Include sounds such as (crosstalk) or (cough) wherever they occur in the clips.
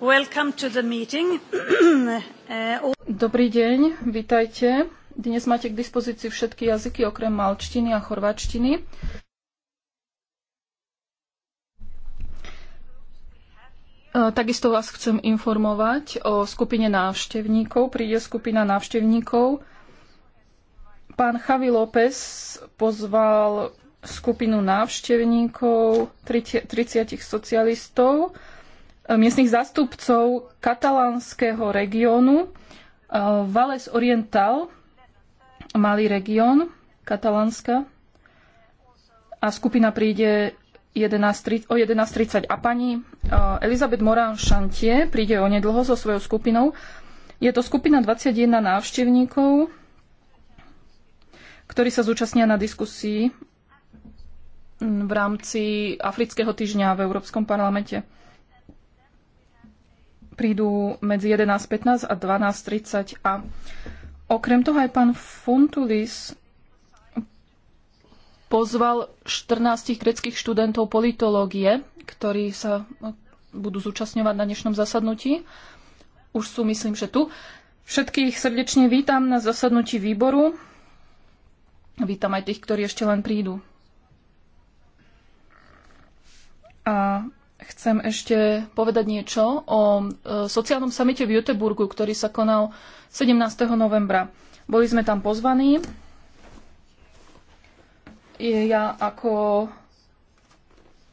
(clears throat) Eh, Dobrý deň, vítajte. Dnes máte k dispozícii všetky jazyky okrem malčtiny a chorvačtiny. Eh, takisto vás chcem informovať o skupine návštevníkov. Príde skupina návštevníkov. Pán Chavi López pozval skupinu návštevníkov 30 socialistov, miestnych zástupcov katalánskeho regiónu. E, Valles Oriental, malý región katalánska. A skupina príde 11, o 11.30. A pani e, Elizabeth Morán Šantie príde onedlho so svojou skupinou. Je to skupina 21 návštevníkov, ktorí sa zúčastnia na diskusii v rámci Afrického týždňa v Európskom parlamente prídu medzi 11.15 a 12.30 a okrem toho aj pán Funtulis pozval 14 greckých študentov politológie, ktorí sa budú zúčastňovať na dnešnom zasadnutí. Už sú, myslím, že tu. Všetkých srdečne vítam na zasadnutí výboru. Vítam aj tých, ktorí ešte len prídu. A chcem ešte povedať niečo o e, sociálnom samite v Juteburgu, ktorý sa konal 17. novembra. Boli sme tam pozvaní. Ja ako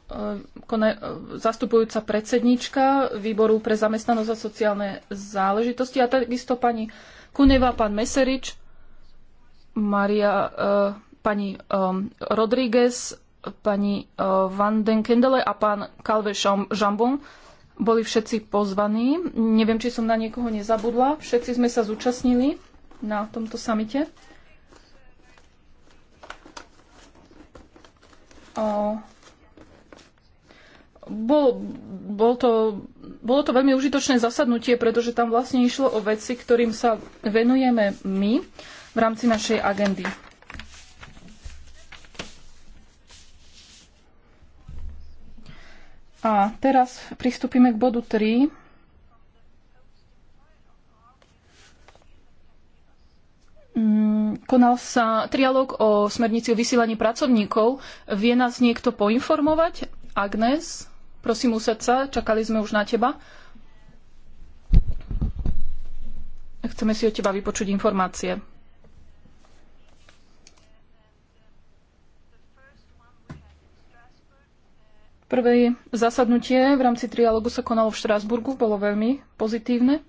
e, e, zastupujúca predsednička výboru pre zamestnanosť a sociálne záležitosti a takisto pani Kuneva, pán Meserič, Maria, pani Rodríguez pani eh, Van den Kendele a pán Calve Jambon boli všetci pozvaní. Neviem, či som na niekoho nezabudla. Všetci sme sa zúčastnili na tomto samite. Bol, bol to, bolo to veľmi užitočné zasadnutie, pretože tam vlastne išlo o veci, ktorým sa venujeme my v rámci našej agendy. A teraz pristúpime k bodu 3. Mm, konal sa trialóg o smernici o vysielaní pracovníkov. Vie nás niekto poinformovať? Agnes, prosím u sa, čakali sme už na teba. Chceme si od teba vypočuť informácie. Prvé zasadnutie v rámci trialogu sa konalo v Štrásburgu, bolo veľmi pozitívne.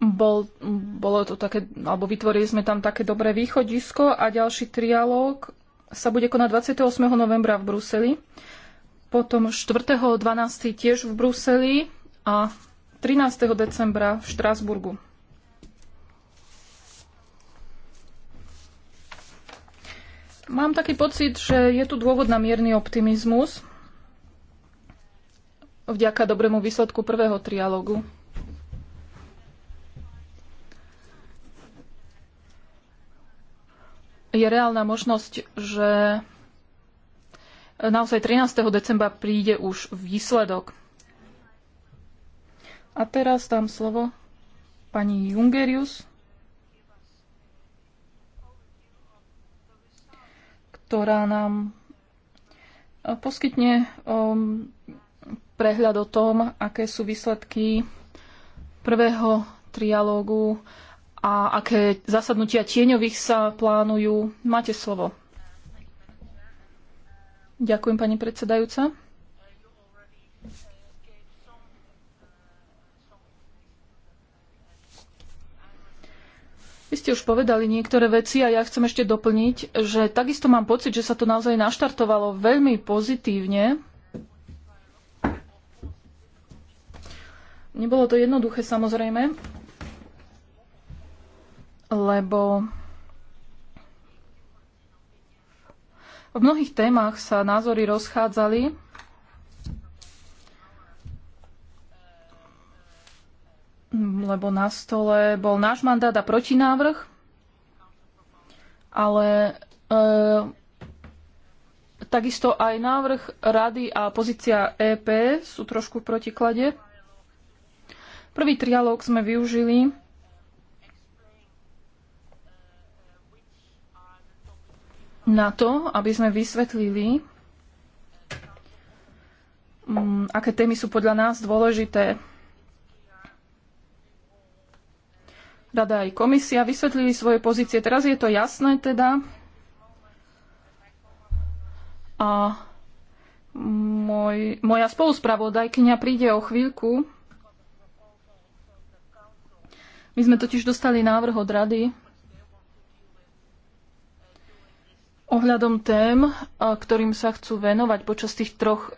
Bol, bolo to také, alebo vytvorili sme tam také dobré východisko a ďalší trialóg sa bude konať 28. novembra v Bruseli, potom 4.12. tiež v Bruseli a 13. decembra v Štrásburgu. Mám taký pocit, že je tu dôvod na mierny optimizmus vďaka dobrému výsledku prvého trialógu. Je reálna možnosť, že naozaj 13. decembra príde už výsledok. A teraz dám slovo pani Jungerius ktorá nám eh, poskytne ehm, prehľad o tom, aké sú výsledky prvého trialógu a aké zasadnutia tieňových sa plánujú. Máte slovo. Ďakujem, pani predsedajúca. Vy ste už povedali niektoré veci a ja chcem ešte doplniť, že takisto mám pocit, že sa to naozaj naštartovalo veľmi pozitívne. Nebolo to jednoduché samozrejme, lebo v mnohých témach sa názory rozchádzali. lebo na stole bol náš mandát a protinávrh, ale e, takisto aj návrh rady a pozícia EP sú trošku v protiklade. Prvý trialóg sme využili na to, aby sme vysvetlili, mm, aké témy sú podľa nás dôležité rada aj komisia vysvetlili svoje pozície. Teraz je to jasné teda. A môj, moja spoluspravodajkynia príde o chvíľku. My sme totiž dostali návrh od rady ohľadom tém, ktorým sa chcú venovať počas tých troch e,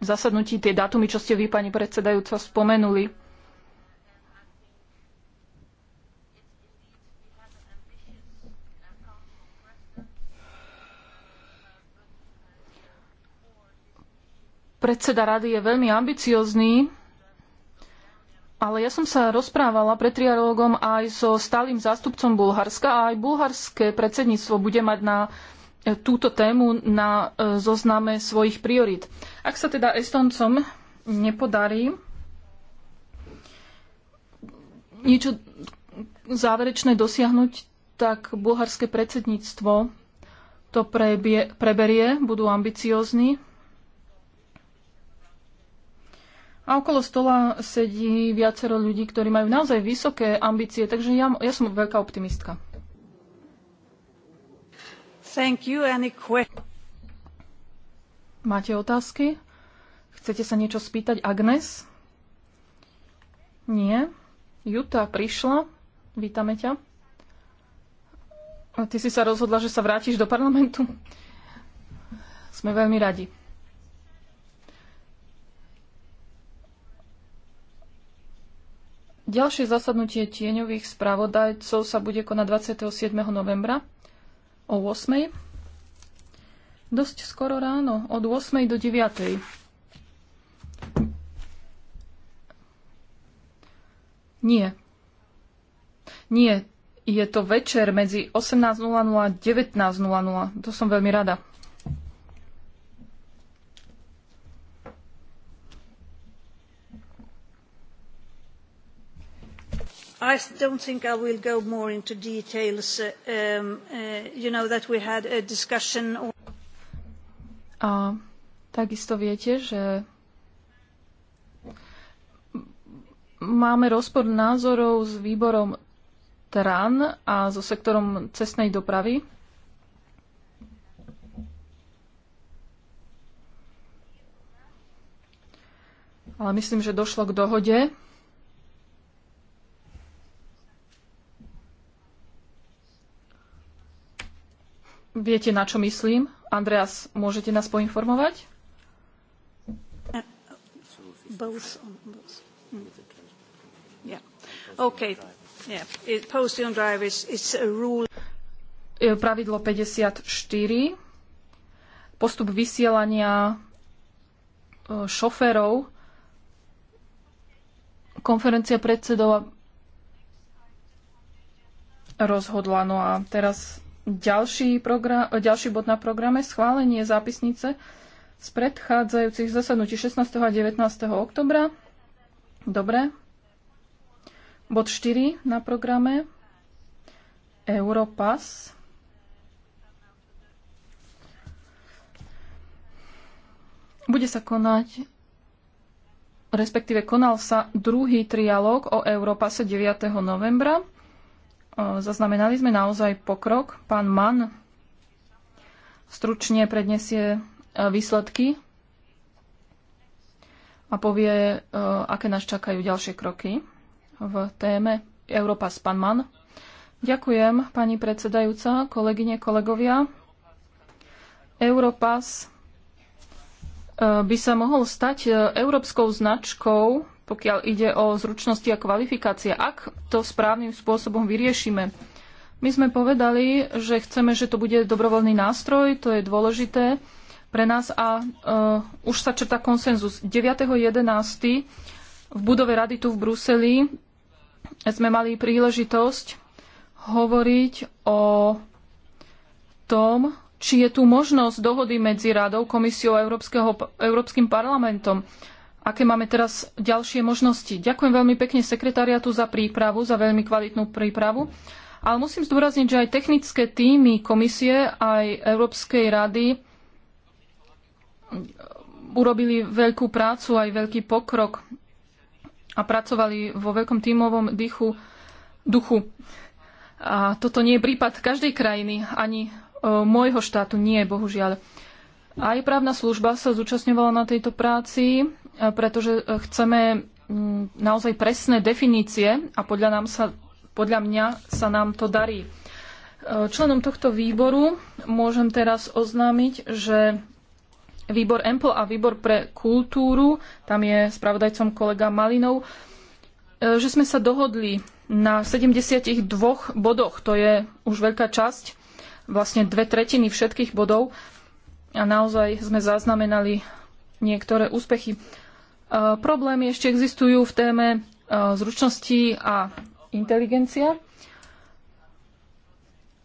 zasadnutí, tie dátumy, čo ste vy, pani predsedajúca, spomenuli. predseda rady je veľmi ambiciozný, ale ja som sa rozprávala pred trialógom aj so stálym zástupcom Bulharska a aj bulharské predsedníctvo bude mať na e, túto tému na e, zozname svojich priorít. Ak sa teda Estoncom nepodarí niečo záverečné dosiahnuť, tak bulharské predsedníctvo to prebie, preberie, budú ambiciózni A okolo stola sedí viacero ľudí, ktorí majú naozaj vysoké ambície, takže ja, ja som veľká optimistka. Thank you, Any Máte otázky? Chcete sa niečo spýtať, Agnes? Nie. Juta prišla. Vítame ťa. A ty si sa rozhodla, že sa vrátiš do parlamentu? Sme veľmi radi. Ďalšie zasadnutie tieňových spravodajcov sa bude konať 27. novembra o 8. Dosť skoro ráno, od 8. do 9. Nie. Nie, je to večer medzi 18.00 a 19.00. To som veľmi rada. I don't think I will go more into details. Uh, um, uh, you know that we had a discussion. A takisto viete, že máme rozpor názorov s výborom TRAN a so sektorom cestnej dopravy. Ale myslím, že došlo k dohode. Viete, na čo myslím? Andreas, môžete nás poinformovať? Pravidlo 54. Postup vysielania eh, šoférov. Konferencia predsedov rozhodla. No a teraz ďalší, program, ďalší bod na programe schválenie zápisnice z predchádzajúcich zasadnutí 16. a 19. oktobra. Dobre. Bod 4 na programe Europass. Bude sa konať, respektíve konal sa druhý trialóg o Európase 9. novembra. E, zaznamenali sme naozaj pokrok. Pán Mann stručne predniesie e, výsledky a povie, e, aké nás čakajú ďalšie kroky v téme Európa s pán Mann. Ďakujem, pani predsedajúca, kolegyne, kolegovia. Europass by sa mohol stať európskou značkou pokiaľ ide o zručnosti a kvalifikácie, ak to správnym spôsobom vyriešime. My sme povedali, že chceme, že to bude dobrovoľný nástroj, to je dôležité pre nás a uh, už sa črta konsenzus. 9.11. v budove rady tu v Bruseli sme mali príležitosť hovoriť o tom, či je tu možnosť dohody medzi Radou, Komisiou a Európskeho, Európskym parlamentom aké máme teraz ďalšie možnosti. Ďakujem veľmi pekne sekretariatu za prípravu, za veľmi kvalitnú prípravu. Ale musím zdôrazniť, že aj technické týmy komisie, aj Európskej rady e, urobili veľkú prácu, aj veľký pokrok a pracovali vo veľkom tímovom dychu, duchu. A toto nie je prípad každej krajiny, ani e, môjho štátu nie, bohužiaľ. Aj právna služba sa zúčastňovala na tejto práci, E, pretože e, chceme mm, naozaj presné definície a podľa, nám sa, podľa mňa sa nám to darí. E, členom tohto výboru môžem teraz oznámiť, že výbor EMPL a výbor pre kultúru, tam je spravodajcom kolega Malinov, že sme sa dohodli na 72 bodoch, to je už veľká časť, vlastne dve tretiny všetkých bodov a naozaj sme zaznamenali niektoré úspechy. E, problémy ešte existujú v téme e, zručnosti a inteligencia.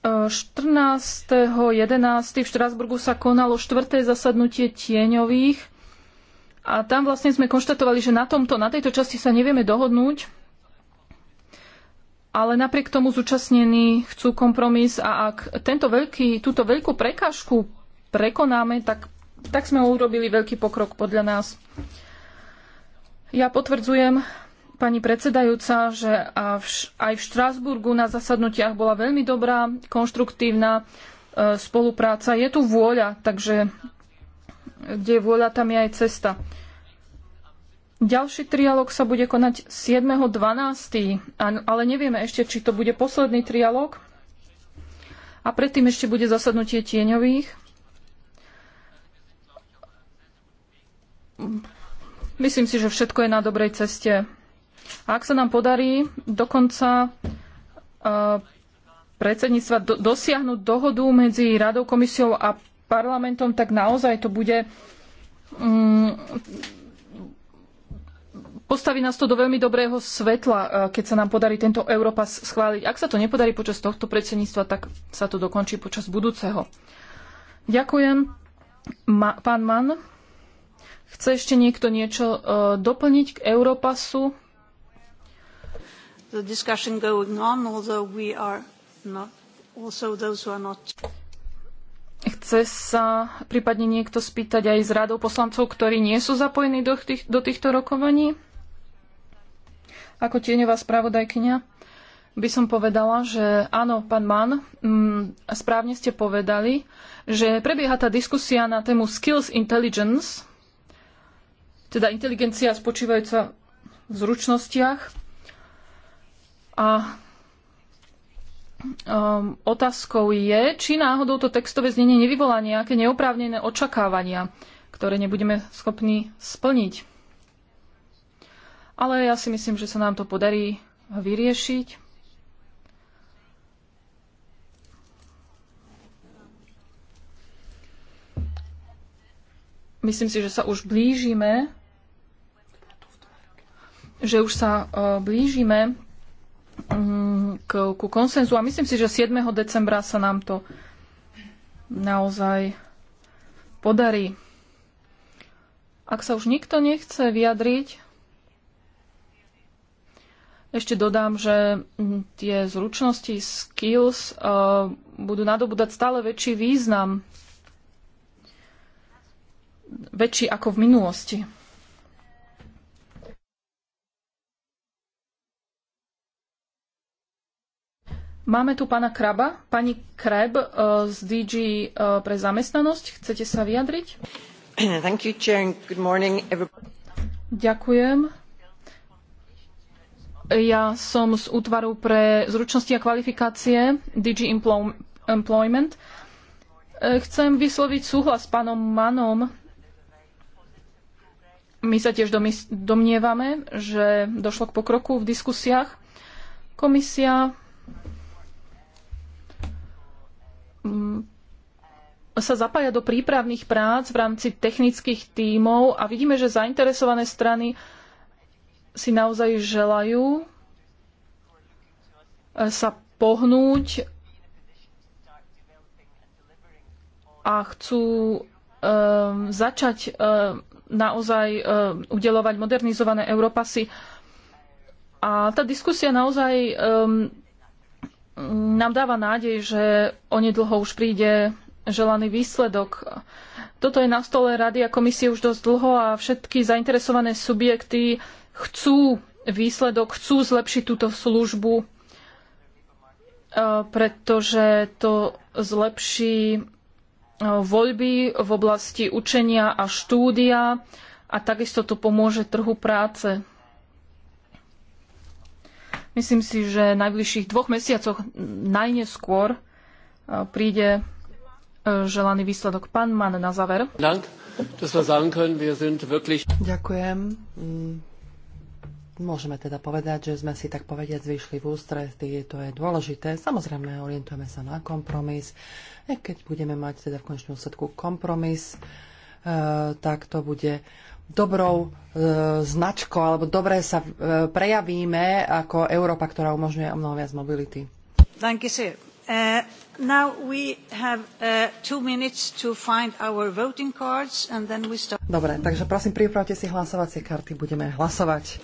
14.11. E, v Štrásburgu sa konalo štvrté zasadnutie tieňových a tam vlastne sme konštatovali, že na tomto, na tejto časti sa nevieme dohodnúť, ale napriek tomu zúčastnení chcú kompromis a ak tento veľký, túto veľkú prekážku prekonáme, tak, tak sme urobili veľký pokrok podľa nás. Ja potvrdzujem, pani predsedajúca, že aj v Štrásburgu na zasadnutiach bola veľmi dobrá, konštruktívna e, spolupráca. Je tu vôľa, takže kde je vôľa, tam je aj cesta. Ďalší trialog sa bude konať 7.12., ale nevieme ešte, či to bude posledný trialog. A predtým ešte bude zasadnutie tieňových Myslím si, že všetko je na dobrej ceste. A ak sa nám podarí dokonca e, predsedníctva dosiahnuť dohodu medzi Radou, komisiou a parlamentom, tak naozaj to bude mm, postaví nás to do veľmi dobrého svetla, e, keď sa nám podarí tento Europass schváliť. Ak sa to nepodarí počas tohto predsedníctva, tak sa to dokončí počas budúceho. Ďakujem. Ma, pán Mann. Chce ešte niekto niečo e, doplniť k Europasu? The discussion going on, although we are not, also those who are not. Chce sa prípadne niekto spýtať aj z radou poslancov, ktorí nie sú zapojení do, tých, do týchto rokovaní? Ako tieňová spravodajkynia by som povedala, že áno, pán Mann, mm, správne ste povedali, že prebieha tá diskusia na tému Skills Intelligence, teda inteligencia spočívajúca v zručnostiach. A um, otázkou je, či náhodou to textové znenie nevyvolá nejaké neoprávnené očakávania, ktoré nebudeme schopní splniť. Ale ja si myslím, že sa nám to podarí vyriešiť. Myslím si, že sa už blížime že už sa e, blížime mm, k, ku konsenzu a myslím si, že 7. decembra sa nám to naozaj podarí. Ak sa už nikto nechce vyjadriť, ešte dodám, že mm, tie zručnosti, skills e, budú nadobúdať stále väčší význam, väčší ako v minulosti. Máme tu pána Kraba. Pani Kreb eh, z DG eh, pre zamestnanosť. Chcete sa vyjadriť? (clears throat) You, morning, Ďakujem. Ja som z útvaru pre zručnosti a kvalifikácie DG Employment. Eh, chcem vysloviť súhlas s pánom Manom. My sa tiež domnievame, že došlo k pokroku v diskusiách. Komisia Mm, sa zapája do prípravných prác v rámci technických tímov a vidíme, že zainteresované strany si naozaj želajú e, sa pohnúť a chcú e, začať e, naozaj e, udelovať modernizované Európasy. A tá diskusia naozaj e, nám dáva nádej, že onedlho už príde želaný výsledok. Toto je na stole Rady a komisie už dosť dlho a všetky zainteresované subjekty chcú výsledok, chcú zlepšiť túto službu, e, pretože to zlepší e, voľby v oblasti učenia a štúdia a takisto to pomôže trhu práce. Myslím si, že v najbližších dvoch mesiacoch najneskôr e, príde e, želaný výsledok. Pán Mann na záver. Ďakujem. Mm, môžeme teda povedať, že sme si tak povediať zvyšli v ústrety, to je dôležité. Samozrejme, orientujeme sa na kompromis. Keď budeme mať teda v konečnom úsledku kompromis, e, tak to bude dobrou e, značkou alebo dobre sa e, prejavíme ako Európa, ktorá umožňuje o mnoho viac mobility. Thank you, sir. Uh, now we have uh, two minutes to find our voting cards and then we start. Dobre, takže prosím, pripravte si hlasovacie karty, budeme hlasovať.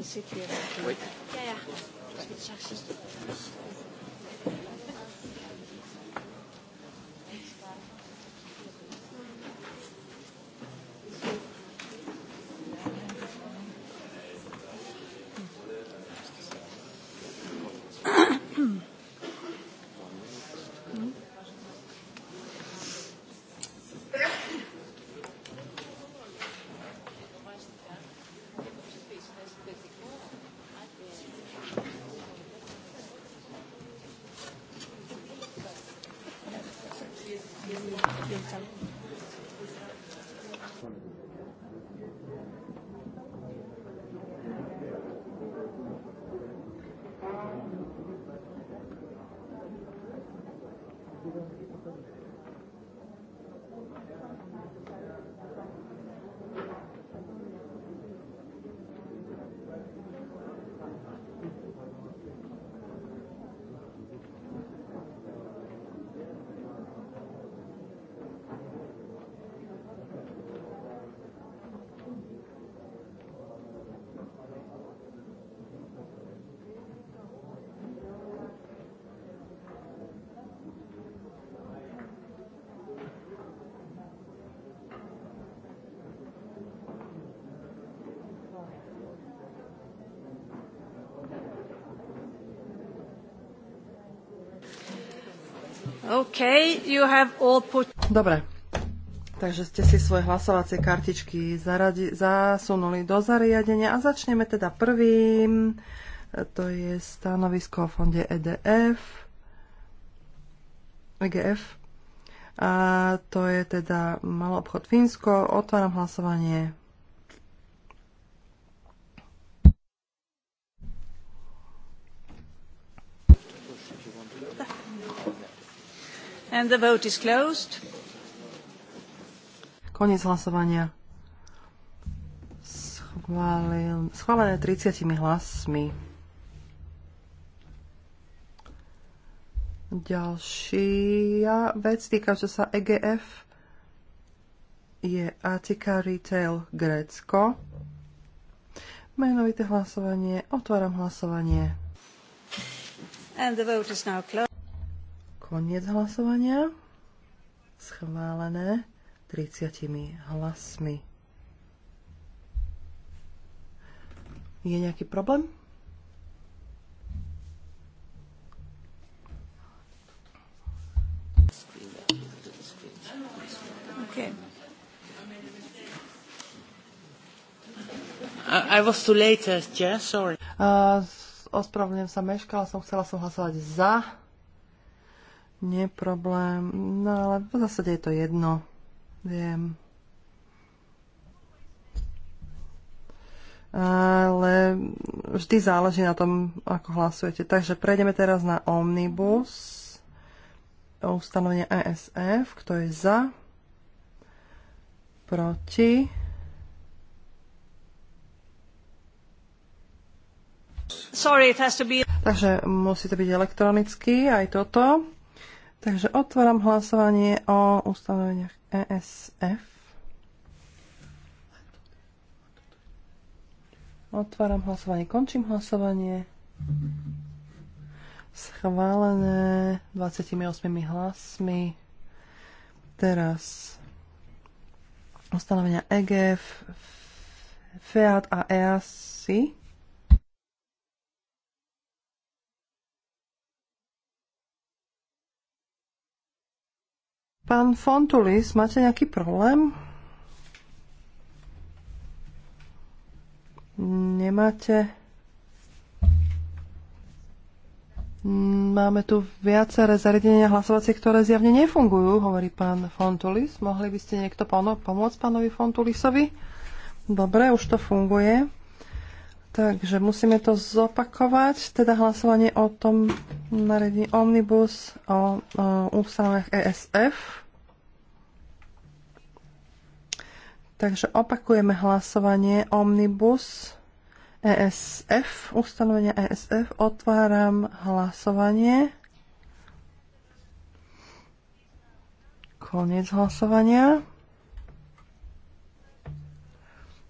Oui. Okay, you have all put... Dobre, takže ste si svoje hlasovacie kartičky zaradi- zasunuli do zariadenia a začneme teda prvým. To je stanovisko o fonde EDF. EGF. A to je teda malý obchod Fínsko. Otváram hlasovanie. And the vote is closed. hlasovania. Schválil, schválené 30 hlasmi. Ďalšia vec týkajúca sa EGF je Atika Retail Grécko. Menovité hlasovanie. Otváram hlasovanie. And the vote is now closed. Koniec hlasovania. Schválené 30 hlasmi. Je nejaký problém? Okay. I, I was too late, yeah, uh, sorry. Uh, ospravedlňujem sa, meškala som, chcela som hlasovať za nie problém. No ale v zásade je to jedno. Viem. Ale vždy záleží na tom, ako hlasujete. Takže prejdeme teraz na Omnibus. Ustanovenie ESF. Kto je za? Proti? Sorry, it has to be... Takže musí to byť elektronicky, aj toto. Takže otváram hlasovanie o ustanoveniach ESF. Otváram hlasovanie, končím hlasovanie. Schválené 28 hlasmi. Teraz ustanovenia EGF, FEAT a EASI. Pán Fontulis, máte nejaký problém? Nemáte. Máme tu viaceré zariadenia hlasovacie, ktoré zjavne nefungujú, hovorí pán Fontulis. Mohli by ste niekto pomôcť pánovi Fontulisovi? Dobre, už to funguje. Takže musíme to zopakovať, teda hlasovanie o tom naredení Omnibus o, o ústavách ESF. Takže opakujeme hlasovanie Omnibus ESF, ustanovenia ESF. Otváram hlasovanie. Koniec hlasovania.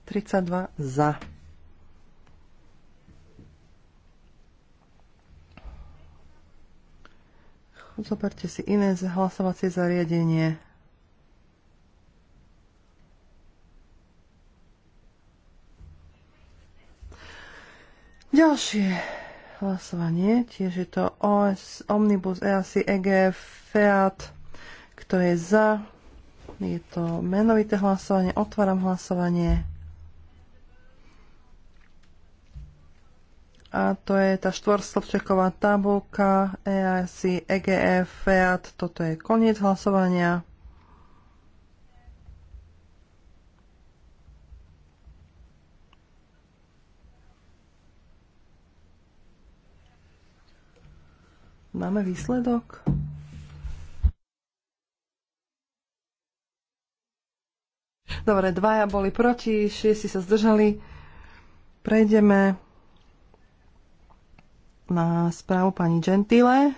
32 za. zoberte si iné hlasovacie zariadenie. Ďalšie hlasovanie, tiež je to OS, Omnibus EASI EGF FEAT, kto je za, je to menovité hlasovanie, otváram hlasovanie. a to je tá štvorstlčeková tabulka EAC, EGF, FEAT. Toto je koniec hlasovania. Máme výsledok? Dobre, dvaja boli proti, šiesti sa zdržali. Prejdeme na správu pani Gentile.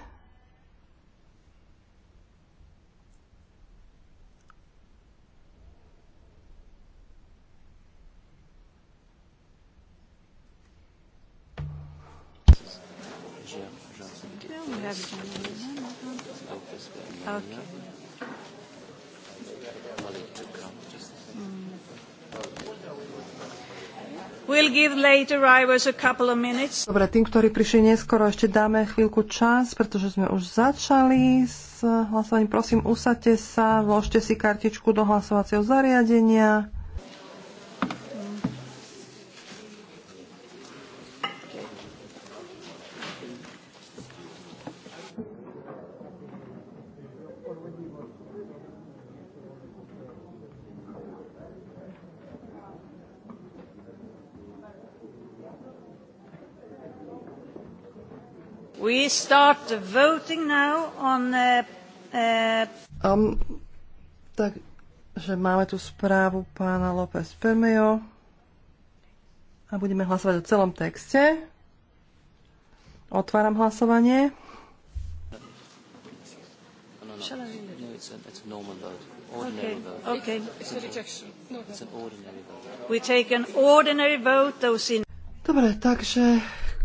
Dobre, tým, ktorí prišli neskoro, ešte dáme chvíľku čas, pretože sme už začali s hlasovaním. Prosím, usadte sa, vložte si kartičku do hlasovacieho zariadenia. start the voting now on uh, uh... Um, takže máme tu správu pána López Pemio a budeme hlasovať o celom texte. Otváram hlasovanie. Dobre, takže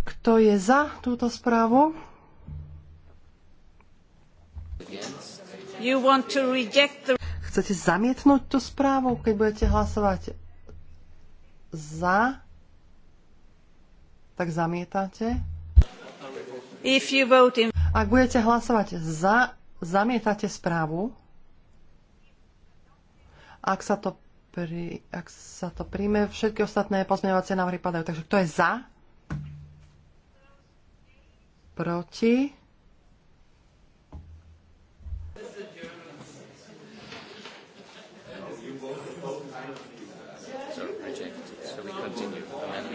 kto je za túto správu? The... Chcete zamietnúť tú správu, keď budete hlasovať za, tak zamietate. If you vote in... Ak budete hlasovať za, zamietate správu. Ak sa to, pri, ak sa to príjme, všetky ostatné pozmeňovacie návrhy padajú. Takže kto je za? Proti?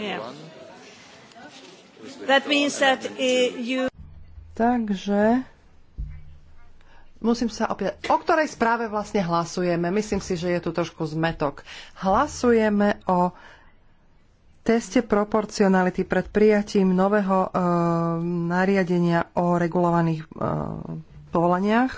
Eh, Takže musím sa opäť... O ktorej správe vlastne hlasujeme? Myslím si, že je tu trošku zmetok. Hlasujeme o teste proporcionality pred prijatím nového e, nariadenia o regulovaných e, eh, povolaniach.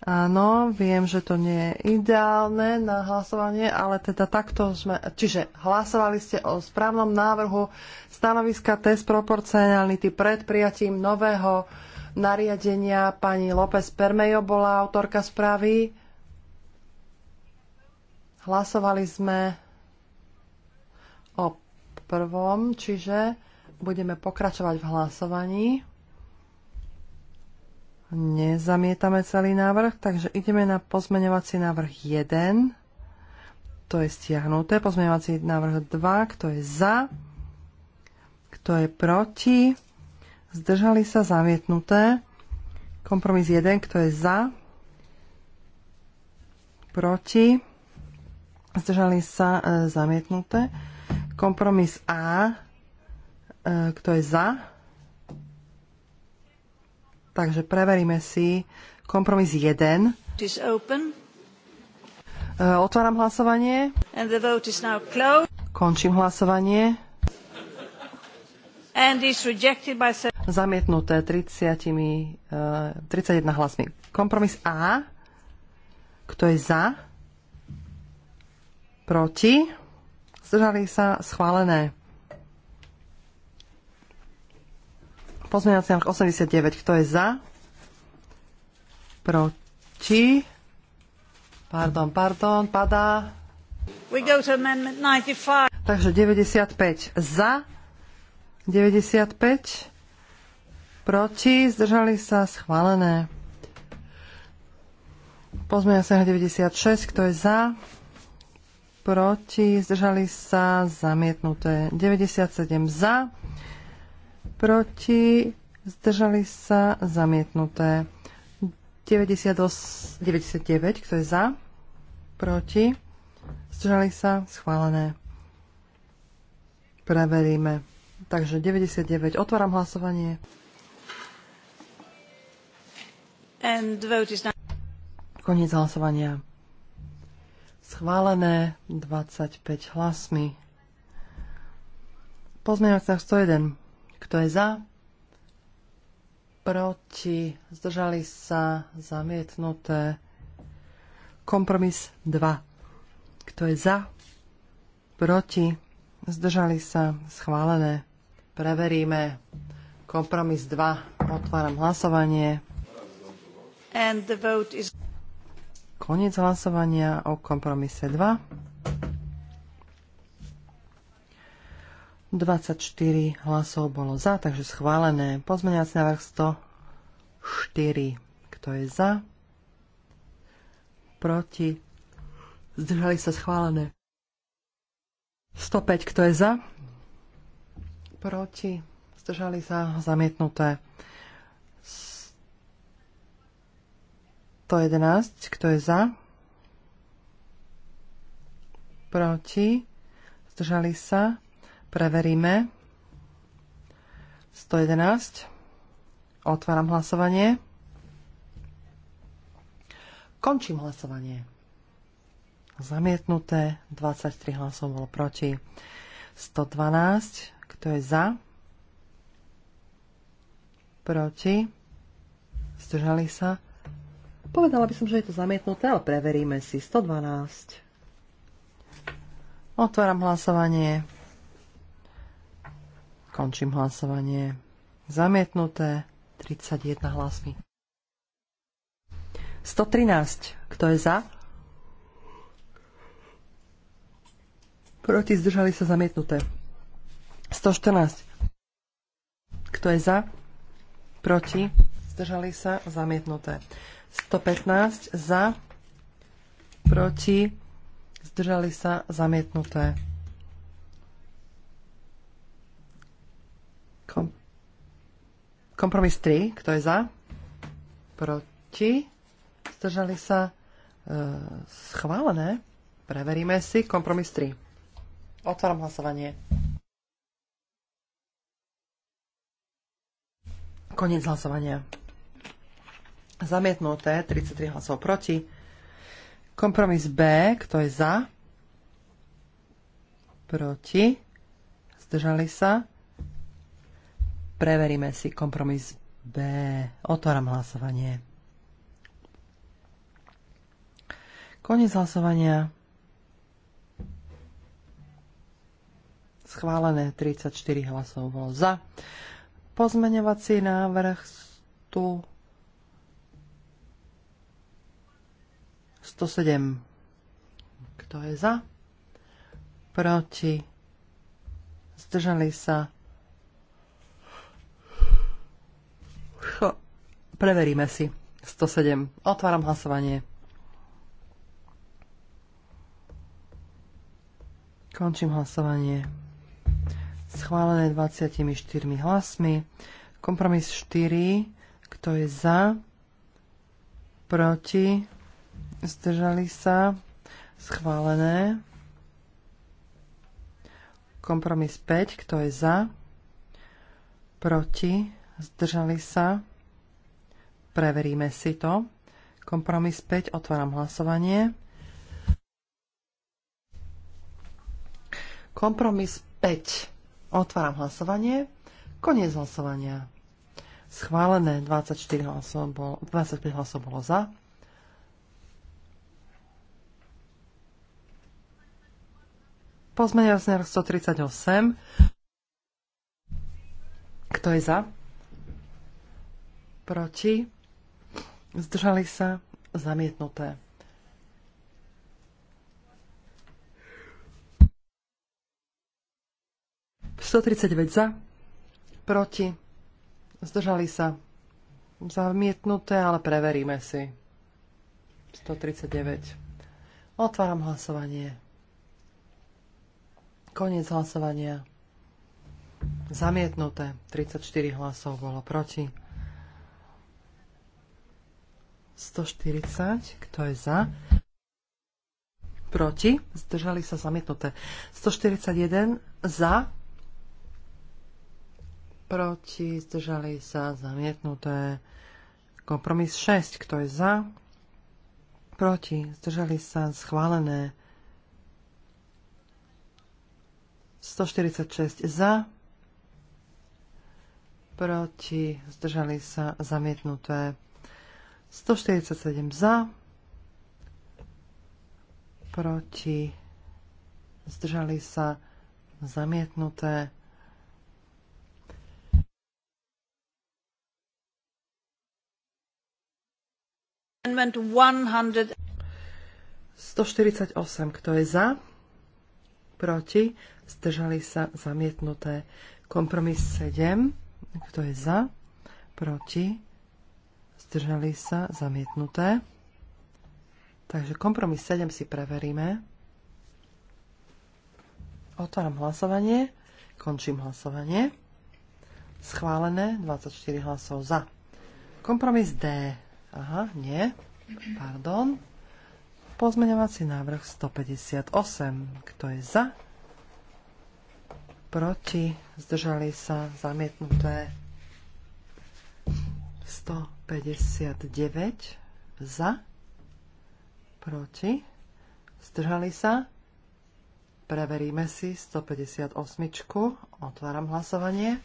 Áno, viem, že to nie je ideálne na hlasovanie, ale teda takto sme... Čiže hlasovali ste o správnom návrhu stanoviska test proporcionality pred prijatím nového nariadenia. Pani López Permejo bola autorka správy. Hlasovali sme o prvom, čiže budeme pokračovať v hlasovaní. Nezamietame celý návrh, takže ideme na pozmeňovací návrh 1. To je stiahnuté. Pozmeňovací návrh 2. Kto je za? Kto je proti? Zdržali sa zamietnuté. Kompromis 1. Kto je za? Proti? Zdržali sa e, zamietnuté. Kompromis A. E, kto je za? Takže preveríme si kompromis 1. E, otváram hlasovanie. Končím hlasovanie. By... Zamietnuté 30, 31 e, hlasmi. Kompromis A. Kto je za? Proti? Zdržali sa schválené. Pozmeňovací návrh 89. Kto je za? Proti? Pardon, pardon, padá. We go to amendment 95. Takže 95 za, 95 proti, zdržali sa schválené. Pozmeňa sa 96, kto je za, proti, zdržali sa zamietnuté. 97 za, proti, zdržali sa, zamietnuté. 98, 99, kto je za, proti, zdržali sa, schválené. Preveríme. Takže 99, otváram hlasovanie. And vote is now... Koniec hlasovania. Schválené 25 hlasmi. Pozmeňovací 101. Kto je za? Proti? Zdržali sa? Zamietnuté. Kompromis 2. Kto je za? Proti? Zdržali sa? Schválené. Preveríme. Kompromis 2. Otváram hlasovanie. And the vote is... Koniec hlasovania o kompromise 2. 24 hlasov bolo za, takže schválené. Pozmeňovací návrh 104. Kto je za? Proti? Zdržali sa schválené. 105. Kto je za? Proti? Zdržali sa zamietnuté. 111. Kto je za? Proti? Zdržali sa? Preveríme. 111. Otváram hlasovanie. Končím hlasovanie. Zamietnuté. 23 hlasov bolo proti. 112. Kto je za? Proti? Zdržali sa? Povedala by som, že je to zamietnuté, ale preveríme si. 112. Otváram hlasovanie. Končím hlasovanie. Zamietnuté 31 hlasmi. 113. Kto je za? Proti zdržali sa zamietnuté. 114. Kto je za? Proti zdržali sa zamietnuté. 115 za, proti zdržali sa zamietnuté. Kompromis 3, kto je za? Proti? Zdržali sa? E, schválené. Preveríme si kompromis 3. Otváram hlasovanie. Koniec hlasovania. Zamietnuté 33 hlasov proti. Kompromis B, kto je za? Proti. Zdržali sa. Preveríme si kompromis B. Otváram hlasovanie. Koniec hlasovania. Schválené 34 hlasov bolo za. Pozmeňovací návrh tu 107. Kto je za? Proti? Zdržali sa Preveríme si. 107. Otváram hlasovanie. Končím hlasovanie. Schválené 24 hlasmi. Kompromis 4. Kto je za? Proti? Zdržali sa? Schválené. Kompromis 5. Kto je za? Proti? Zdržali sa? Preveríme si to. Kompromis 5, otváram hlasovanie. Kompromis 5, otváram hlasovanie. Koniec hlasovania. Schválené 24 hlasov bolo, 25 hlasov bolo za. Pozmeňovací návrh 138. Kto je za? Proti? Zdržali sa? Zamietnuté. V 139 za, proti, zdržali sa. Zamietnuté, ale preveríme si. 139. Otváram hlasovanie. Koniec hlasovania. Zamietnuté. 34 hlasov bolo proti. 140, kto je za? Proti? Zdržali sa zamietnuté. 141 za. Proti? Zdržali sa zamietnuté. Kompromis 6, kto je za? Proti? Zdržali sa schválené. 146 za. Proti? Zdržali sa zamietnuté. 147 za, proti, zdržali sa zamietnuté. Amendment 148, kto je za? Proti, zdržali sa zamietnuté. Kompromis 7, kto je za? Proti, zdržali sa, zamietnuté. Takže kompromis 7 si preveríme. Otváram hlasovanie, končím hlasovanie. Schválené 24 hlasov za. Kompromis D. Aha, nie. Pardon. Pozmeňovací návrh 158. Kto je za? Proti? Zdržali sa? Zamietnuté? 159 za, proti, zdržali sa. Preveríme si 158. Otváram hlasovanie.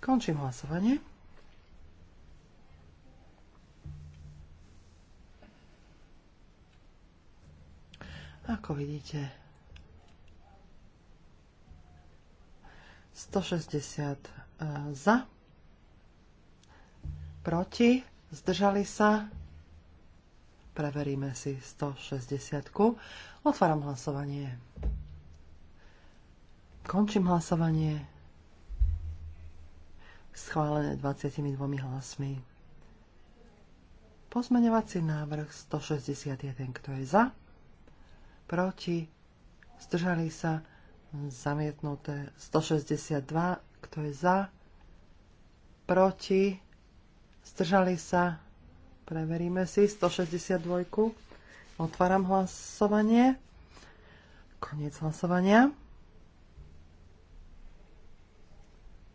Končím hlasovanie. Ako vidíte, 160 eh, za, proti, zdržali sa. Preveríme si 160. Otváram hlasovanie. Končím hlasovanie. Schválené 22 hlasmi. Pozmeňovací návrh 161. Kto je za? Proti? Zdržali sa? Zamietnuté 162. Kto je za? Proti? Zdržali sa. Preveríme si 162. Otváram hlasovanie. Koniec hlasovania.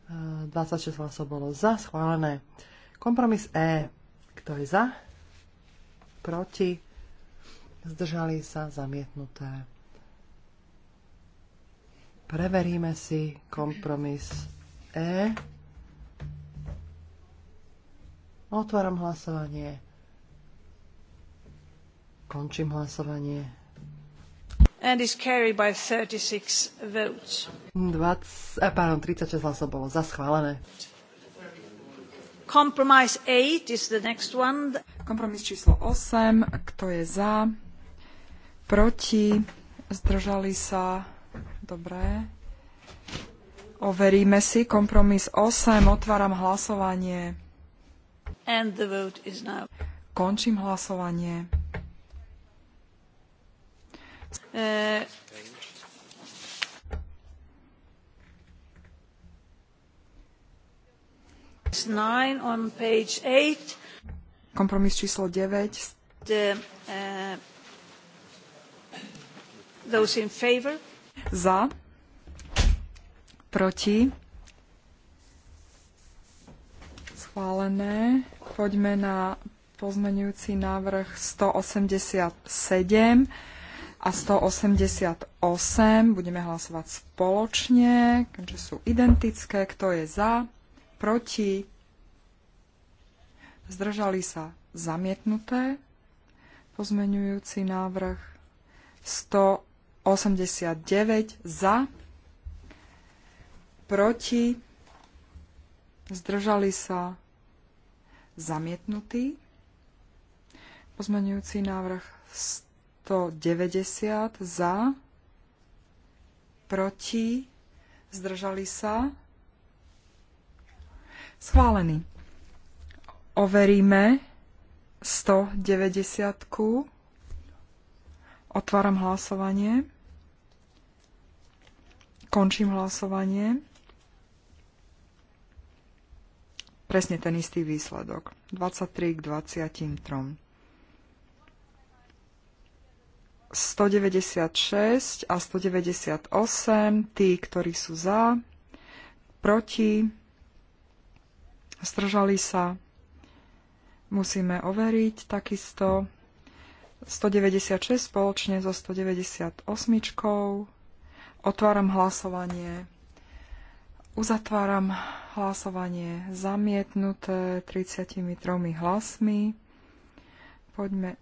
26 e, hlasov bolo za, schválené. Kompromis E. Kto je za? Proti? Zdržali sa zamietnuté. Preveríme si kompromis E. Otváram hlasovanie. Končím hlasovanie. And is carried by 36 votes. 20, eh, pardon, 36 hlasov bolo za schválené. Compromise 8 is the next one. Kompromis číslo 8. Kto je za? Proti? Zdržali sa? Dobré. Overíme si. Kompromis 8. Otváram hlasovanie. And the vote is now. Končím hlasovanie. Uh, Kompromis číslo 9. The, uh, those in favor? Za. Proti. Schválené. Poďme na pozmenujúci návrh 187 a 188. Budeme hlasovať spoločne, keďže sú identické. Kto je za? Proti? Zdržali sa zamietnuté. Pozmenujúci návrh 189 za, proti, zdržali sa zamietnutý. Pozmenujúci návrh 190 za, proti, zdržali sa. Schválený. Overíme 190. -ku. Otváram hlasovanie. Končím hlasovanie. presne ten istý výsledok. 23 k 23. 196 a 198, tí, ktorí sú za, proti, stržali sa, musíme overiť takisto. 196 spoločne so 198. Otváram hlasovanie. Uzatváram Hlasovanie zamietnuté 33 hlasmi. Poďme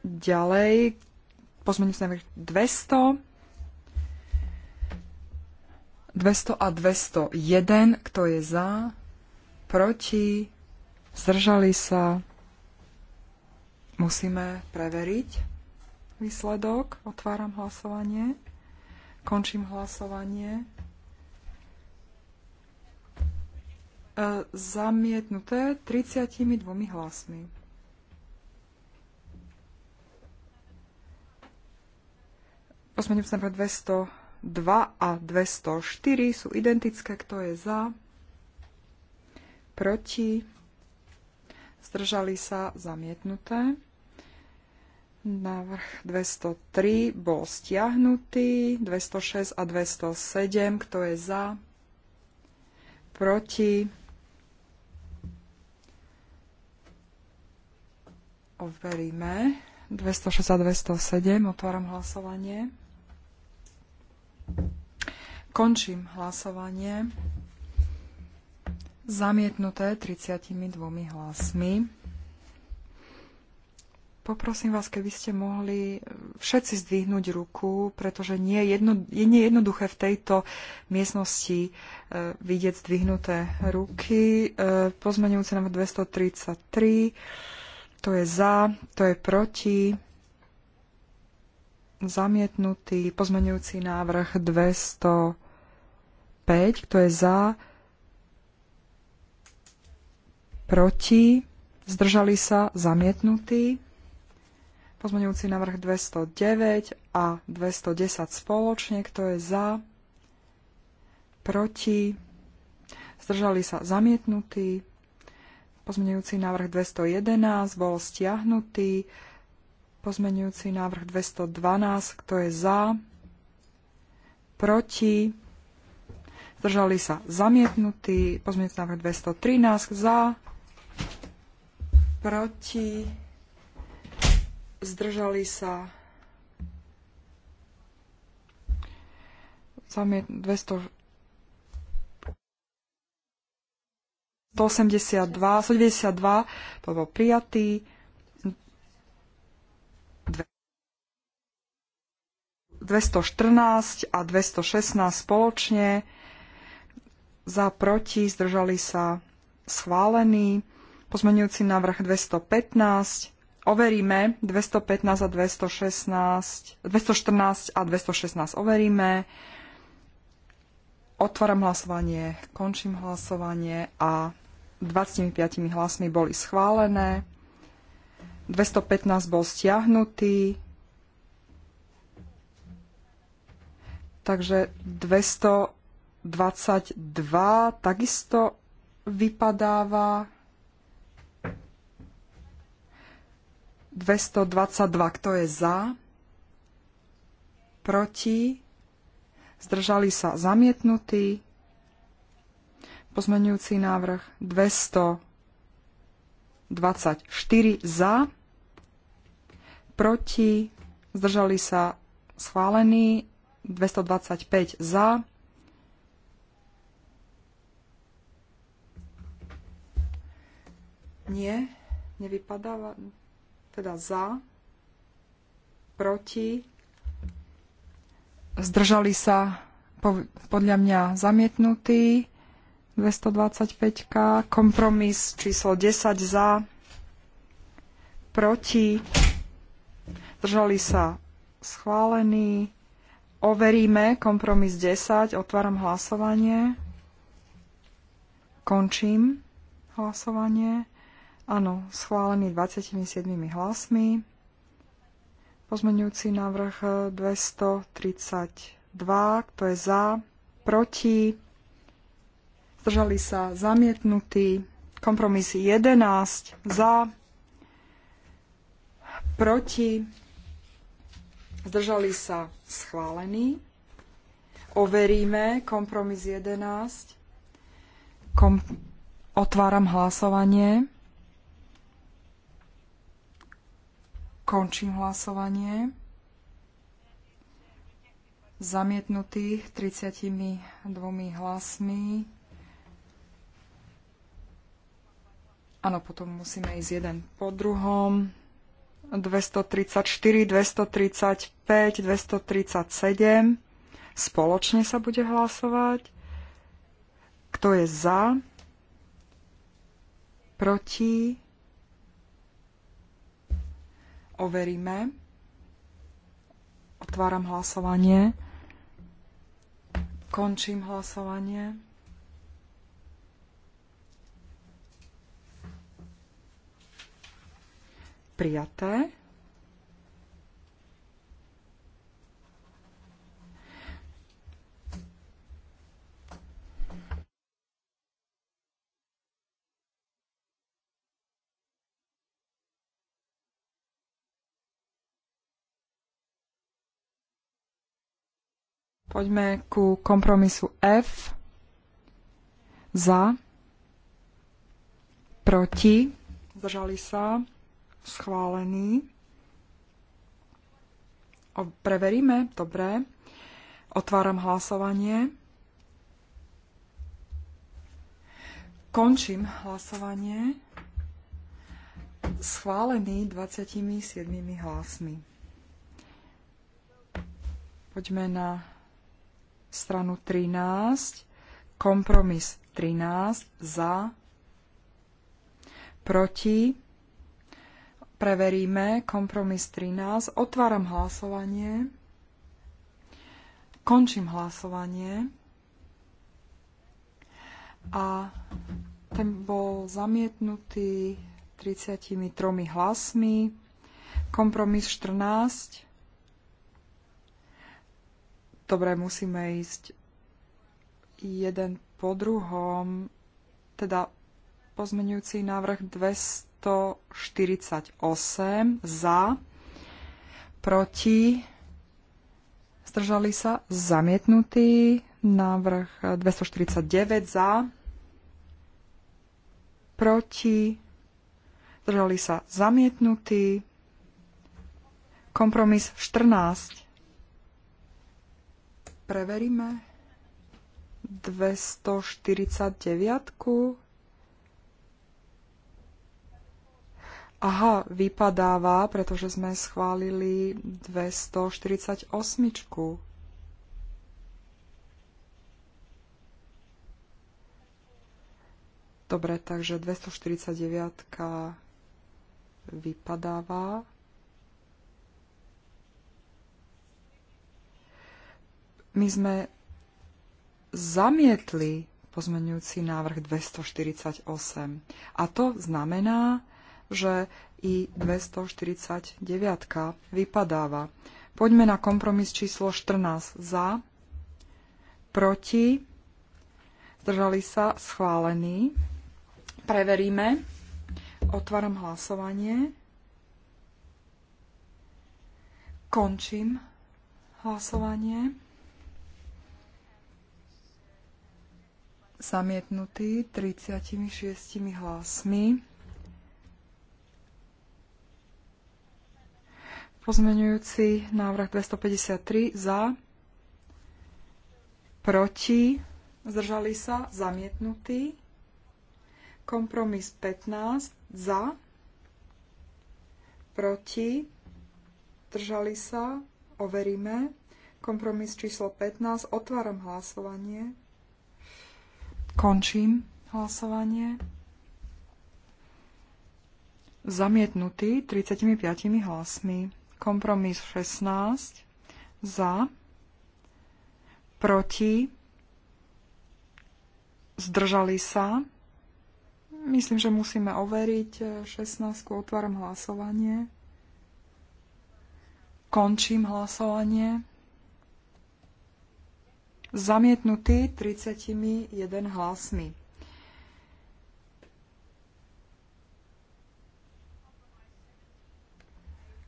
ďalej. sa na 200. 200 a 201. Kto je za? Proti? Zdržali sa? Musíme preveriť výsledok. Otváram hlasovanie. Končím hlasovanie. E, zamietnuté 32 hlasmi. Posmením sa 202 a 204 sú identické, kto je za, proti, zdržali sa zamietnuté. Návrh 203 bol stiahnutý, 206 a 207, kto je za, proti, overíme. 206 a 207, otváram hlasovanie. Končím hlasovanie. Zamietnuté 32 hlasmi. Poprosím vás, keby ste mohli všetci zdvihnúť ruku, pretože nie je, jedno, je nejednoduché v tejto miestnosti e, vidieť zdvihnuté ruky. E, pozmenujúce nám 233 kto je za, kto je proti? Zamietnutý pozmenujúci návrh 205. Kto je za, proti? Zdržali sa? Zamietnutý. Pozmenujúci návrh 209 a 210 spoločne. Kto je za? Proti? Zdržali sa? Zamietnutý. Pozmeňujúci návrh 211 bol stiahnutý. Pozmeňujúci návrh 212, kto je za, proti, zdržali sa zamietnutý. Pozmeňujúci návrh 213 za, proti, zdržali sa zamiet, 182, 192 to bol prijatý. 214 a 216 spoločne za proti zdržali sa schválený pozmenujúci návrh 215 overíme 215 a 216 214 a 216 overíme otváram hlasovanie končím hlasovanie a 25 hlasmi boli schválené, 215 bol stiahnutý, takže 222 takisto vypadáva. 222, kto je za? Proti? Zdržali sa zamietnutí? Pozmenujúci návrh 224 za, proti, zdržali sa schválený, 225 za, nie, nevypadáva, teda za, proti, zdržali sa podľa mňa zamietnutí, 225, kompromis číslo 10 za, proti, zdržali sa schválení, Overíme kompromis 10, otváram hlasovanie. Končím hlasovanie. Áno, schválený 27 hlasmi. Pozmeňujúci návrh 232, kto je za, proti, zdržali sa zamietnutí, kompromis 11 za, proti, zdržali sa schválení. Overíme kompromis 11. Kom- otváram hlasovanie. Končím hlasovanie. Zamietnutý 32 hlasmi. Áno, potom musíme ísť jeden po druhom. 234, 235, 237. Spoločne sa bude hlasovať. Kto je za? Proti? Overíme. Otváram hlasovanie. Končím hlasovanie. Prijaté. Poďme ku kompromisu F. Za. Proti. Zdržali sa schválený. O, preveríme, dobre. Otváram hlasovanie. Končím hlasovanie. Schválený 27 hlasmi. Poďme na stranu 13. Kompromis 13 za, proti, preveríme kompromis 13. Otváram hlasovanie. Končím hlasovanie. A ten bol zamietnutý 33 hlasmi. Kompromis 14. Dobre, musíme ísť jeden po druhom. Teda pozmenujúci návrh 200 148 za, proti, zdržali sa, zamietnutý, návrh 249 za, proti, zdržali sa, zamietnutý, kompromis 14. Preveríme 249. Aha, vypadáva, pretože sme schválili 248. Dobre, takže 249 vypadáva. My sme zamietli pozmenujúci návrh 248. A to znamená, že i 249 vypadáva. Poďme na kompromis číslo 14 za, proti, zdržali sa, schválený. Preveríme. Otváram hlasovanie. Končím hlasovanie. Zamietnutý 36 hlasmi. Pozmenujúci návrh 253 za, proti, zdržali sa, zamietnutý. Kompromis 15 za, proti, zdržali sa, overíme. Kompromis číslo 15, otváram hlasovanie. Končím hlasovanie. Zamietnutý 35 hlasmi. Kompromis 16 za, proti, zdržali sa. Myslím, že musíme overiť 16. E, Otváram hlasovanie. Končím hlasovanie. Zamietnutý 31 hlasmi.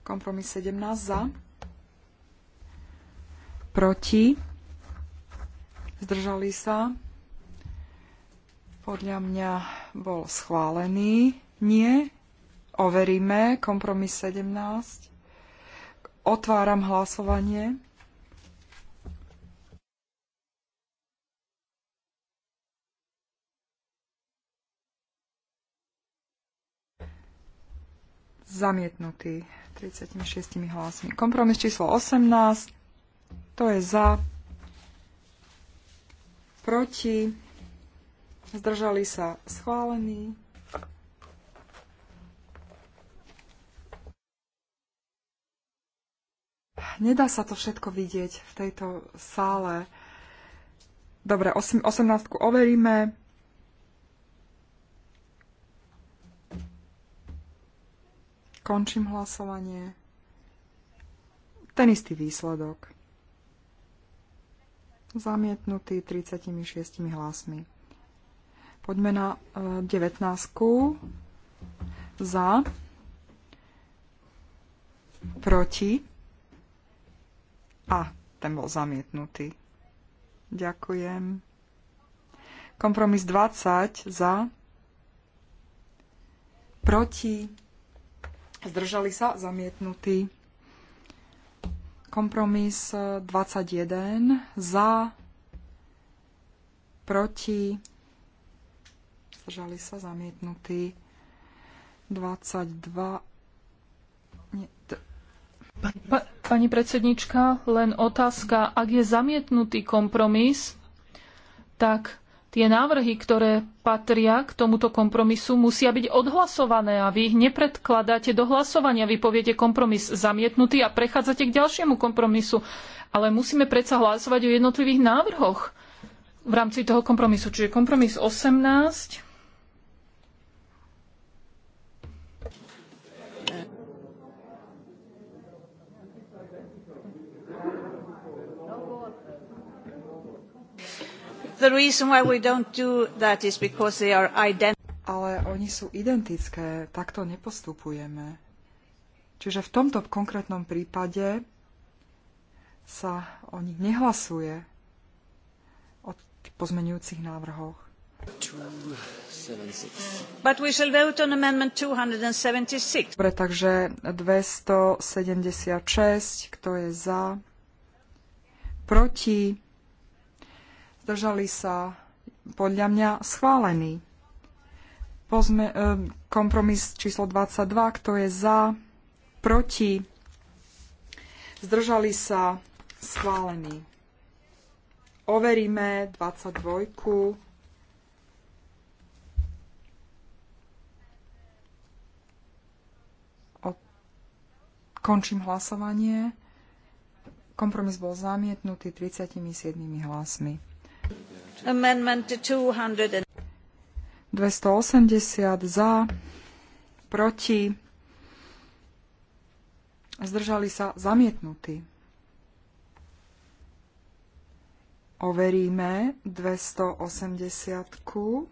Kompromis 17 za. Proti. Zdržali sa. Podľa mňa bol schválený. Nie. Overíme. Kompromis 17. Otváram hlasovanie. Zamietnutý. 36 hlasmi. Kompromis číslo 18. To je za. Proti. Zdržali sa schválení. Nedá sa to všetko vidieť v tejto sále. Dobre, 18 overíme. Končím hlasovanie. Ten istý výsledok. Zamietnutý 36 hlasmi. Poďme na 19. E, za. Proti. A ten bol zamietnutý. Ďakujem. Kompromis 20 za. Proti zdržali sa, zamietnutý. Kompromis 21 e, za, proti, zdržali sa, zamietnutý. 22. Nie, pa, pani predsednička, len otázka, ak je zamietnutý kompromis, tak tie návrhy, ktoré patria k tomuto kompromisu, musia byť odhlasované a vy ich nepredkladáte do hlasovania. Vy poviete kompromis zamietnutý a prechádzate k ďalšiemu kompromisu. Ale musíme predsa hlasovať o jednotlivých návrhoch v rámci toho kompromisu. Čiže kompromis 18 The reason why we don't do that is because they are identical. Ale oni sú identické, takto nepostupujeme. Čiže v tomto konkrétnom prípade sa o nich nehlasuje o pozmenujúcich návrhoch. 276. But we shall vote on amendment 276. Dobre, takže 276, kto je za, proti, Držali sa podľa mňa schválený. Pozme, e, kompromis číslo 22, kto je za, proti, zdržali sa, schválený. Overíme 22. Končím hlasovanie. Kompromis bol zamietnutý 37 hlasmi. 280 za, proti, zdržali sa zamietnutí. Overíme 280. -ku.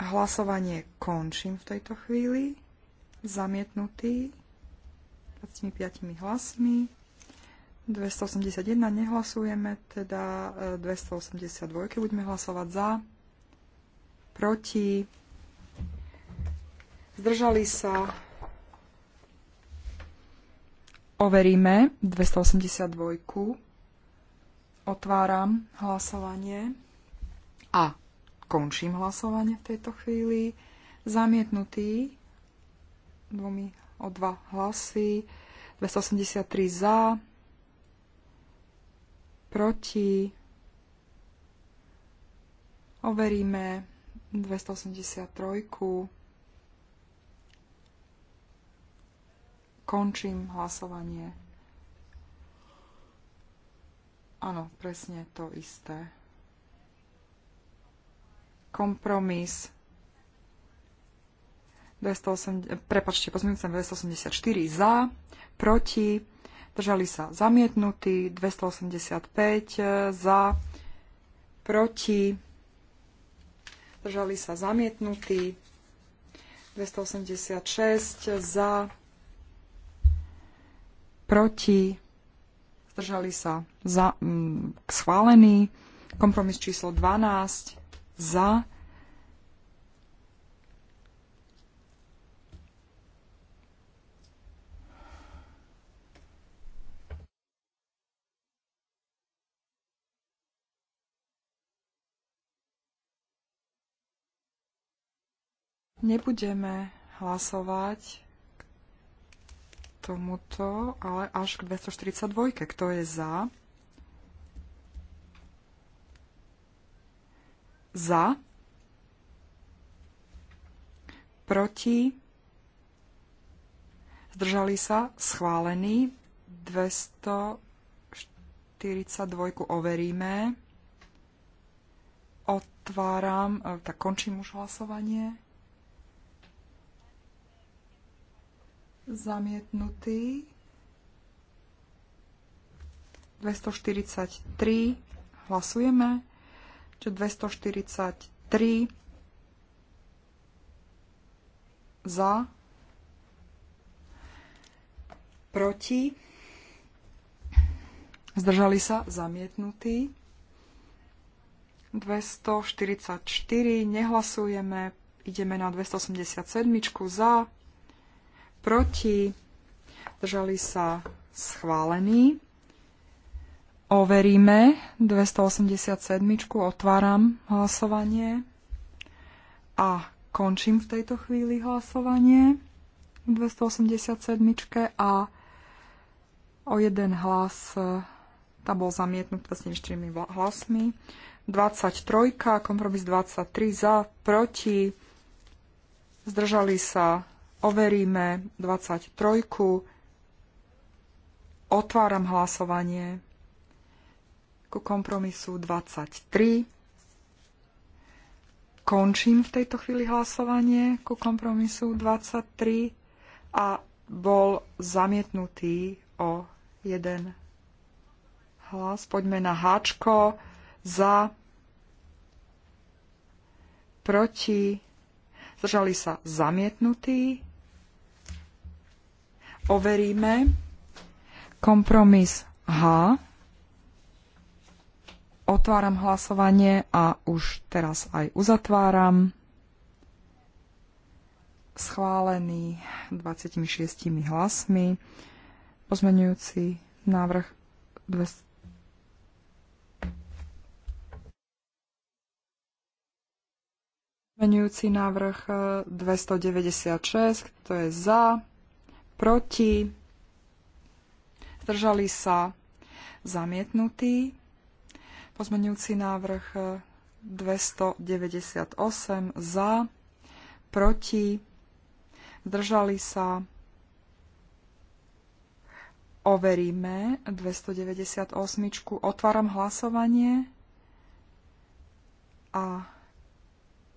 Hlasovanie končím v tejto chvíli. Zamietnutý 25 hlasmi. 281 nehlasujeme, teda 282 e, budeme hlasovať za, proti, zdržali sa, overíme 282, otváram hlasovanie a končím hlasovanie v tejto chvíli, zamietnutý dvomi o dva hlasy, 283 za, proti, overíme 283. Končím hlasovanie. Áno, presne to isté. Kompromis prepačte, pozmeňujúcem 284 za, proti, Držali sa zamietnutí. 285 e, za. Proti. Držali sa zamietnutí. 286 za. Proti. Zdržali sa za, mm, schválení. Kompromis číslo 12 za Nebudeme hlasovať k tomuto, ale až k 242. Kto je za? Za? Proti? Zdržali sa? Schválený. 242 overíme. Otváram, eh, tak končím už hlasovanie. zamietnutý. 243 hlasujeme. čo 243 za, proti, zdržali sa, zamietnutí. 244 nehlasujeme, ideme na 287 za, proti, držali sa schválený. Overíme 287. Otváram hlasovanie a končím v tejto chvíli hlasovanie v 287. a o jeden hlas tá bol zamietnutá s 4 hlasmi. 23, kompromis 23 za, proti, zdržali sa Overíme 23. Otváram hlasovanie ku kompromisu 23. Končím v tejto chvíli hlasovanie ku kompromisu 23 a bol zamietnutý o jeden hlas. Poďme na háčko za proti zdržali sa zamietnutí overíme. Kompromis H. Otváram hlasovanie a už teraz aj uzatváram. Schválený 26 hlasmi. Pozmenujúci návrh 200. Menujúci návrh 296, kto je za, proti, zdržali sa zamietnutí. pozmeňujúci návrh 298 za, proti, zdržali sa overíme 298. Otváram hlasovanie a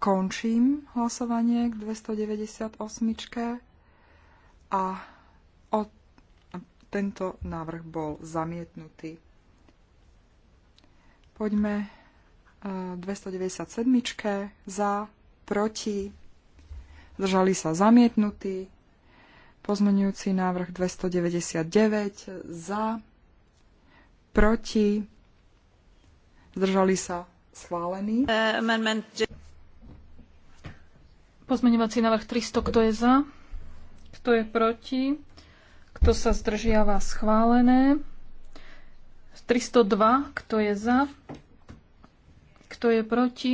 končím hlasovanie k 298. A tento návrh bol zamietnutý. Poďme 297. E, za, proti, zdržali sa zamietnutí. Pozmenujúci návrh 299 za, proti, zdržali sa schválený. E, Pozmeňovací návrh 300, kto je za, kto je proti, kto sa zdržiava? Schválené. 302. Kto je za? Kto je proti?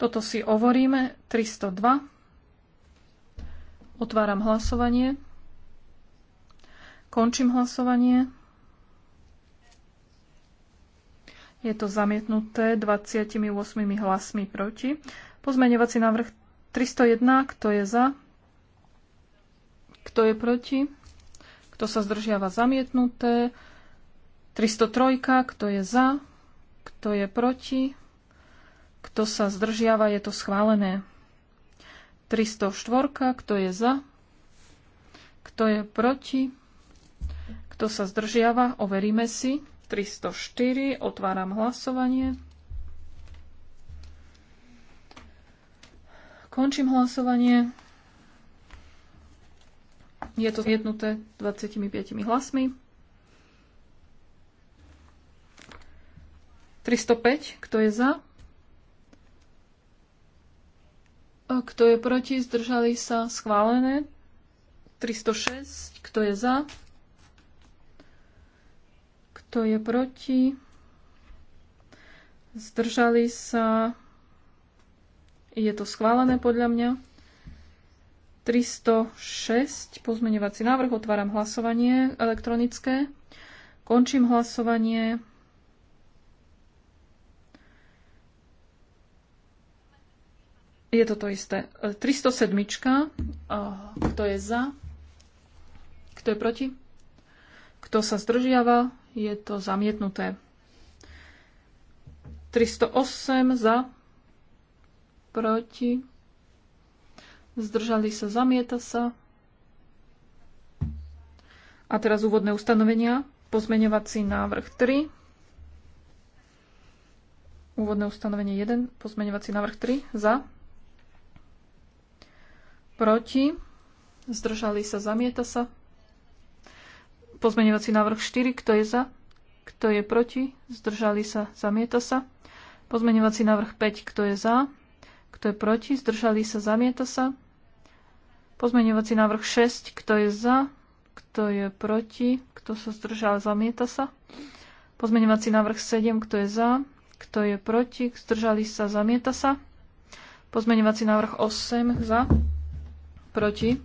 Toto si hovoríme 302. Otváram hlasovanie. Končím hlasovanie. Je to zamietnuté 28 hlasmi proti. Pozmeňovací návrh 301. Kto je za? Kto je proti? Kto sa zdržiava zamietnuté? 303. Kto je za? Kto je proti? Kto sa zdržiava? Je to schválené. 304. Kto je za? Kto je proti? Kto sa zdržiava? Overíme si. 304. Otváram hlasovanie. Končím hlasovanie. Je to jednuté 25 hlasmi. 305, kto je za? A kto je proti? Zdržali sa? Schválené. 306, kto je za? Kto je proti? Zdržali sa? Je to schválené podľa mňa. 306 pozmeňovací návrh. Otváram hlasovanie elektronické. Končím hlasovanie. Je to to isté. 307. Kto je za? Kto je proti? Kto sa zdržiava? Je to zamietnuté. 308 za, proti, zdržali sa, zamieta sa. A teraz úvodné ustanovenia. Pozmeňovací návrh 3. Úvodné ustanovenie 1. Pozmeňovací návrh 3. Za. Proti. Zdržali sa, zamieta sa. Pozmeňovací návrh 4. Kto je za? Kto je proti? Zdržali sa, zamieta sa. Pozmeňovací návrh 5. Kto je za? Kto je proti? Zdržali sa, zamieta sa. Pozmeňovací návrh 6. Kto je za? Kto je proti? Kto sa zdržal? Zamieta sa. Pozmeňovací návrh 7. Kto je za? Kto je proti? Zdržali sa? Zamieta sa. Pozmeňovací návrh 8. Za? Proti?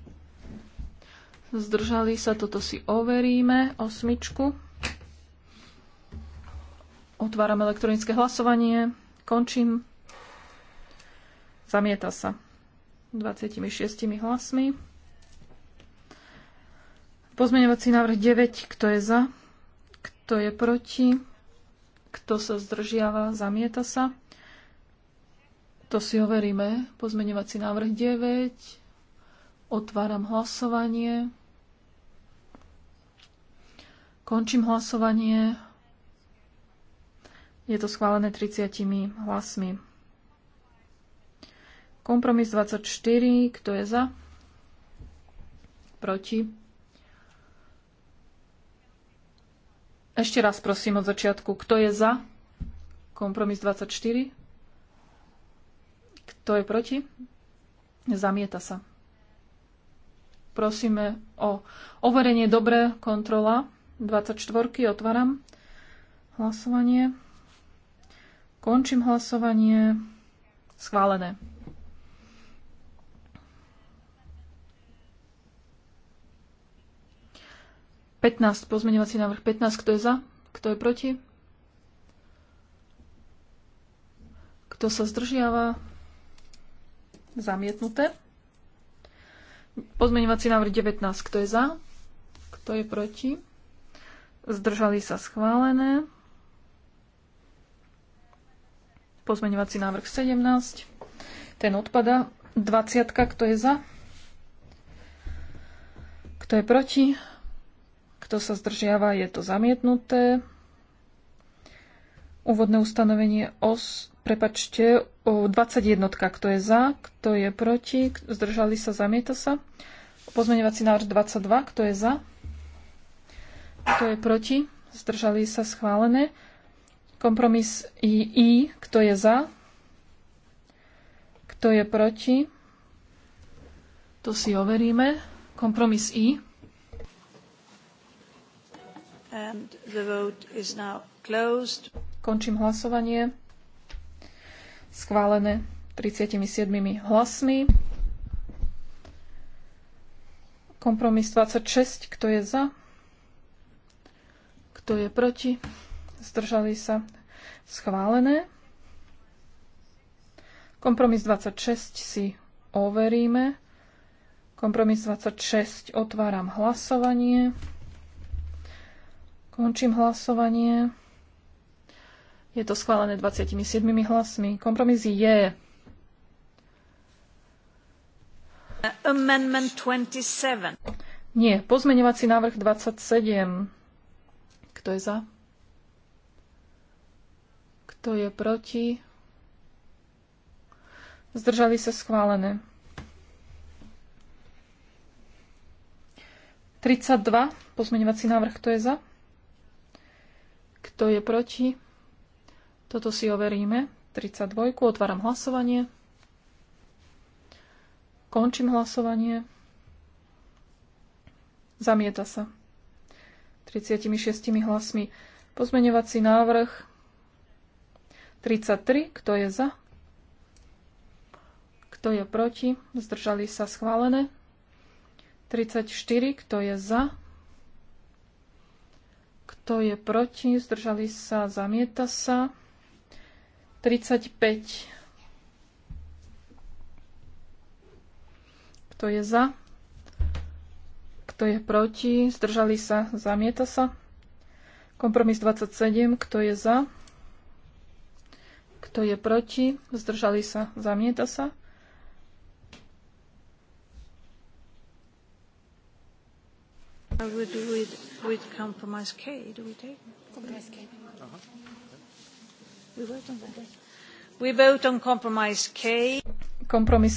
Zdržali sa? Toto si overíme. Osmičku. Otváram elektronické hlasovanie. Končím. Zamieta sa. 26 hlasmi. Pozmeňovací návrh 9, kto je za, kto je proti, kto sa zdržiava, zamieta sa. To si overíme. Pozmeňovací návrh 9. Otváram hlasovanie. Končím hlasovanie. Je to schválené 30 hlasmi. Kompromis 24, kto je za? Proti? Ešte raz prosím od začiatku, kto je za? Kompromis 24. Kto je proti? Zamieta sa. Prosíme o overenie dobre kontrola 24. Otváram hlasovanie. Končím hlasovanie. Schválené. 15, pozmeňovací návrh 15, kto je za? Kto je proti? Kto sa zdržiava? Zamietnuté. Pozmeňovací návrh 19, kto je za? Kto je proti? Zdržali sa schválené. Pozmeňovací návrh 17. Ten odpada. 20, kto je za? Kto je proti? Kto sa zdržiava, je to zamietnuté. Úvodné ustanovenie os, prepačte, 21. Kto je za, kto je proti, zdržali sa, zamieta sa. Pozmeňovací návrh 22. Kto je za? Kto je proti? Zdržali sa, schválené. Kompromis I. Kto je za? Kto je proti? To si overíme. Kompromis I. And the vote is now closed. Končím hlasovanie. Schválené 37 hlasmi. Kompromis 26. Kto je za? Kto je proti? Zdržali sa. Schválené. Kompromis 26 si overíme. Kompromis 26. Otváram hlasovanie. Končím hlasovanie. Je to schválené 27 hlasmi. Kompromis je. Amendment 27. Nie, pozmeňovací návrh 27. Kto je za? Kto je proti? Zdržali sa schválené. 32. Pozmeňovací návrh. Kto je za? Kto je proti? Toto si overíme. 32. Otváram hlasovanie. Končím hlasovanie. Zamieta sa. 36 hlasmi. Pozmeňovací návrh 33. Kto je za? Kto je proti? Zdržali sa schválené. 34. Kto je za? kto je proti, zdržali sa, zamieta sa. 35. Kto je za? Kto je proti? Zdržali sa? Zamieta sa? Kompromis 27. Kto je za? Kto je proti? Zdržali sa? Zamieta sa? Kompromis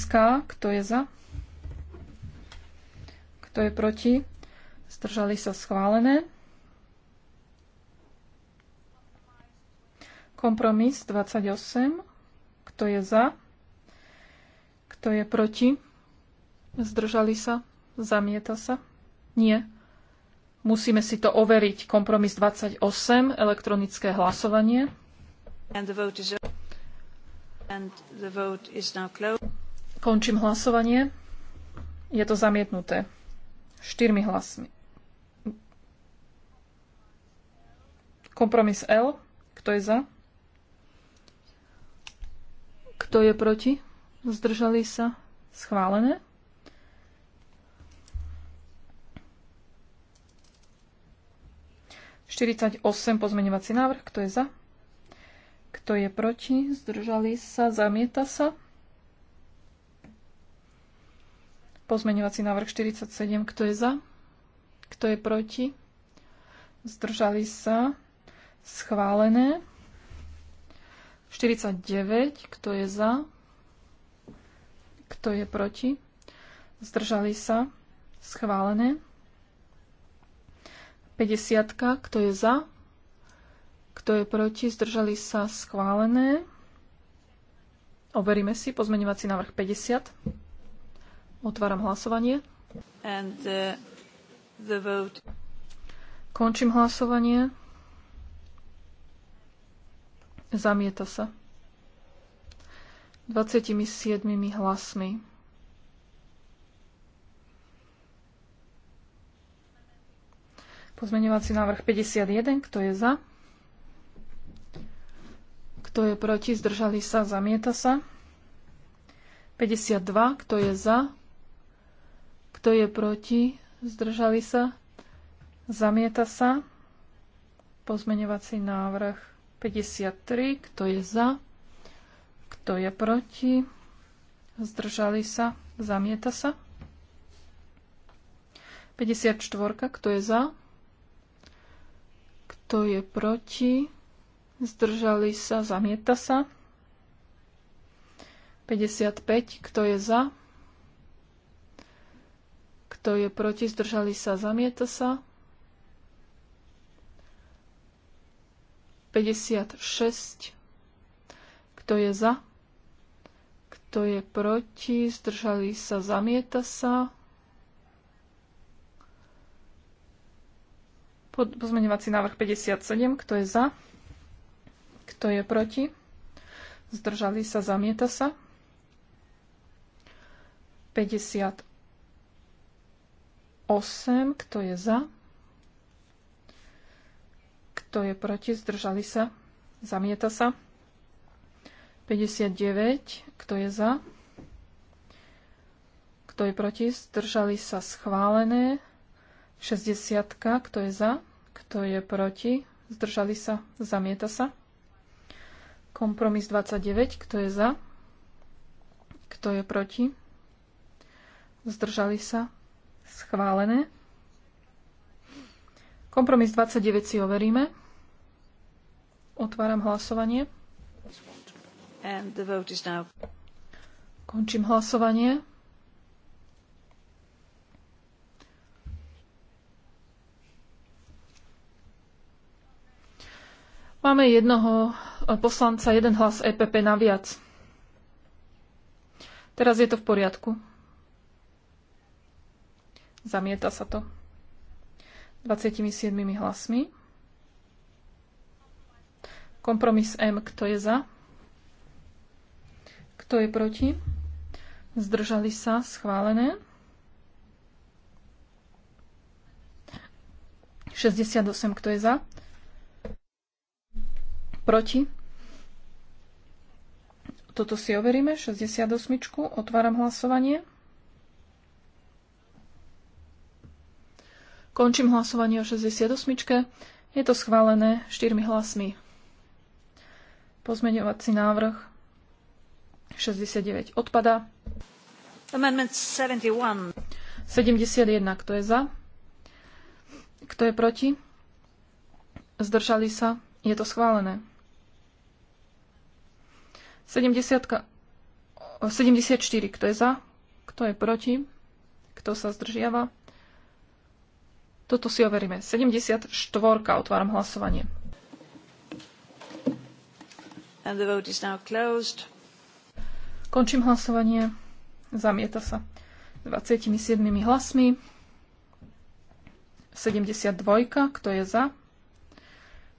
K, kto je za? Kto je proti? Zdržali sa schválené. Kompromis 28. Kto je za? Kto je proti? Zdržali sa? Zamieta sa? Nie. Musíme si to overiť. Kompromis 28, elektronické hlasovanie. Končím hlasovanie. Je to zamietnuté. Štyrmi hlasmi. Kompromis L. Kto je za? Kto je proti? Zdržali sa? Schválené? 48 pozmeňovací návrh. Kto je za? Kto je proti? Zdržali sa? Zamieta sa? Pozmeňovací návrh 47. Kto je za? Kto je proti? Zdržali sa? Schválené. 49. Kto je za? Kto je proti? Zdržali sa? Schválené. 50. Kto je za? Kto je proti? Zdržali sa schválené. Overíme si pozmeňovací návrh 50. Otváram hlasovanie. And, uh, the vote. Končím hlasovanie. Zamieta sa. 27 hlasmi. Pozmeňovací návrh 51, kto je za? Kto je proti? Zdržali sa? Zamieta sa. 52, kto je za? Kto je proti? Zdržali sa? Zamieta sa. Pozmeňovací návrh 53, kto je za? Kto je proti? Zdržali sa? Zamieta sa. 54, kto je za? Kto je proti? Zdržali sa, zamieta sa. 55. Kto je za? Kto je proti? Zdržali sa, zamieta sa. 56. Kto je za? Kto je proti? Zdržali sa, zamieta sa. Pozmeňovací návrh 57. Kto je za? Kto je proti? Zdržali sa, zamieta sa. 58. Kto je za? Kto je proti? Zdržali sa, zamieta sa. 59. Kto je za? Kto je proti? Zdržali sa schválené. 60. Kto je za? Kto je proti? Zdržali sa? Zamieta sa? Kompromis 29. Kto je za? Kto je proti? Zdržali sa? Schválené. Kompromis 29 si overíme. Otváram hlasovanie. Končím hlasovanie. Máme jednoho e, poslanca, jeden hlas EPP naviac. Teraz je to v poriadku. Zamieta sa to. 27 hlasmi. Kompromis M, kto je za? Kto je proti? Zdržali sa, schválené. 68, kto je za? Proti? Toto si overíme, 68. Otváram hlasovanie. Končím hlasovanie o 68. Je to schválené 4 hlasmi. Pozmeňovací návrh 69 odpada. Amendment 71. 71. Kto je za? Kto je proti? Zdržali sa? Je to schválené. 70, 74, kto je za, kto je proti, kto sa zdržiava. Toto si overíme. 74, otváram hlasovanie. And the vote is now closed. Končím hlasovanie. Zamieta sa 27 hlasmi. 72, kto je za,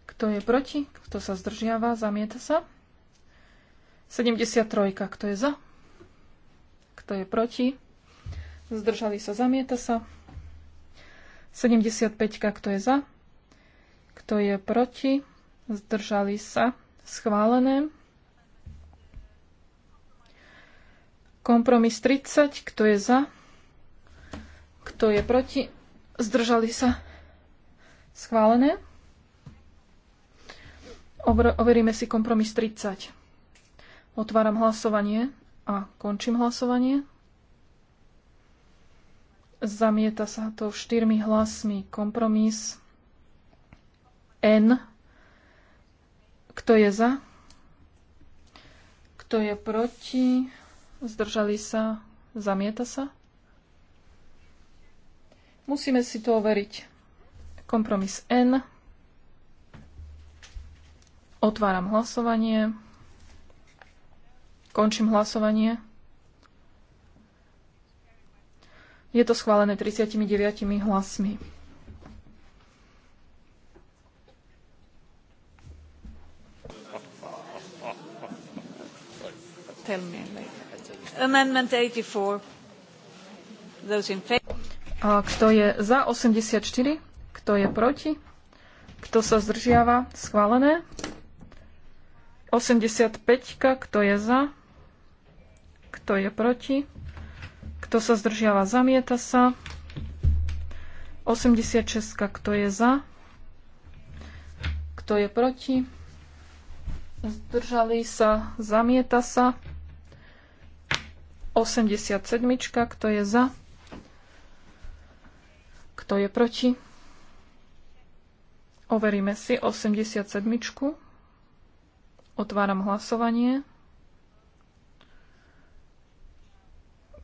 kto je proti, kto sa zdržiava, zamieta sa. 73. Kto je za? Kto je proti? Zdržali sa, zamieta sa. 75. Kto je za? Kto je proti? Zdržali sa. Schválené. Kompromis 30. Kto je za? Kto je proti? Zdržali sa. Schválené. Overíme si kompromis 30. Otváram hlasovanie a končím hlasovanie. Zamieta sa to štyrmi hlasmi kompromis N. Kto je za? Kto je proti? Zdržali sa? Zamieta sa? Musíme si to overiť. Kompromis N. Otváram hlasovanie. Končím hlasovanie. Je to schválené 39 hlasmi. Amendment 84. A kto je za 84? Kto je proti? Kto sa zdržiava? Schválené. 85. Kto je za? Kto je proti? Kto sa zdržiava? Zamieta sa. 86. Kto je za? Kto je proti? Zdržali sa. Zamieta sa. 87. Kto je za? Kto je proti? Overíme si 87. Otváram hlasovanie.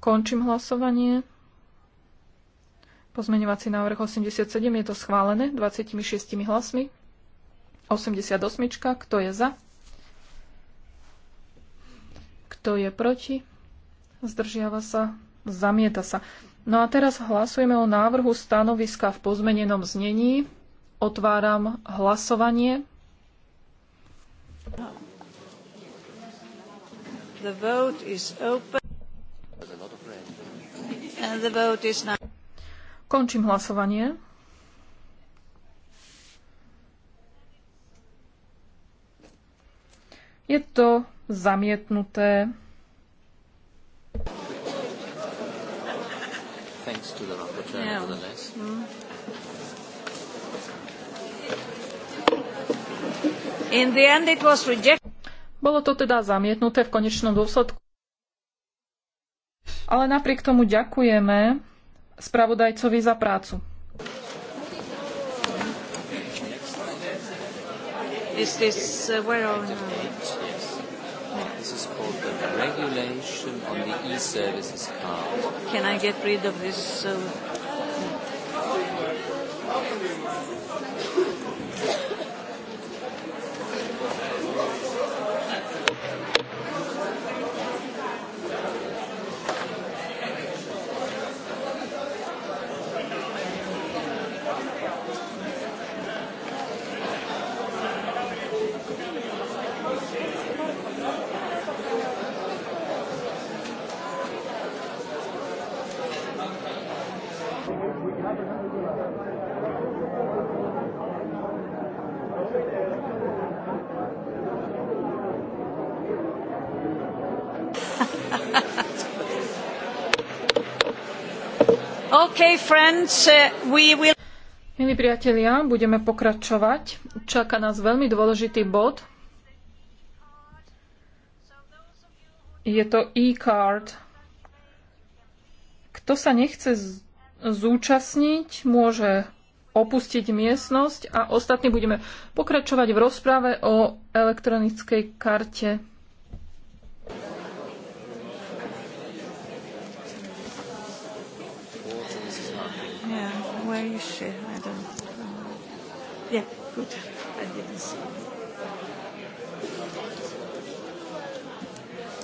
Končím hlasovanie. Pozmeňovací návrh 87 je to schválené 26 hlasmi. 88. Kto je za? Kto je proti? Zdržiava sa? Zamieta sa. No a teraz hlasujeme o návrhu stanoviska v pozmenenom znení. Otváram hlasovanie. The vote is open. Končím hlasovanie. Je to zamietnuté. Mm. Bolo to teda zamietnuté v konečnom dôsledku. Ale napriek tomu ďakujeme spravodajcovi za prácu. Is this uh, where on? This is called the regulation on the e-services card. Can I get rid of this? Uh... Okay, friends, uh, we will... Milí priatelia, budeme pokračovať. Čaká nás veľmi dôležitý bod. Je to e-card. Kto sa nechce zúčastniť, môže opustiť miestnosť a ostatní budeme pokračovať v rozprave o elektronickej karte Fische. I don't know. Yeah, good. I didn't see.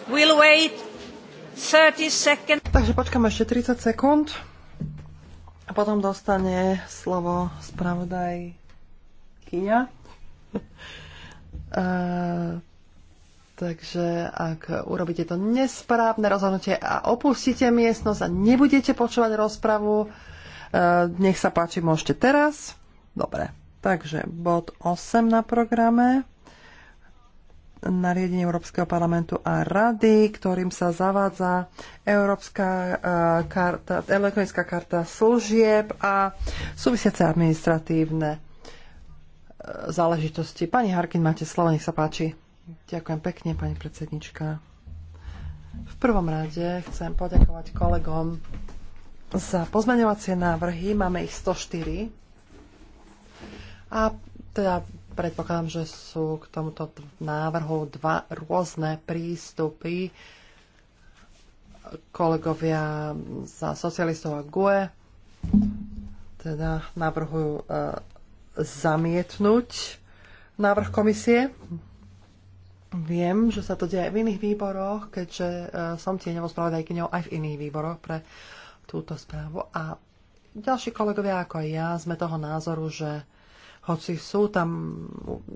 We'll wait 30 seconds. Takže počkám ešte 30 sekúnd a potom dostane slovo spravodaj Kyňa. (laughs) E, takže ak urobíte to nesprávne rozhodnutie a opustíte miestnosť a nebudete počúvať rozpravu, Eh, nech sa páči, môžete teraz. Dobre, takže bod 8 na programe nariadenie Európskeho parlamentu a rady, ktorým sa zavádza Európska eh, karta, elektronická karta služieb a súvisiace administratívne eh, záležitosti. Pani Harkin, máte slovo, nech sa páči. Ďakujem pekne, pani predsednička. V prvom rade chcem poďakovať kolegom za pozmeňovacie návrhy. Máme ich 104. A teda predpokladám, že sú k tomuto návrhu dva rôzne prístupy kolegovia za socialistov a GUE teda navrhujú e, zamietnúť návrh komisie. Viem, že sa to deje aj v iných výboroch, keďže e, som tieňovou spravodajkyňou aj v iných výboroch pre túto správu. A ďalší kolegovia ako aj ja sme toho názoru, že hoci sú tam,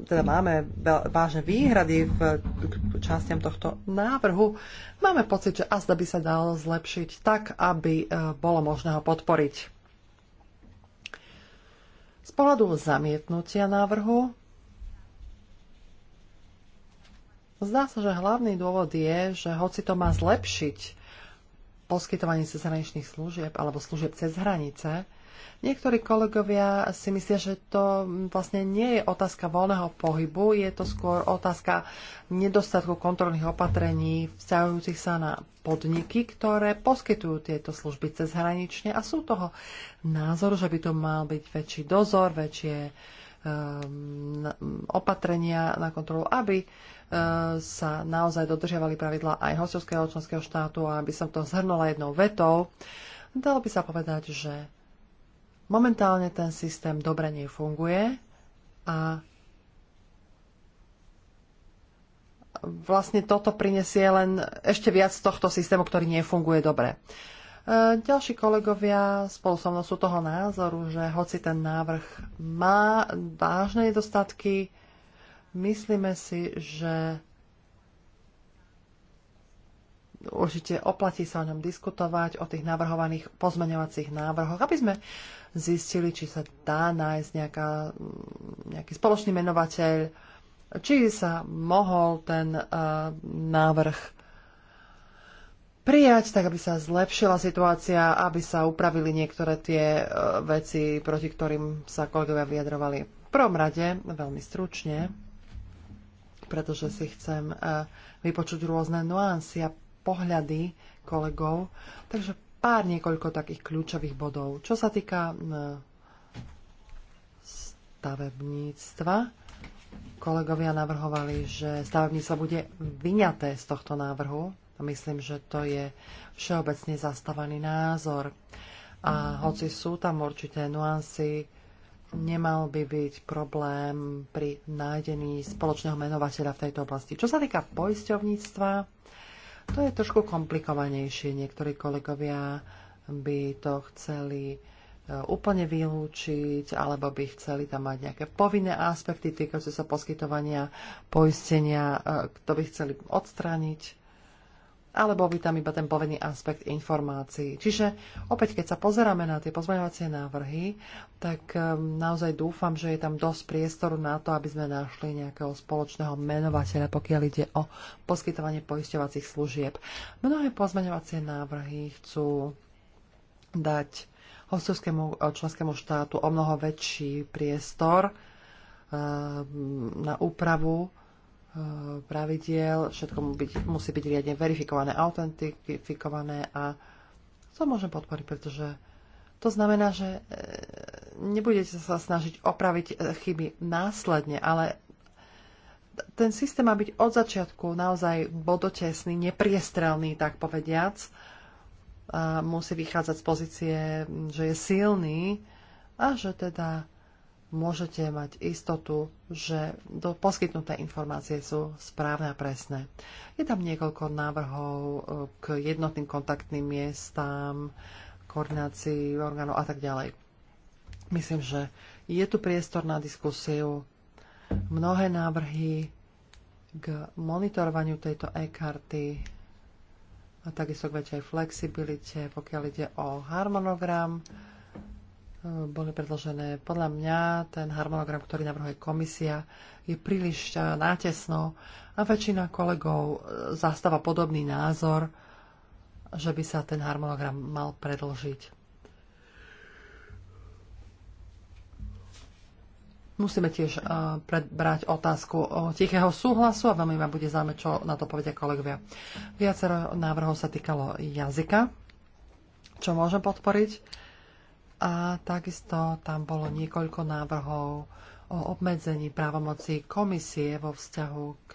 teda máme vážne výhrady v, častiam tohto návrhu, máme pocit, že azda by sa dalo zlepšiť tak, aby e, bolo možné ho podporiť. Z pohľadu zamietnutia návrhu zdá sa, že hlavný dôvod je, že hoci to má zlepšiť poskytovaní cezhraničných služieb alebo služieb cez hranice, niektorí kolegovia si myslia, že to vlastne nie je otázka voľného pohybu, je to skôr otázka nedostatku kontrolných opatrení vzťahujúcich sa na podniky, ktoré poskytujú tieto služby cezhranične a sú toho názoru, že by to mal byť väčší dozor, väčšie um, opatrenia na kontrolu, aby sa naozaj dodržiavali pravidla aj hostovského členského štátu a aby som to zhrnula jednou vetou, dalo by sa povedať, že momentálne ten systém dobre nefunguje a vlastne toto prinesie len ešte viac tohto systému, ktorý nefunguje dobre. E, ďalší kolegovia spolu so mnou sú toho názoru, že hoci ten návrh má vážne nedostatky, Myslíme si, že určite oplatí sa o ňom diskutovať, o tých navrhovaných pozmeňovacích návrhoch, aby sme zistili, či sa dá nájsť nejaká, nejaký spoločný menovateľ, či sa mohol ten uh, návrh prijať, tak aby sa zlepšila situácia, aby sa upravili niektoré tie uh, veci, proti ktorým sa kolegovia vyjadrovali. V prvom rade, veľmi stručne, pretože si chcem e, vypočuť rôzne nuancy a pohľady kolegov. Takže pár niekoľko takých kľúčových bodov. Čo sa týka stavebníctva, kolegovia navrhovali, že stavebníctvo bude vyňaté z tohto návrhu. Myslím, že to je všeobecne zastávaný názor. A hoci sú tam určité nuancy, nemal by byť problém pri nájdení spoločného menovateľa v tejto oblasti. Čo sa týka poisťovníctva, to je trošku komplikovanejšie. Niektorí kolegovia by to chceli e, úplne vylúčiť, alebo by chceli tam mať nejaké povinné aspekty týkajúce sa poskytovania poistenia, e, to by chceli odstrániť ale bol by tam iba ten povedný aspekt informácií. Čiže opäť, keď sa pozeráme na tie pozmeňovacie návrhy, tak ehm, naozaj dúfam, že je tam dosť priestoru na to, aby sme našli nejakého spoločného menovateľa, pokiaľ ide o poskytovanie poisťovacích služieb. Mnohé pozmeňovacie návrhy chcú dať hostovskému e, členskému štátu o mnoho väčší priestor ehm, na úpravu Eh, pravidiel, všetko byť, musí byť riadne verifikované, autentifikované a to môžem podporiť, pretože to znamená, že eh, nebudete sa snažiť opraviť eh, chyby následne, ale ten systém má byť od začiatku naozaj bodotesný, nepriestrelný, tak povediac. A musí vychádzať z pozície, že je silný a že teda môžete mať istotu, že do poskytnuté informácie sú správne a presné. Je tam niekoľko návrhov e, k jednotným kontaktným miestam, koordinácii orgánov a tak ďalej. Myslím, že je tu priestor na diskusiu. Mnohé návrhy k monitorovaniu tejto e-karty a takisto k väčšej flexibilite, pokiaľ ide o harmonogram boli predložené. Podľa mňa ten harmonogram, ktorý navrhuje komisia, je príliš e, nátesno a väčšina kolegov e, zastáva podobný názor, že by sa ten harmonogram mal predlžiť. Musíme tiež e, predbrať otázku o tichého súhlasu a veľmi ma bude zaujímať, čo na to povedia kolegovia. Viacero návrhov sa týkalo jazyka, čo môžem podporiť a takisto tam bolo niekoľko návrhov o obmedzení právomocí komisie vo vzťahu k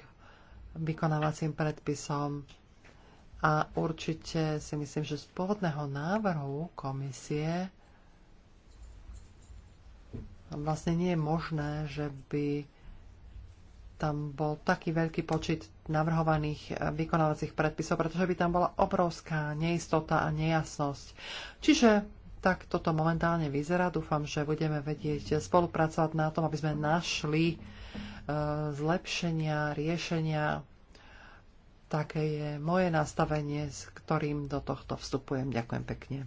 vykonávacím predpisom. A určite si myslím, že z pôvodného návrhu komisie vlastne nie je možné, že by tam bol taký veľký počet navrhovaných eh, vykonávacích predpisov, pretože by tam bola obrovská neistota a nejasnosť. Čiže tak toto momentálne vyzerá. Dúfam, že budeme vedieť spolupracovať na tom, aby sme našli e, zlepšenia, riešenia. Také je moje nastavenie, s ktorým do tohto vstupujem. Ďakujem pekne.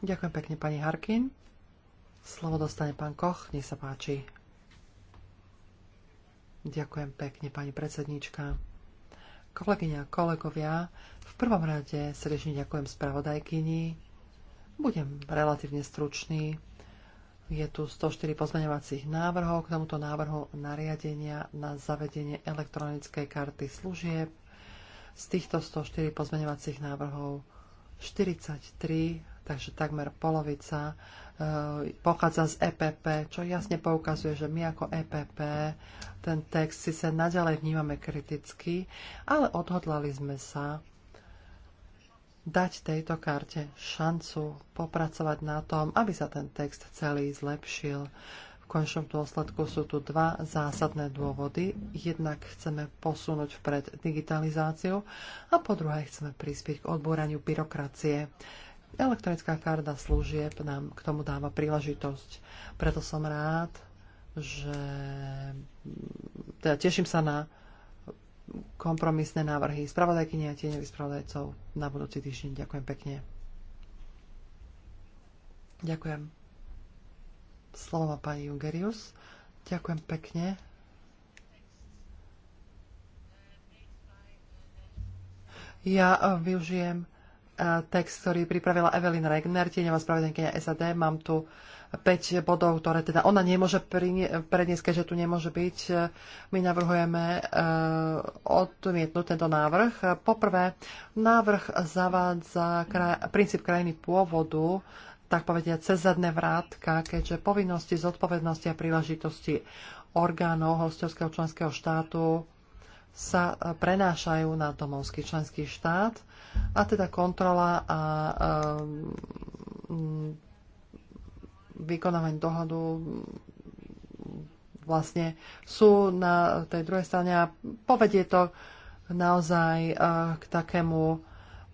Ďakujem pekne, pani Harkin. Slovo dostane pán Koch, nech sa páči. Ďakujem pekne, pani predsedníčka. Kolegyňa, kolegovia, v prvom rade srdečne ďakujem spravodajkyni. Budem relatívne stručný. Je tu 104 pozmeňovacích návrhov k tomuto návrhu nariadenia na zavedenie elektronickej karty služieb. Z týchto 104 pozmeňovacích návrhov 43, takže takmer polovica, Eh, pochádza z EPP, čo jasne poukazuje, že my ako EPP ten text si sa naďalej vnímame kriticky, ale odhodlali sme sa dať tejto karte šancu popracovať na tom, aby sa ten text celý zlepšil. V končnom dôsledku sú tu dva zásadné dôvody. Jednak chceme posunúť vpred digitalizáciu a po druhé chceme prispieť k odbúraniu byrokracie. Elektronická karta služieb nám k tomu dáva príležitosť. Preto som rád, že teda teším sa na kompromisné návrhy spravodajkyne a tieňových spravodajcov na budúci týždeň. Ďakujem pekne. Ďakujem. Slovo má pani Jungerius. Ďakujem pekne. Ja eh, využijem text, ktorý pripravila Evelyn Regner, tieňová spravodajkynia SAD. Mám tu 5 bodov, ktoré teda ona nemôže predniesť, keďže tu nemôže byť. My navrhujeme e, odmietnúť tento návrh. Poprvé, návrh zavádza kraj, princíp krajiny pôvodu, tak povediať, cez zadné vrátka, keďže povinnosti, zodpovednosti a príležitosti orgánov hostovského členského štátu sa e, prenášajú na domovský členský štát a teda kontrola a um, vykonávanie dohodu vlastne sú na tej druhej strane a povedie to naozaj e, k takému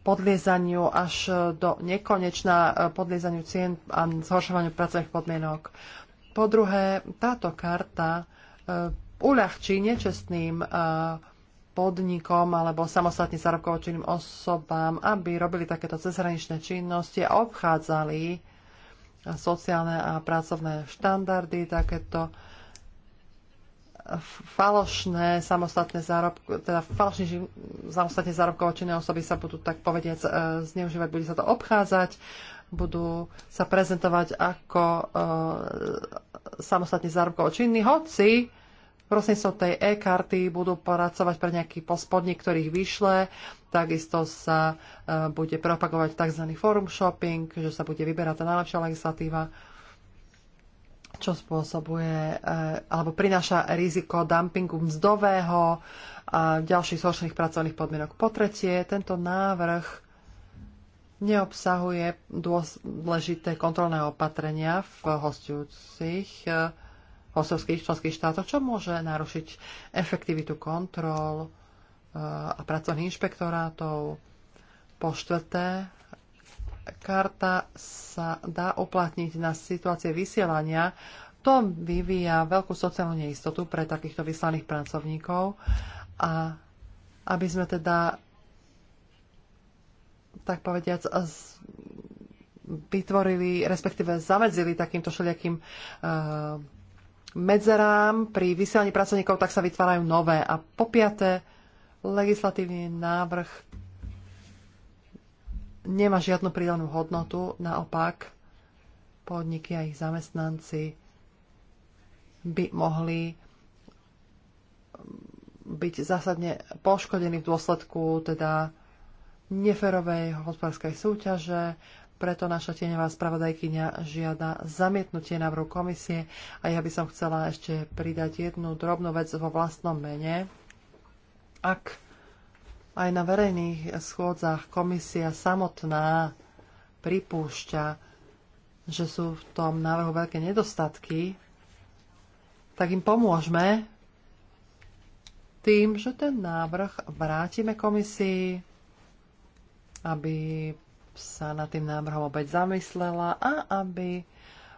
podliezaniu až do nekonečná podliezaniu cien a zhoršovaniu pracovných podmienok. Po druhé, táto karta uľahčí nečestným eh, podnikom alebo samostatne zárobkovo osobám, aby robili takéto cezhraničné činnosti a obchádzali sociálne a pracovné štandardy, takéto falošné samostatné zárobky, teda falošné samostatne zárobkovočinné osoby sa budú tak povediať eh, zneužívať, bude sa to obchádzať, budú sa prezentovať ako e, samostatne zárobkovo činní, hoci Prostredníctvom tej e-karty budú pracovať pre nejaký podnik, ktorých vyšle. Takisto sa e, bude propagovať tzv. forum shopping, že sa bude vyberať tá najlepšia legislatíva čo spôsobuje e, alebo prináša riziko dumpingu mzdového a ďalších zhoršených pracovných podmienok. Po tretie, tento návrh neobsahuje dôležité kontrolné opatrenia v hostujúcich e, hostovských členských štátoch, čo môže narušiť efektivitu kontrol e, a pracovných inšpektorátov. Po štvrté, karta sa dá uplatniť na situácie vysielania. To vyvíja veľkú sociálnu neistotu pre takýchto vyslaných pracovníkov a aby sme teda tak povediac vytvorili, respektíve zamedzili takýmto všelijakým uh, medzerám pri vysielaní pracovníkov, tak sa vytvárajú nové. A po piaté, legislatívny návrh nemá žiadnu pridanú hodnotu, naopak podniky a ich zamestnanci by mohli byť zásadne poškodení v dôsledku teda neferovej hospodárskej súťaže preto naša tieňová spravodajkyňa žiada zamietnutie návrhu komisie a ja by som chcela ešte pridať jednu drobnú vec vo vlastnom mene. Ak aj na verejných schôdzach komisia samotná pripúšťa, že sú v tom návrhu veľké nedostatky, tak im pomôžme tým, že ten návrh vrátime komisii, aby sa nad tým návrhom opäť zamyslela a aby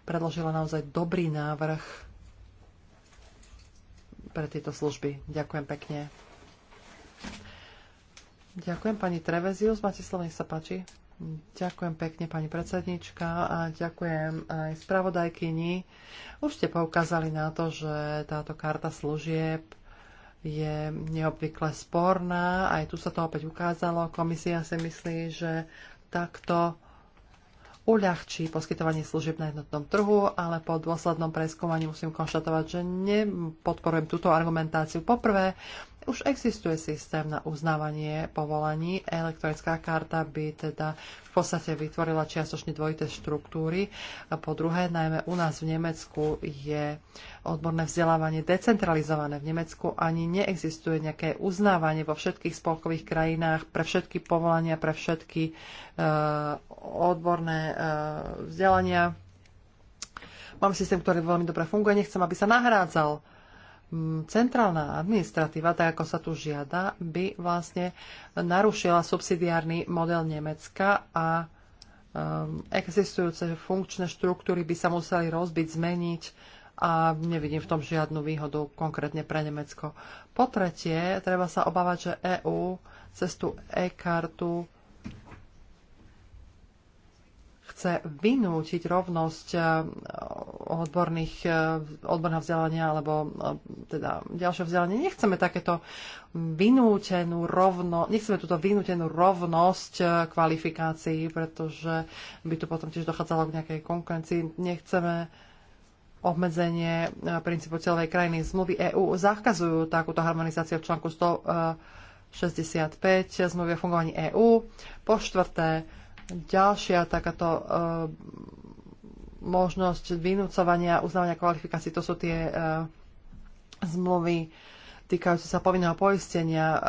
predložila naozaj dobrý návrh pre tieto služby. Ďakujem pekne. Ďakujem pani Trevezius, máte slovo, nech sa páči. Ďakujem pekne pani predsednička a ďakujem aj spravodajkyni. Už ste poukázali na to, že táto karta služieb je neobvykle sporná. Aj tu sa to opäť ukázalo. Komisia si myslí, že takto uľahčí poskytovanie služieb na jednotnom trhu, ale po dôslednom preskúmaní musím konštatovať, že nepodporujem túto argumentáciu. Poprvé, už existuje systém na uznávanie povolaní. Elektronická karta by teda v podstate vytvorila čiastočne dvojité štruktúry. A po druhé, najmä u nás v Nemecku je odborné vzdelávanie decentralizované. V Nemecku ani neexistuje nejaké uznávanie vo všetkých spolkových krajinách pre všetky povolania, pre všetky uh, odborné uh, vzdelania. Mám systém, ktorý veľmi dobre funguje. Nechcem, aby sa nahrádzal centrálna administratíva, tak ako sa tu žiada, by vlastne narušila subsidiárny model Nemecka a existujúce funkčné štruktúry by sa museli rozbiť, zmeniť a nevidím v tom žiadnu výhodu konkrétne pre Nemecko. Po tretie, treba sa obávať, že EÚ cestu e-kartu chce vynútiť rovnosť eh, odborných, eh, odborného vzdelania alebo eh, teda ďalšieho vzdelania. Nechceme takéto vynútenú rovno, nechceme túto vynútenú rovnosť kvalifikácií, pretože by tu potom tiež dochádzalo k nejakej konkurencii. Nechceme obmedzenie princípu celej krajiny. Zmluvy EÚ zakazujú takúto harmonizáciu v článku 165 zmluvy o fungovaní EÚ. Po štvrté, ďalšia takáto e, možnosť vynúcovania uznávania kvalifikácií, to sú tie e, zmluvy týkajúce sa povinného poistenia. E,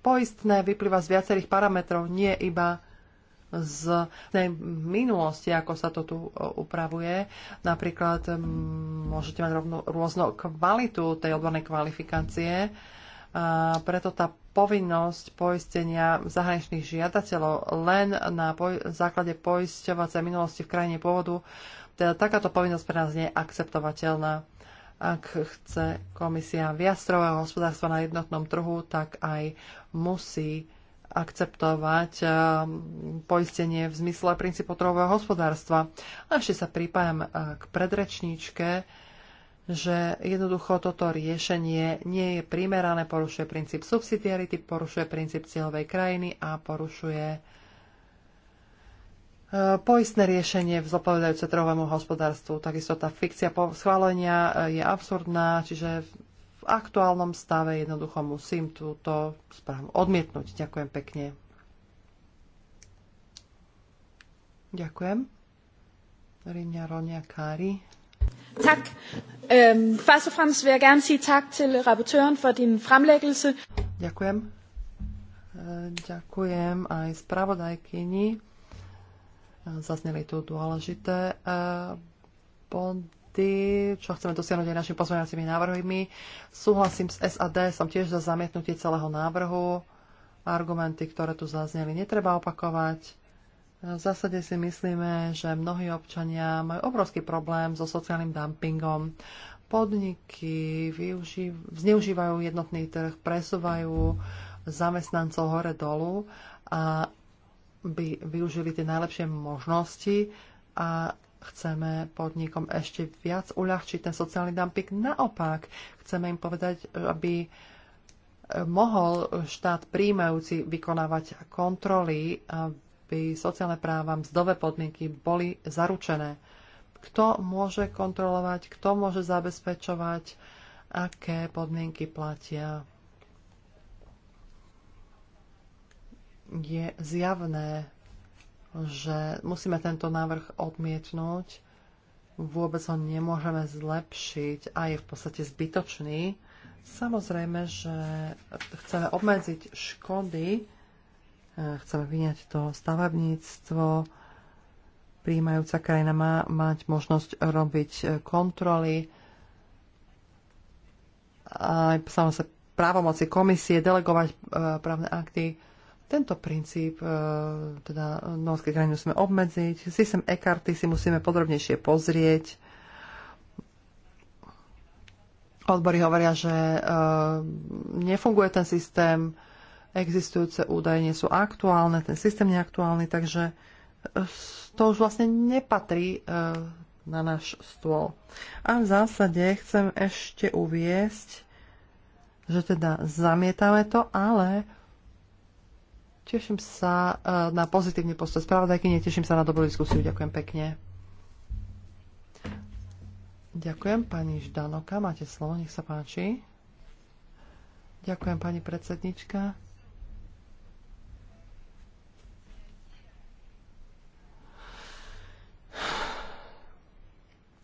poistné vyplýva z viacerých parametrov, nie iba z tej minulosti, ako sa to tu upravuje. Napríklad môžete mať rovno, rôznu kvalitu tej odbornej kvalifikácie. A preto tá povinnosť poistenia zahraničných žiadateľov len na poj- základe poisťovacej minulosti v krajine pôvodu, teda takáto povinnosť pre nás nie je akceptovateľná. Ak chce komisia viastrového hospodárstva na jednotnom trhu, tak aj musí akceptovať um, poistenie v zmysle princípu trhového hospodárstva. A ešte sa pripájam uh, k predrečníčke že jednoducho toto riešenie nie je primerané, porušuje princíp subsidiarity, porušuje princíp cieľovej krajiny a porušuje e, poistné riešenie v zodpovedajúce trhovému hospodárstvu. Takisto tá fikcia schválenia e, je absurdná, čiže v aktuálnom stave jednoducho musím túto správu odmietnúť. Ďakujem pekne. Ďakujem. Rinia Ronia Kári. Tak, først og fremmest vil jeg gerne sige tak til rapportøren for din fremlæggelse. Ďakujem. Ehm, ďakujem aj spravodajkyni. Ehm, zazneli tu dôležité ehm, body, čo chceme dosiahnuť aj našimi pozmeňovacími návrhmi. Súhlasím s SAD, som tiež za zamietnutie celého návrhu. Argumenty, ktoré tu zazneli, netreba opakovať v zásade si myslíme, že mnohí občania majú obrovský problém so sociálnym dumpingom. Podniky zneužívajú jednotný trh, presúvajú zamestnancov hore-dolu a by využili tie najlepšie možnosti a chceme podnikom ešte viac uľahčiť ten sociálny dumping. Naopak, chceme im povedať, aby mohol štát príjmajúci vykonávať kontroly aby sociálne práva, mzdové podmienky boli zaručené. Kto môže kontrolovať, kto môže zabezpečovať, aké podmienky platia. Je zjavné, že musíme tento návrh odmietnúť. Vôbec ho nemôžeme zlepšiť a je v podstate zbytočný. Samozrejme, že chceme obmedziť škody, Chceme vyňať to stavebníctvo. Príjmajúca krajina má mať možnosť robiť e, kontroly. Aj samozrejme právomoci komisie delegovať e, právne akty. Tento princíp, e, teda norské krajiny musíme obmedziť, systém e-karty si musíme podrobnejšie pozrieť. Odbory hovoria, že nefunguje ten systém, existujúce údaje nie sú aktuálne, ten systém nie je aktuálny, takže e, to už vlastne nepatrí e, na náš stôl. A v zásade chcem ešte uviesť, že teda zamietame to, ale teším sa e, na pozitívny postoj spravodajky, neteším sa na dobrú diskusiu. Ďakujem pekne. Ďakujem pani Ždanoka, máte slovo, nech sa páči. Ďakujem pani predsednička.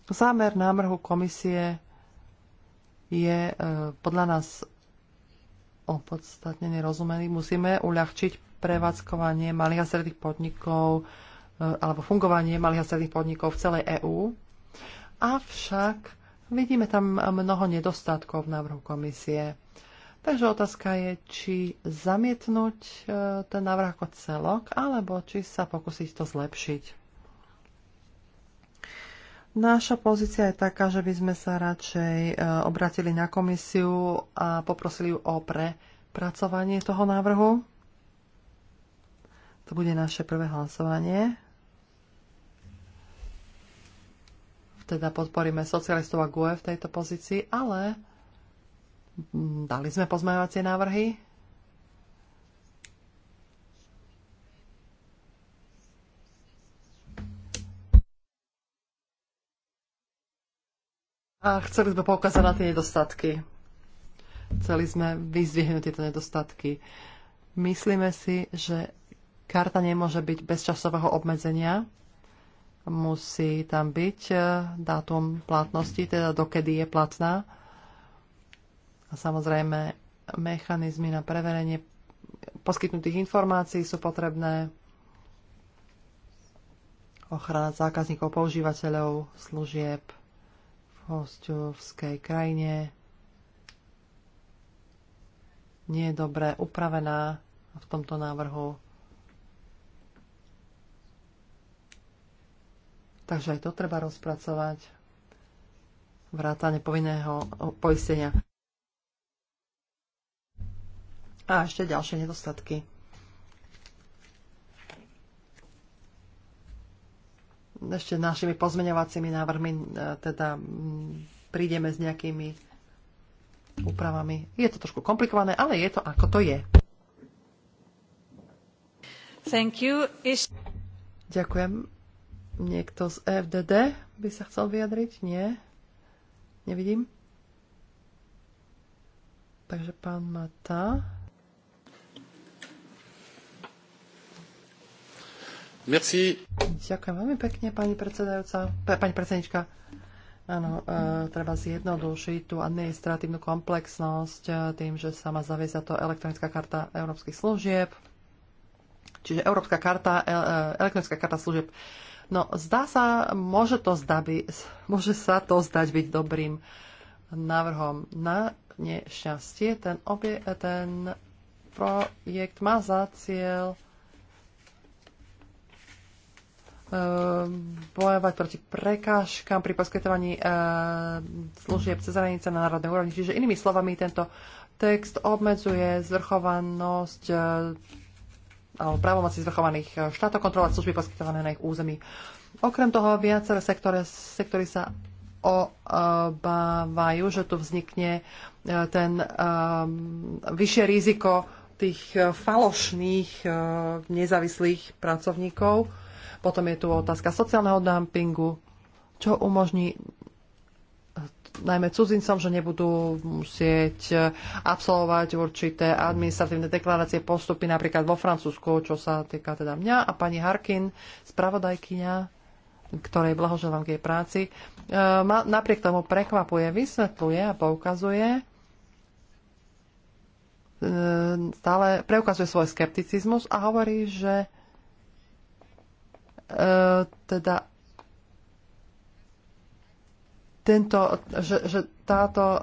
Zámer návrhu komisie je e, podľa nás opodstatne nerozumený. Musíme uľahčiť prevádzkovanie malých a stredných podnikov e, alebo fungovanie malých a stredných podnikov v celej EÚ. Avšak vidíme tam mnoho nedostatkov v návrhu komisie. Takže otázka je, či zamietnúť e, ten návrh ako celok, alebo či sa pokúsiť to zlepšiť. Naša pozícia je taká, že by sme sa radšej e, obratili na komisiu a poprosili ju o prepracovanie toho návrhu. To bude naše prvé hlasovanie. Teda podporíme socialistov a GUE v tejto pozícii, ale mm, dali sme pozmeňovacie návrhy A chceli sme poukázať na tie nedostatky. Chceli sme vyzdvihnúť tieto nedostatky. Myslíme si, že karta nemôže byť bez časového obmedzenia. Musí tam byť e, dátum platnosti, teda dokedy je platná. A samozrejme, mechanizmy na preverenie poskytnutých informácií sú potrebné. Ochrana zákazníkov, používateľov, služieb, hostovskej krajine nie je dobre upravená v tomto návrhu. Takže aj to treba rozpracovať. Vrátane povinného poistenia. A ešte ďalšie nedostatky. ešte našimi pozmeňovacími návrhmi e, teda prídeme s nejakými úpravami. Je to trošku komplikované, ale je to ako to je. Thank you. Is... Ďakujem. Niekto z FDD by sa chcel vyjadriť? Nie. Nevidím. Takže pán Mata. Merci. Ďakujem veľmi pekne, pani predsedajúca, pani predsednička. Áno, e, treba zjednodušiť tú administratívnu komplexnosť e, tým, že sa má zaviesť to elektronická karta európskych služieb. Čiže európska karta, e, e, elektronická karta služieb. No, zdá sa, môže, to zda by, (laughs) môže sa to zdať byť dobrým návrhom. Na nešťastie ten, obie, ten projekt má za cieľ Ehm, bojovať proti prekážkam pri poskytovaní ehm, služieb cez hranice na národnej úrovni. Čiže inými slovami, tento text obmedzuje zvrchovanosť ehm, alebo právomoci zvrchovaných štátov kontrolovať služby poskytované na ich území. Okrem toho viaceré sektory, sektory sa obávajú, že tu vznikne ten vyššie riziko tých falošných nezávislých pracovníkov potom je tu otázka sociálneho dumpingu, čo umožní eh, najmä cudzincom, že nebudú musieť eh, absolvovať určité administratívne deklarácie, postupy napríklad vo Francúzsku, čo sa týka teda mňa a pani Harkin, spravodajkyňa, ktorej blahoželám k jej práci, eh, ma napriek tomu prekvapuje, vysvetľuje a poukazuje, stále preukazuje svoj skepticizmus a hovorí, že E, teda tento, že, že táto e,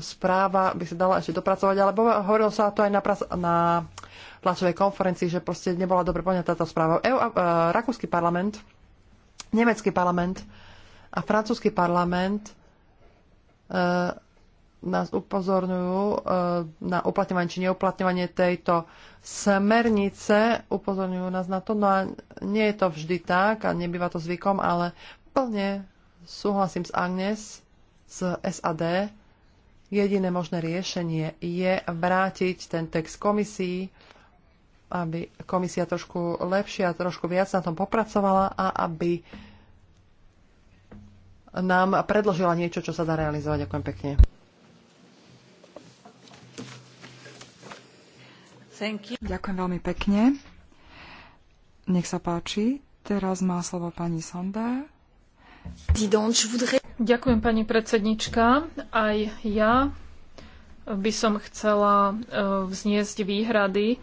správa by sa dala ešte dopracovať, ale hovorilo sa to aj na, pras, na tlačovej konferencii, že proste nebola dobre poňatá táto správa. EU, uh, e, Rakúsky parlament, nemecký parlament a francúzsky parlament uh, nás upozorňujú e, na uplatňovanie či neuplatňovanie tejto smernice. Upozorňujú nás na to. No a nie je to vždy tak a nebýva to zvykom, ale plne súhlasím s Agnes, z SAD. Jediné možné riešenie je vrátiť ten text komisii, aby komisia trošku lepšie a trošku viac na tom popracovala a aby nám predložila niečo, čo sa dá realizovať. Ďakujem pekne. Ďakujem veľmi pekne. Nech sa páči. Teraz má slovo pani Sonda. Ďakujem pani predsednička. Aj ja by som chcela e, vzniesť výhrady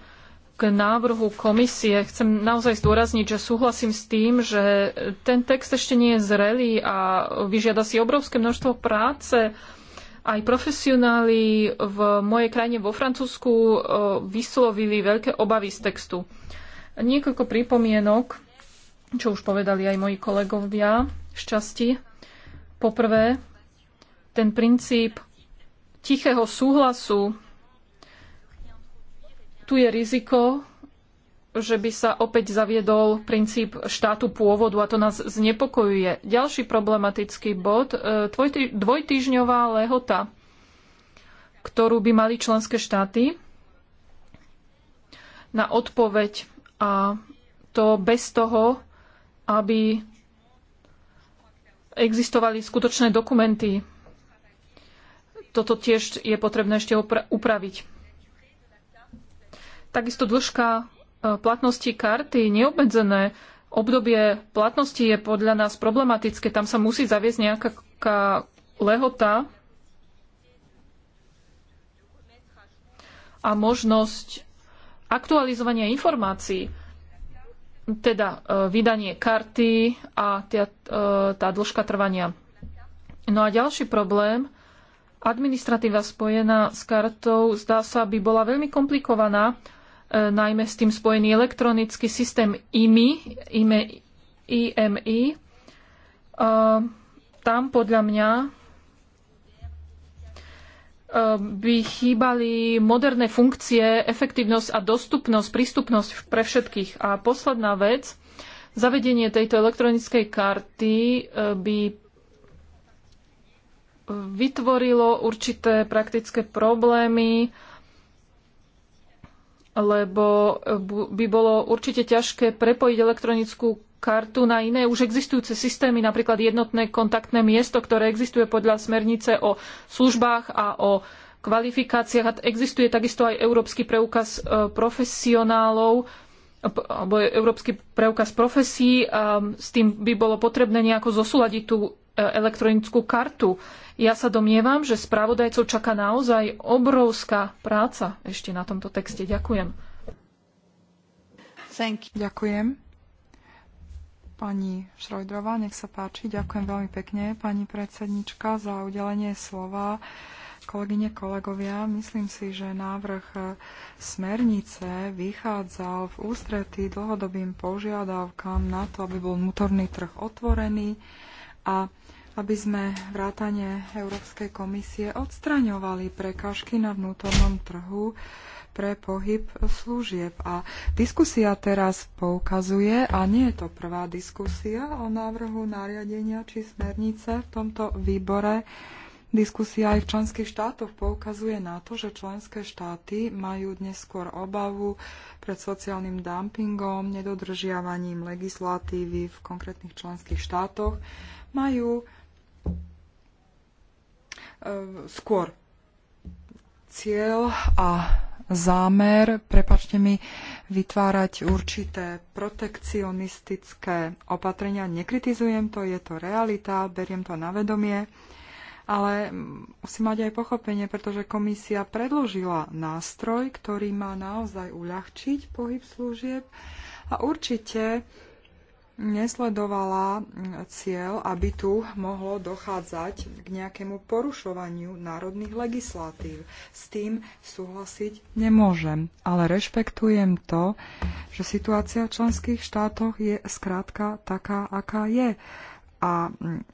k návrhu komisie chcem naozaj zdôrazniť, že súhlasím s tým, že ten text ešte nie je zrelý a vyžiada si obrovské množstvo práce aj profesionáli v mojej krajine vo Francúzsku e, vyslovili veľké obavy z textu. Niekoľko pripomienok, čo už povedali aj moji kolegovia, šťastí. Poprvé, ten princíp tichého súhlasu. Tu je riziko, že by sa opäť zaviedol princíp štátu pôvodu a to nás znepokojuje. Ďalší problematický bod, e, dvojtýžňová lehota, ktorú by mali členské štáty na odpoveď a to bez toho, aby existovali skutočné dokumenty. Toto tiež je potrebné ešte upraviť. Takisto dĺžka E, platnosti karty, neobmedzené obdobie platnosti je podľa nás problematické. Tam sa musí zaviesť nejaká lehota a možnosť aktualizovania informácií, teda e, vydanie karty a tá, e, tá dĺžka trvania. No a ďalší problém, administratíva spojená s kartou, zdá sa, by bola veľmi komplikovaná E, najmä s tým spojený elektronický systém IMI, IME. IMI. Tam podľa mňa e, by chýbali moderné funkcie, efektívnosť a dostupnosť, prístupnosť pre všetkých. A posledná vec, zavedenie tejto elektronickej karty e, by vytvorilo určité praktické problémy, lebo by bolo určite ťažké prepojiť elektronickú kartu na iné už existujúce systémy, napríklad jednotné kontaktné miesto, ktoré existuje podľa smernice o službách a o kvalifikáciách. Existuje takisto aj Európsky preukaz e, profesionálov, alebo Európsky preukaz profesí. S tým by bolo potrebné nejako zosúľadiť tú E, elektronickú kartu. Ja sa domnievam, že spravodajcov čaká naozaj obrovská práca ešte na tomto texte. Ďakujem. Ďakujem. Pani Šrojdrová, nech sa páči. Ďakujem veľmi pekne, pani predsednička, za udelenie slova. Kolegyne, kolegovia, myslím si, že návrh smernice vychádzal v ústretí dlhodobým požiadavkám na to, aby bol vnútorný trh otvorený, a aby sme vrátanie Európskej komisie odstraňovali prekážky na vnútornom trhu pre pohyb služieb. A diskusia teraz poukazuje, a nie je to prvá diskusia o návrhu nariadenia či smernice v tomto výbore, Diskusia aj v členských štátoch poukazuje na to, že členské štáty majú dnes skôr obavu pred sociálnym dumpingom, nedodržiavaním legislatívy v konkrétnych členských štátoch majú e, skôr cieľ a zámer, prepačte mi, vytvárať určité protekcionistické opatrenia. Nekritizujem to, je to realita, beriem to na vedomie, ale musím mať aj pochopenie, pretože komisia predložila nástroj, ktorý má naozaj uľahčiť pohyb služieb a určite nesledovala mm, cieľ, aby tu mohlo dochádzať k nejakému porušovaniu národných legislatív. S tým súhlasiť nemôžem, ale rešpektujem to, že situácia v členských štátoch je skrátka taká, aká je. A mm,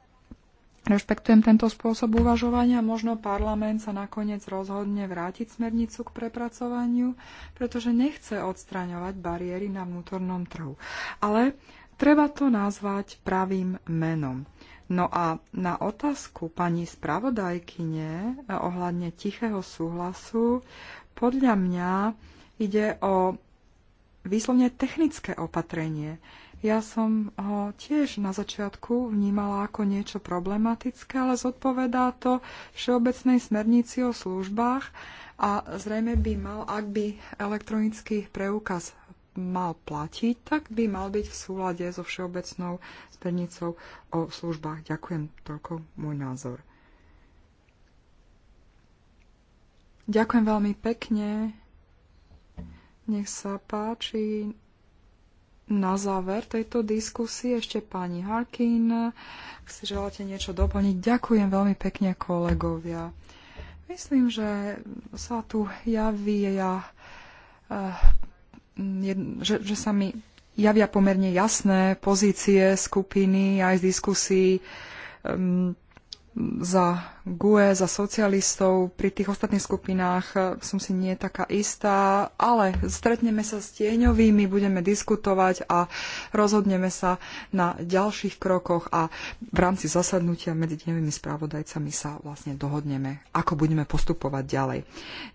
rešpektujem tento spôsob uvažovania. Možno parlament sa nakoniec rozhodne vrátiť smernicu k prepracovaniu, pretože nechce odstraňovať bariéry na vnútornom trhu. Ale Treba to nazvať pravým menom. No a na otázku pani spravodajkyne eh, ohľadne tichého súhlasu, podľa mňa ide o výslovne technické opatrenie. Ja som ho tiež na začiatku vnímala ako niečo problematické, ale zodpovedá to Všeobecnej smernici o službách a zrejme by mal, ak by elektronický preukaz mal platiť, tak by mal byť v súlade so všeobecnou spernicou o službách. Ďakujem, toľko môj názor. Ďakujem veľmi pekne. Nech sa páči. Na záver tejto diskusie ešte pani Harkin, ak si želáte niečo doplniť, ďakujem veľmi pekne kolegovia. Myslím, že sa tu javia eh, že, že sa mi javia pomerne jasné pozície skupiny aj z diskusí. Um, za GUE, za socialistov. Pri tých ostatných skupinách e, som si nie taká istá, ale stretneme sa s tieňovými, budeme diskutovať a rozhodneme sa na ďalších krokoch a v rámci zasadnutia medzi tieňovými správodajcami sa vlastne dohodneme, ako budeme postupovať ďalej.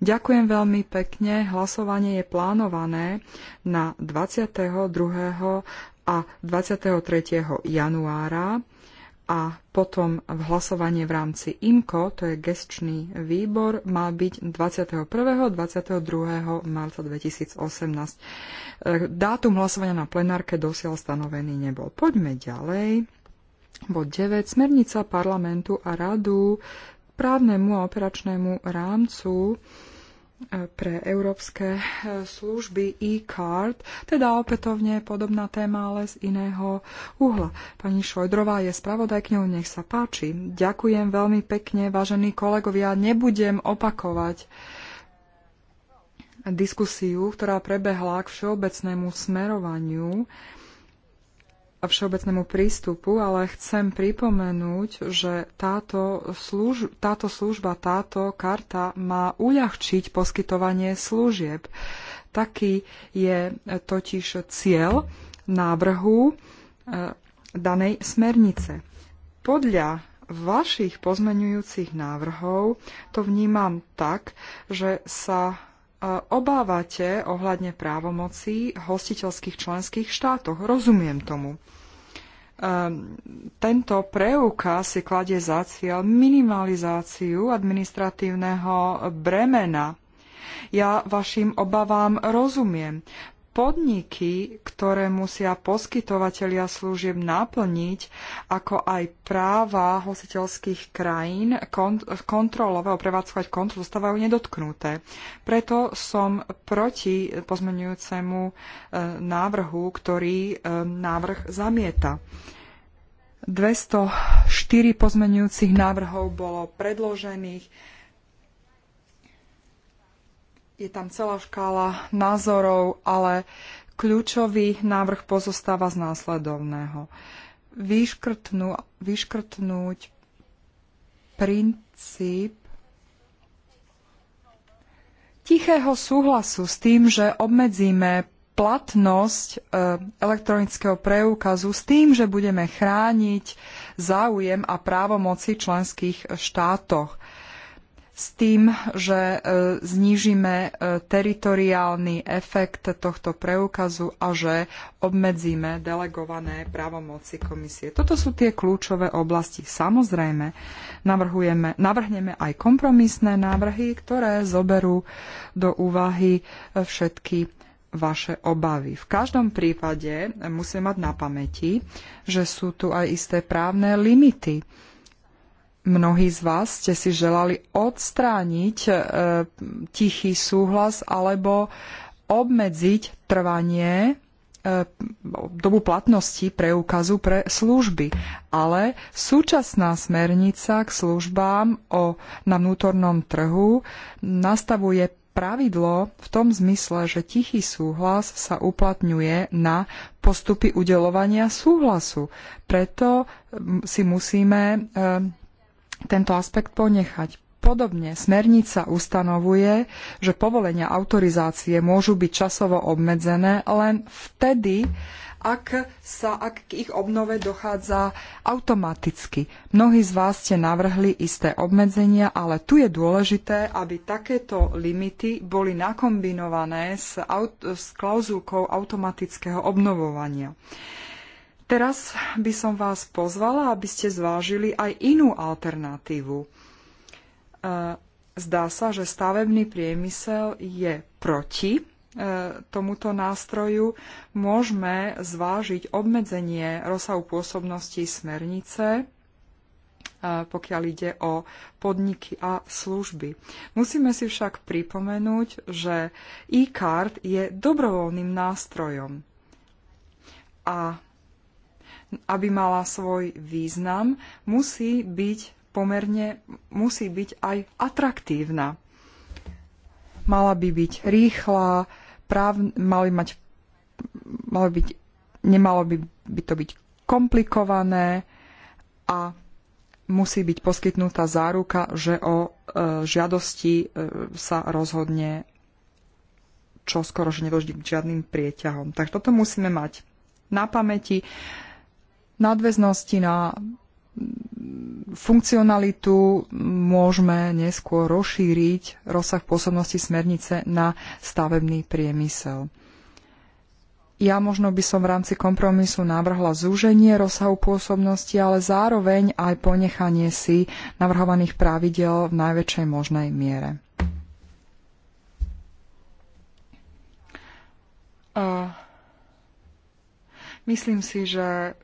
Ďakujem veľmi pekne. Hlasovanie je plánované na 22. a 23. januára a potom v hlasovanie v rámci IMCO, to je gesčný výbor, má byť 21. 22. marca 2018. E, dátum hlasovania na plenárke dosiaľ stanovený nebol. Poďme ďalej. Bod 9. Smernica parlamentu a radu právnemu a operačnému rámcu pre európske e, služby e-card, teda opätovne podobná téma, ale z iného uhla. Pani Šojdrová je spravodajkňou, nech sa páči. Ďakujem veľmi pekne, vážení kolegovia, nebudem opakovať diskusiu, ktorá prebehla k všeobecnému smerovaniu a všeobecnému prístupu, ale chcem pripomenúť, že táto, služ- táto služba, táto karta má uľahčiť poskytovanie služieb. Taký je totiž cieľ návrhu e, danej smernice. Podľa vašich pozmenujúcich návrhov to vnímam tak, že sa obávate ohľadne právomocí hostiteľských členských štátoch. Rozumiem tomu. Ehm, tento preukaz si kladie za cieľ minimalizáciu administratívneho bremena. Ja vašim obavám rozumiem podniky, ktoré musia poskytovatelia služieb naplniť, ako aj práva hostiteľských krajín kont- kontrolovať, prevádzkovať kontrolu, zostávajú nedotknuté. Preto som proti pozmenujúcemu e, návrhu, ktorý e, návrh zamieta. 204 pozmenujúcich návrhov bolo predložených je tam celá škála názorov, ale kľúčový návrh pozostáva z následovného. Vyškrtnú, vyškrtnúť princíp tichého súhlasu s tým, že obmedzíme platnosť e, elektronického preukazu s tým, že budeme chrániť záujem a právomoci členských štátoch s tým, že e, znížime e, teritoriálny efekt tohto preukazu a že obmedzíme delegované právomoci komisie. Toto sú tie kľúčové oblasti. Samozrejme, navrhneme aj kompromisné návrhy, ktoré zoberú do úvahy e, všetky vaše obavy. V každom prípade musíme mať na pamäti, že sú tu aj isté právne limity Mnohí z vás ste si želali odstrániť e, tichý súhlas alebo obmedziť trvanie e, dobu platnosti preukazu pre služby. Ale súčasná smernica k službám o, na vnútornom trhu nastavuje pravidlo v tom zmysle, že tichý súhlas sa uplatňuje na postupy udelovania súhlasu. Preto si musíme e, tento aspekt ponechať. Podobne smernica ustanovuje, že povolenia autorizácie môžu byť časovo obmedzené len vtedy, ak, sa, ak k ich obnove dochádza automaticky. Mnohí z vás ste navrhli isté obmedzenia, ale tu je dôležité, aby takéto limity boli nakombinované s, aut- s klauzulkou automatického obnovovania. Teraz by som vás pozvala, aby ste zvážili aj inú alternatívu. E, zdá sa, že stavebný priemysel je proti e, tomuto nástroju. Môžeme zvážiť obmedzenie rozsahu pôsobnosti smernice e, pokiaľ ide o podniky a služby. Musíme si však pripomenúť, že e-card je dobrovoľným nástrojom a aby mala svoj význam, musí byť pomerne, musí byť aj atraktívna. Mala by byť rýchla, práv, mali mať, mali byť, nemalo by, by to byť komplikované a musí byť poskytnutá záruka, že o e, žiadosti e, sa rozhodne čo skoro, že nedoždí k žiadnym prieťahom. Takže toto musíme mať na pamäti nadväznosti na funkcionalitu môžeme neskôr rozšíriť rozsah pôsobnosti smernice na stavebný priemysel. Ja možno by som v rámci kompromisu navrhla zúženie rozsahu pôsobnosti, ale zároveň aj ponechanie si navrhovaných pravidel v najväčšej možnej miere. Uh, myslím si, že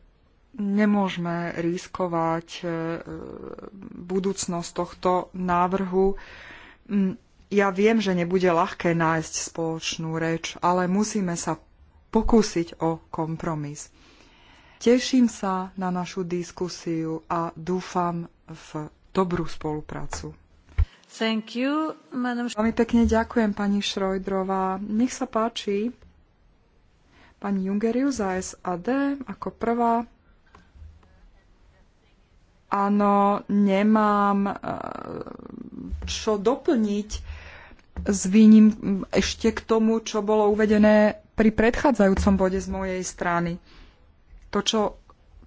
nemôžeme riskovať e, budúcnosť tohto návrhu. Mm, ja viem, že nebude ľahké nájsť spoločnú reč, ale musíme sa pokúsiť o kompromis. Teším sa na našu diskusiu a dúfam v dobrú spoluprácu. Thank you, madam... Veľmi pekne ďakujem, pani Šrojdrová. Nech sa páči. Pani Jungerius ASAD, SAD ako prvá áno, nemám e, čo doplniť s výnim ešte k tomu, čo bolo uvedené pri predchádzajúcom bode z mojej strany. To, čo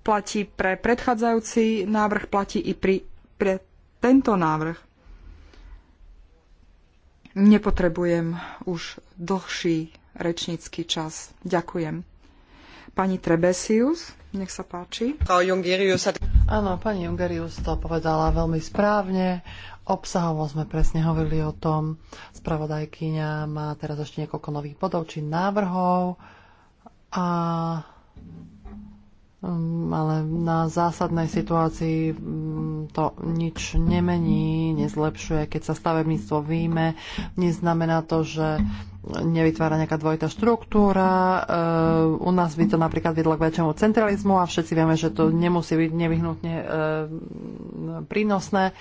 platí pre predchádzajúci návrh, platí i pri, pre tento návrh. Nepotrebujem už dlhší rečnícky čas. Ďakujem. Pani Trebesius. Nech sa páči. Áno, pani Jungerius to povedala veľmi správne. Obsahovo sme presne hovorili o tom. Spravodajkyňa má teraz ešte niekoľko nových bodov či návrhov. A Um, ale na zásadnej situácii mm, to nič nemení, nezlepšuje. Keď sa stavebníctvo výjme, neznamená to, že nevytvára nejaká dvojitá štruktúra. Uh, u nás by to napríklad vedlo k väčšiemu centralizmu a všetci vieme, že to nemusí byť nevyhnutne uh, prínosné.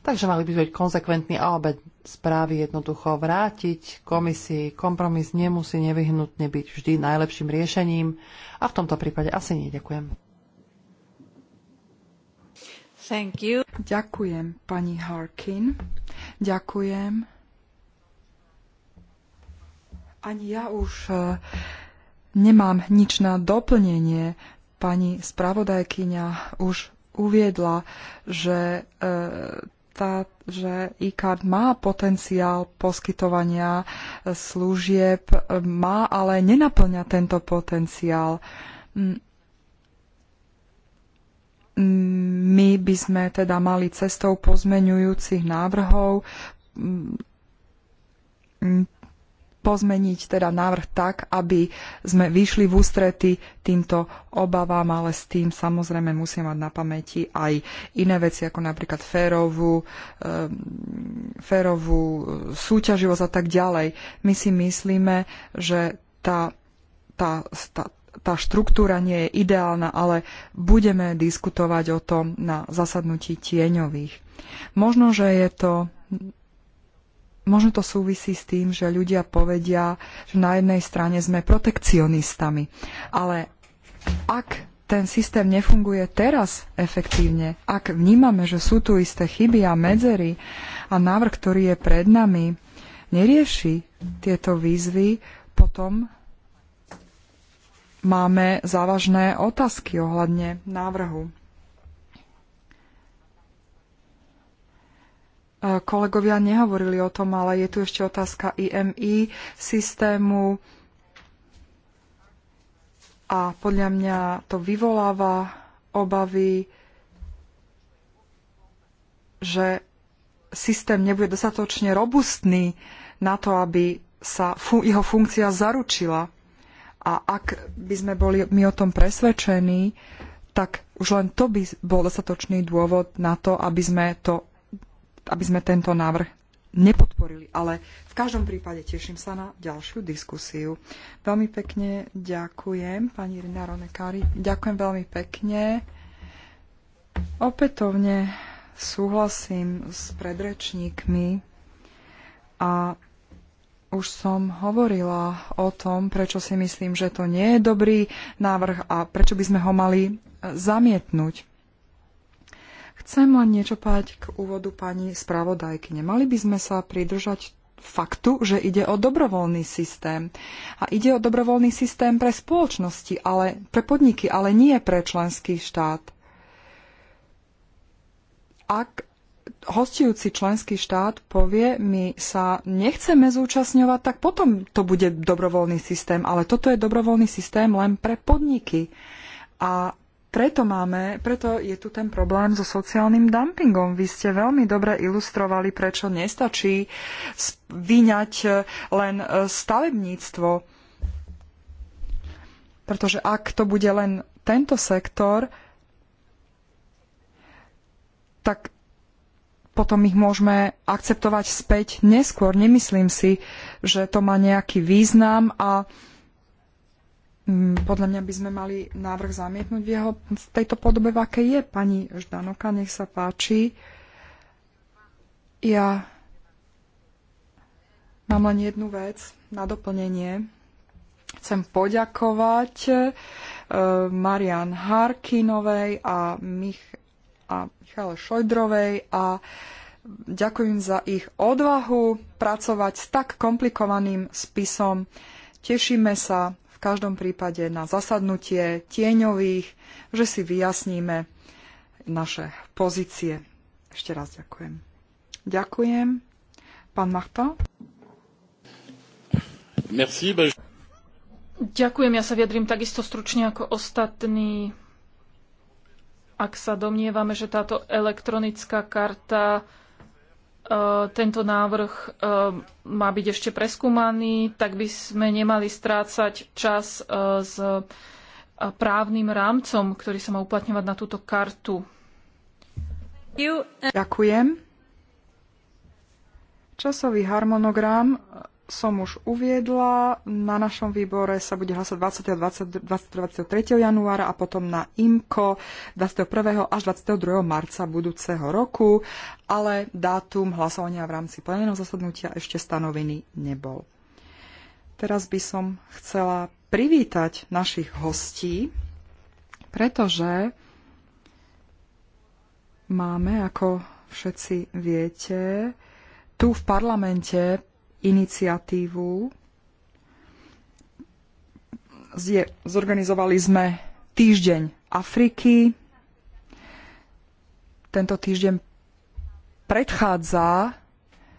Takže mali by byť konsekventní a obe správy jednoducho vrátiť komisii. Kompromis nemusí nevyhnutne byť vždy najlepším riešením a v tomto prípade asi nie. Ďakujem. Thank you. Ďakujem, pani Harkin. Ďakujem. Ani ja už e, nemám nič na doplnenie. Pani spravodajkyňa už uviedla, že e, štát, že e-card má potenciál poskytovania e, služieb, e, má ale nenaplňa tento potenciál. Mm. Mm, my by sme teda mali cestou pozmeňujúcich návrhov mm, pozmeniť teda návrh tak, aby sme vyšli v ústrety týmto obavám, ale s tým samozrejme musia mať na pamäti aj iné veci, ako napríklad férovú, ehm, férovú e, súťaživosť a tak ďalej. My si myslíme, že tá, tá, tá, tá štruktúra nie je ideálna, ale budeme diskutovať o tom na zasadnutí tieňových. Možno, že je to Možno to súvisí s tým, že ľudia povedia, že na jednej strane sme protekcionistami, ale ak ten systém nefunguje teraz efektívne, ak vnímame, že sú tu isté chyby a medzery a návrh, ktorý je pred nami, nerieši tieto výzvy, potom máme závažné otázky ohľadne návrhu. Kolegovia nehovorili o tom, ale je tu ešte otázka IMI systému a podľa mňa to vyvoláva obavy, že systém nebude dostatočne robustný na to, aby sa fu jeho funkcia zaručila. A ak by sme boli my o tom presvedčení, tak už len to by bol dostatočný dôvod na to, aby sme to aby sme tento návrh nepodporili. Ale v každom prípade teším sa na ďalšiu diskusiu. Veľmi pekne ďakujem, pani Irina Ronekári. Ďakujem veľmi pekne. Opätovne súhlasím s predrečníkmi a už som hovorila o tom, prečo si myslím, že to nie je dobrý návrh a prečo by sme ho mali zamietnúť. Chcem len niečo páť k úvodu pani spravodajky. Nemali by sme sa pridržať faktu, že ide o dobrovoľný systém. A ide o dobrovoľný systém pre spoločnosti, ale, pre podniky, ale nie pre členský štát. Ak hostujúci členský štát povie, my sa nechceme zúčastňovať, tak potom to bude dobrovoľný systém. Ale toto je dobrovoľný systém len pre podniky. A preto máme, preto je tu ten problém so sociálnym dumpingom. Vy ste veľmi dobre ilustrovali, prečo nestačí vyňať e, len e, stavebníctvo. Pretože ak to bude len tento sektor, tak potom ich môžeme akceptovať späť neskôr. Nemyslím si, že to má nejaký význam a Mm, podľa mňa by sme mali návrh zamietnúť v, jeho, v tejto podobe, v aké je. Pani Ždanoka, nech sa páči. Ja mám len jednu vec na doplnenie. Chcem poďakovať e, Marian Harkinovej a, Mich- a Michale Šojdrovej a ďakujem za ich odvahu pracovať s tak komplikovaným spisom. Tešíme sa každom prípade na zasadnutie tieňových, že si vyjasníme naše pozície. Ešte raz ďakujem. Ďakujem. Pán Machta? Merci, ba... Ďakujem, ja sa vyjadrím takisto stručne ako ostatní. Ak sa domnievame, že táto elektronická karta E, tento návrh e, má byť ešte preskúmaný, tak by sme nemali strácať čas e, s právnym rámcom, ktorý sa má uplatňovať na túto kartu. Ďakujem. Časový harmonogram som už uviedla, na našom výbore sa bude hlasať 20. 20. 23. januára a potom na IMKO 21. až 22. marca budúceho roku, ale dátum hlasovania v rámci pleného zasadnutia ešte stanovený nebol. Teraz by som chcela privítať našich hostí, pretože máme, ako všetci viete, tu v parlamente iniciatívu. zorganizovali sme týždeň Afriky. Tento týždeň predchádza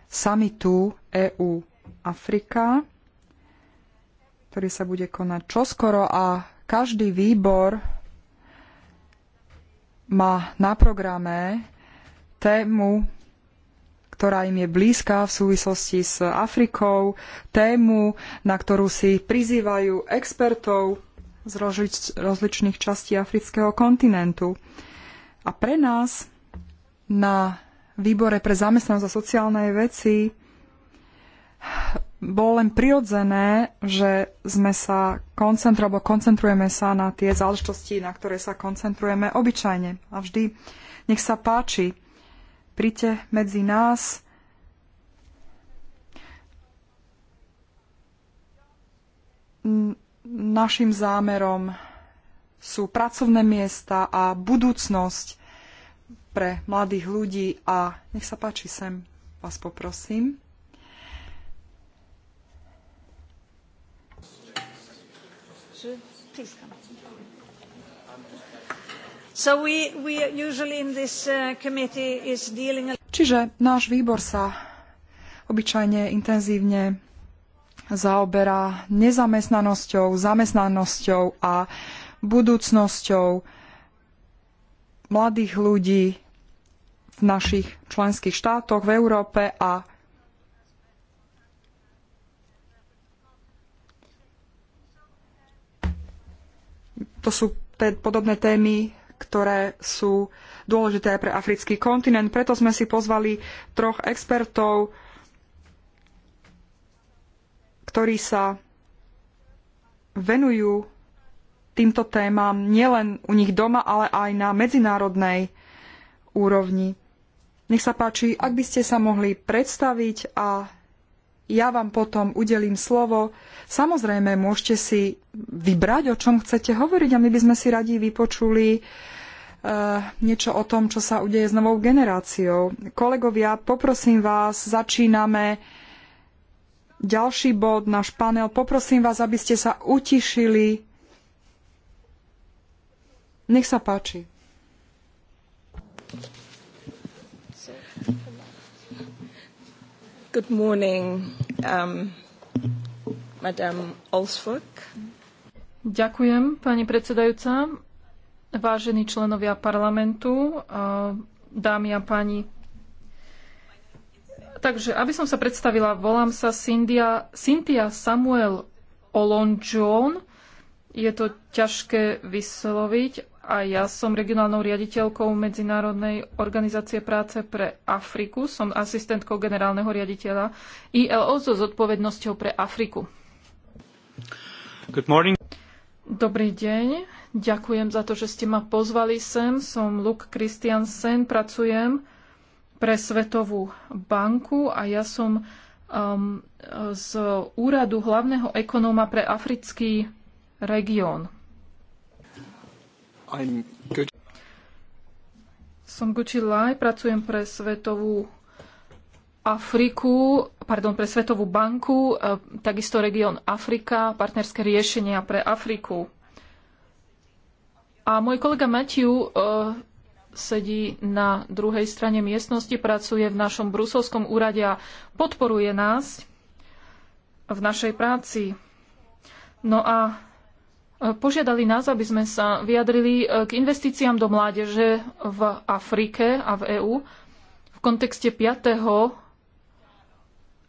samitu EU Afrika, ktorý sa bude konať čoskoro a každý výbor má na programe tému ktorá im je blízka v súvislosti s Afrikou, tému, na ktorú si prizývajú expertov z rozličných častí afrického kontinentu. A pre nás na výbore pre zamestnanosť a sociálne veci bolo len prirodzené, že sme sa koncentru, alebo koncentrujeme sa na tie záležitosti, na ktoré sa koncentrujeme obyčajne. A vždy nech sa páči príďte medzi nás. Našim zámerom sú pracovné miesta a budúcnosť pre mladých ľudí a nech sa páči sem, vás poprosím. Že, Uh, Čiže náš výbor sa obyčajne intenzívne zaoberá nezamestnanosťou, zamestnanosťou a budúcnosťou mladých ľudí v našich členských štátoch, v Európe a to sú te, podobné témy, ktoré sú dôležité aj pre africký kontinent. Preto sme si pozvali troch expertov, ktorí sa venujú týmto témam nielen u nich doma, ale aj na medzinárodnej úrovni. Nech sa páči, ak by ste sa mohli predstaviť a ja vám potom udelím slovo. Samozrejme, môžete si vybrať, o čom chcete hovoriť a my by sme si radi vypočuli uh, Eh, niečo o tom, čo sa udeje s novou generáciou. Kolegovia, poprosím vás, začíname ďalší bod, náš panel. Poprosím vás, aby ste sa utišili. Nech sa páči. Good morning, um, Madame Ďakujem, pani predsedajúca. Vážení členovia parlamentu, dámy a páni. Takže, aby som sa predstavila, volám sa Cynthia, Cynthia Samuel Olonjon. Je to ťažké vysloviť a ja som regionálnou riaditeľkou Medzinárodnej organizácie práce pre Afriku. Som asistentkou generálneho riaditeľa ILO so zodpovednosťou pre Afriku. Dobrý deň. Ďakujem za to, že ste ma pozvali sem. Som Luk Kristiansen, pracujem pre Svetovú banku a ja som um, z úradu hlavného ekonóma pre africký región. Som Gucci Lai, pracujem pre Svetovú Afriku, pardon, pre Svetovú banku, eh, takisto región Afrika, partnerské riešenia pre Afriku. A môj kolega Matthew eh, sedí na druhej strane miestnosti, pracuje v našom brusovskom úrade a podporuje nás v našej práci. No a eh, požiadali nás, aby sme sa vyjadrili eh, k investíciám do mládeže v Afrike a v EÚ v kontexte 5.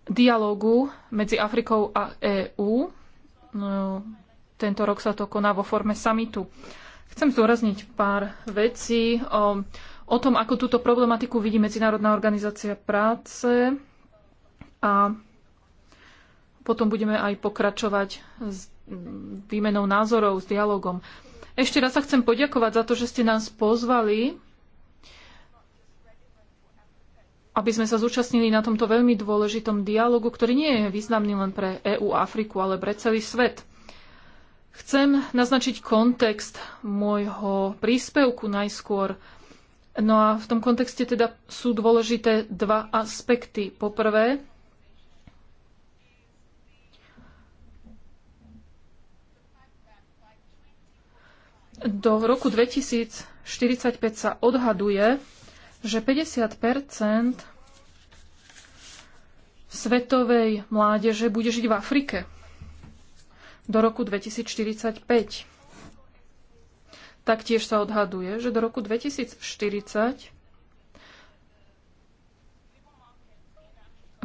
dialógu medzi Afrikou a EÚ. No, tento rok sa to koná vo forme samitu. Chcem zdôrazniť pár vecí o, o tom, ako túto problematiku vidí Medzinárodná organizácia práce a potom budeme aj pokračovať s výmenou názorov, s dialogom. Ešte raz sa chcem poďakovať za to, že ste nás pozvali, aby sme sa zúčastnili na tomto veľmi dôležitom dialogu, ktorý nie je významný len pre EÚ, Afriku, ale pre celý svet. Chcem naznačiť kontext môjho príspevku najskôr. No a v tom kontexte teda sú dôležité dva aspekty. Poprvé, do roku 2045 sa odhaduje, že 50 svetovej mládeže bude žiť v Afrike do roku 2045. Taktiež sa odhaduje, že do roku 2040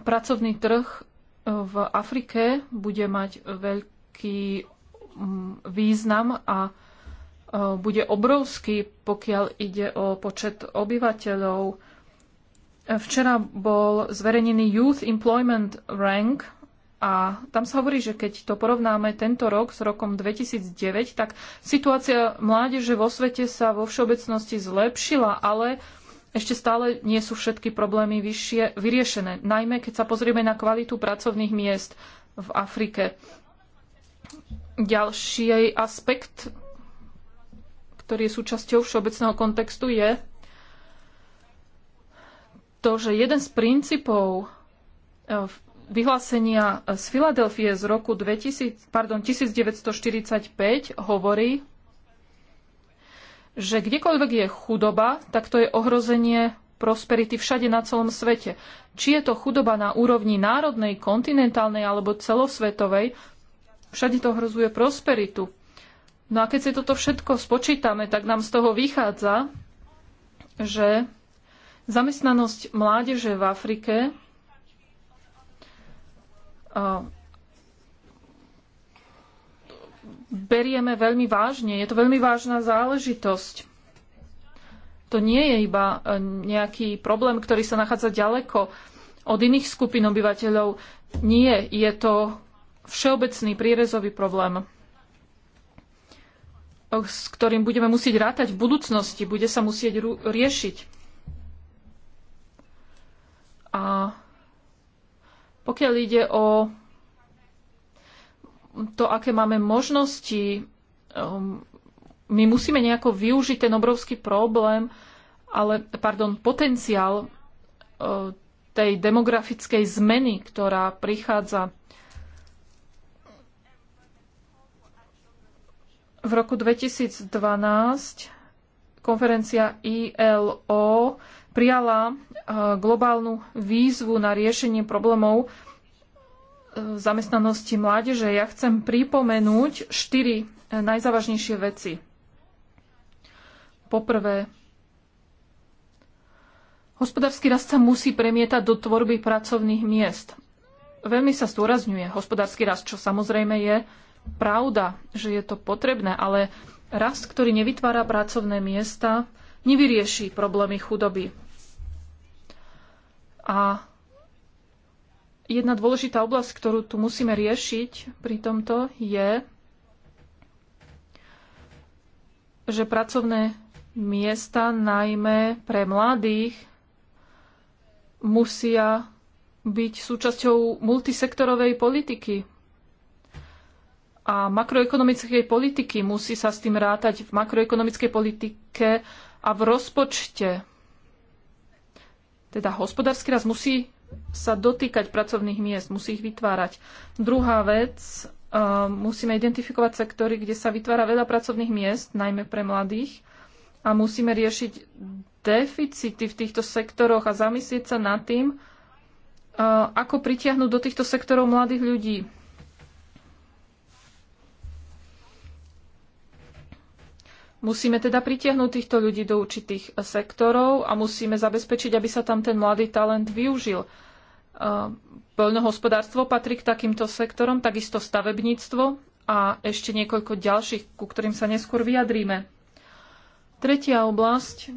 pracovný trh e, v Afrike bude mať veľký význam a e, bude obrovský, pokiaľ ide o počet obyvateľov. E, včera bol zverejnený Youth Employment Rank a tam sa hovorí, že keď to porovnáme tento rok s rokom 2009, tak situácia mládeže vo svete sa vo všeobecnosti zlepšila, ale ešte stále nie sú všetky problémy vyššie, vyriešené. Najmä keď sa pozrieme na kvalitu pracovných miest v Afrike. Ďalší aspekt, ktorý je súčasťou všeobecného kontextu, je to, že jeden z princípov eh, v vyhlásenia z Filadelfie z roku 2000, pardon, 1945 hovorí, že kdekoľvek je chudoba, tak to je ohrozenie prosperity všade na celom svete. Či je to chudoba na úrovni národnej, kontinentálnej alebo celosvetovej, všade to ohrozuje prosperitu. No a keď si toto všetko spočítame, tak nám z toho vychádza, že zamestnanosť mládeže v Afrike berieme veľmi vážne. Je to veľmi vážna záležitosť. To nie je iba e, nejaký problém, ktorý sa nachádza ďaleko od iných skupín obyvateľov. Nie, je to všeobecný prírezový problém, s ktorým budeme musieť rátať v budúcnosti, bude sa musieť riešiť. A pokiaľ ide o to, aké máme možnosti, um, my musíme nejako využiť ten obrovský problém, ale, pardon, potenciál uh, tej demografickej zmeny, ktorá prichádza. V roku 2012 konferencia ILO prijala e, globálnu výzvu na riešenie problémov e, zamestnanosti mládeže. Ja chcem pripomenúť štyri e, najzávažnejšie veci. Poprvé, hospodársky rast sa musí premietať do tvorby pracovných miest. Veľmi sa zdôrazňuje hospodársky rast, čo samozrejme je pravda, že je to potrebné, ale rast, ktorý nevytvára pracovné miesta, nevyrieši problémy chudoby. A jedna dôležitá oblasť, ktorú tu musíme riešiť pri tomto, je, že pracovné miesta, najmä pre mladých, musia byť súčasťou multisektorovej politiky. A makroekonomickej politiky musí sa s tým rátať v makroekonomickej politike a v rozpočte teda hospodársky rast musí sa dotýkať pracovných miest, musí ich vytvárať. Druhá vec, eh, musíme identifikovať sektory, kde sa vytvára veľa pracovných miest, najmä pre mladých, a musíme riešiť deficity v týchto sektoroch a zamyslieť sa nad tým, eh, ako pritiahnuť do týchto sektorov mladých ľudí. Musíme teda pritiahnuť týchto ľudí do určitých eh, sektorov a musíme zabezpečiť, aby sa tam ten mladý talent využil. Eh, poľnohospodárstvo patrí k takýmto sektorom, takisto stavebníctvo a ešte niekoľko ďalších, ku ktorým sa neskôr vyjadríme. Tretia oblasť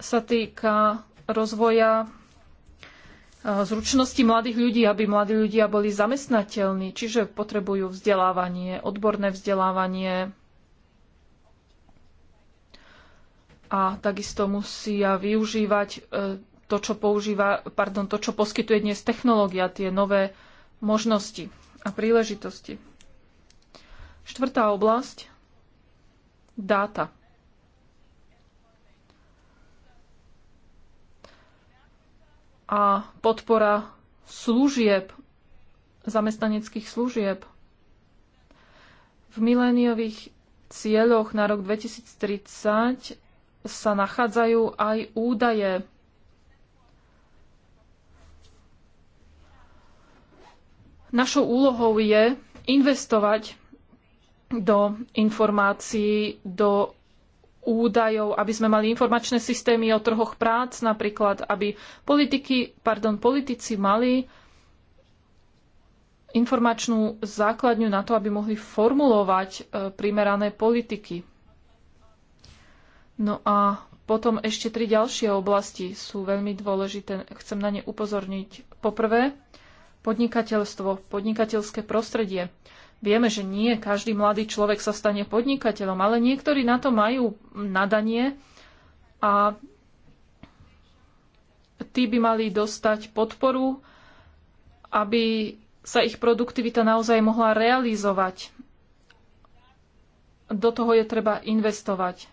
sa týka rozvoja eh, zručnosti mladých ľudí, aby mladí ľudia boli zamestnateľní, čiže potrebujú vzdelávanie, odborné vzdelávanie, a takisto musia využívať e, to, čo používa, pardon, to, čo poskytuje dnes technológia, tie nové možnosti a príležitosti. Štvrtá oblasť dáta. A podpora služieb, zamestnaneckých služieb. V miléniových cieľoch na rok 2030 sa nachádzajú aj údaje. Našou úlohou je investovať do informácií, do údajov, aby sme mali informačné systémy o trhoch prác napríklad, aby politiky, pardon, politici mali informačnú základňu na to, aby mohli formulovať e, primerané politiky. No a potom ešte tri ďalšie oblasti sú veľmi dôležité. Chcem na ne upozorniť. Poprvé, podnikateľstvo, podnikateľské prostredie. Vieme, že nie každý mladý človek sa stane podnikateľom, ale niektorí na to majú nadanie a tí by mali dostať podporu, aby sa ich produktivita naozaj mohla realizovať. Do toho je treba investovať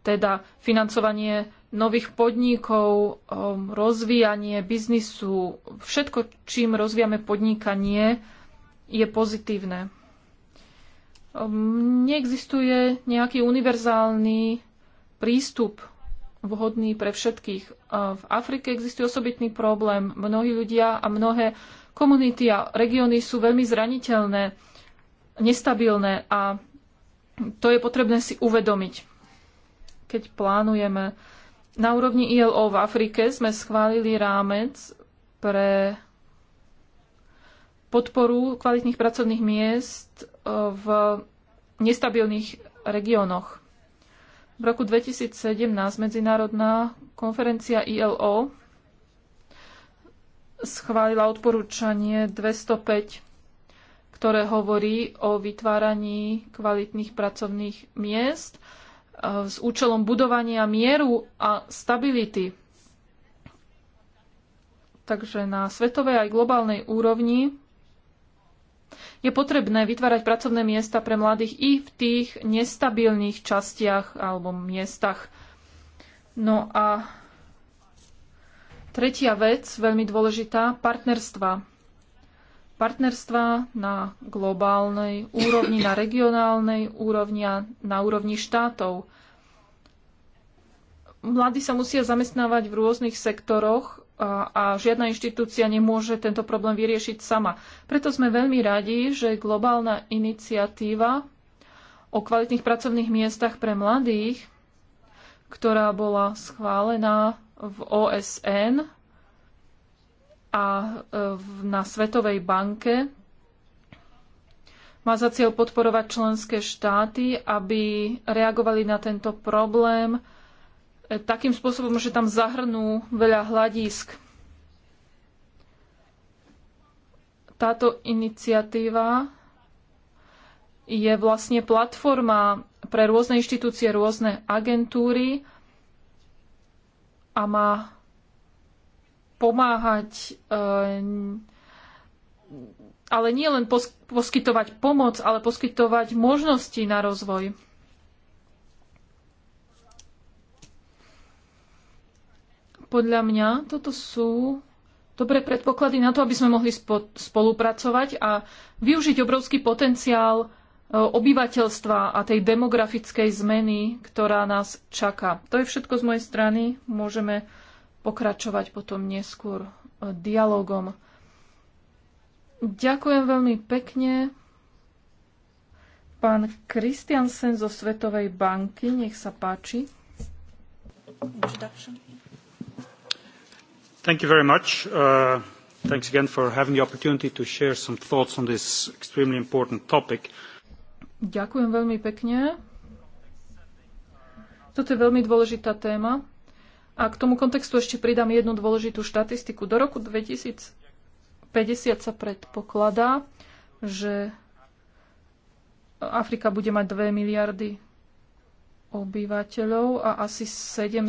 teda financovanie nových podnikov, um, rozvíjanie biznisu, všetko, čím rozvíjame podnikanie, je pozitívne. Um, neexistuje nejaký univerzálny prístup vhodný pre všetkých. V Afrike existuje osobitný problém. Mnohí ľudia a mnohé komunity a regióny sú veľmi zraniteľné, nestabilné a to je potrebné si uvedomiť keď plánujeme. Na úrovni ILO v Afrike sme schválili rámec pre podporu kvalitných pracovných miest e, v nestabilných regiónoch. V roku 2017 Medzinárodná konferencia ILO schválila odporúčanie 205, ktoré hovorí o vytváraní kvalitných pracovných miest Eh, s účelom budovania mieru a stability. Takže na svetovej aj globálnej úrovni je potrebné vytvárať pracovné miesta pre mladých i v tých nestabilných častiach alebo miestach. No a tretia vec, veľmi dôležitá, partnerstva partnerstva na globálnej úrovni, na regionálnej úrovni a na úrovni štátov. Mladí sa musia zamestnávať v rôznych sektoroch a, a žiadna inštitúcia nemôže tento problém vyriešiť sama. Preto sme veľmi radi, že globálna iniciatíva o kvalitných pracovných miestach pre mladých, ktorá bola schválená v OSN a e, na Svetovej banke má za cieľ podporovať členské štáty, aby reagovali na tento problém e, takým spôsobom, že tam zahrnú veľa hľadísk. Táto iniciatíva je vlastne platforma pre rôzne inštitúcie, rôzne agentúry a má pomáhať, eh, ale nie len poskytovať pomoc, ale poskytovať možnosti na rozvoj. Podľa mňa toto sú dobré predpoklady na to, aby sme mohli spolupracovať a využiť obrovský potenciál eh, obyvateľstva a tej demografickej zmeny, ktorá nás čaká. To je všetko z mojej strany. Môžeme pokračovať potom neskôr e, dialogom. Ďakujem veľmi pekne. Pán Kristiansen zo Svetovej banky, nech sa páči. Thank you very much. Uh, thanks again for having the opportunity to share some thoughts on this extremely important topic. Ďakujem veľmi pekne. Toto je veľmi dôležitá téma. A k tomu kontextu ešte pridám jednu dôležitú štatistiku. Do roku 2050 sa predpokladá, že Afrika bude mať 2 miliardy obyvateľov a asi 700 e,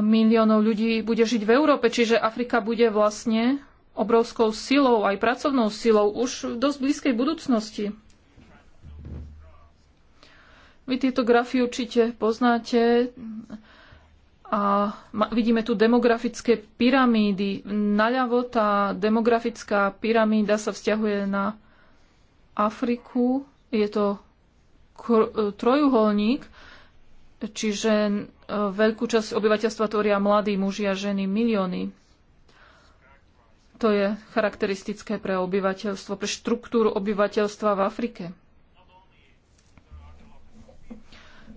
miliónov ľudí bude žiť v Európe, čiže Afrika bude vlastne obrovskou silou, aj pracovnou silou, už v dosť blízkej budúcnosti. Vy tieto grafy určite poznáte. A vidíme tu demografické pyramídy. Naľavo tá demografická pyramída sa vzťahuje na Afriku. Je to trojuholník, čiže e, veľkú časť obyvateľstva tvoria mladí muži a ženy, milióny. To je charakteristické pre obyvateľstvo, pre štruktúru obyvateľstva v Afrike.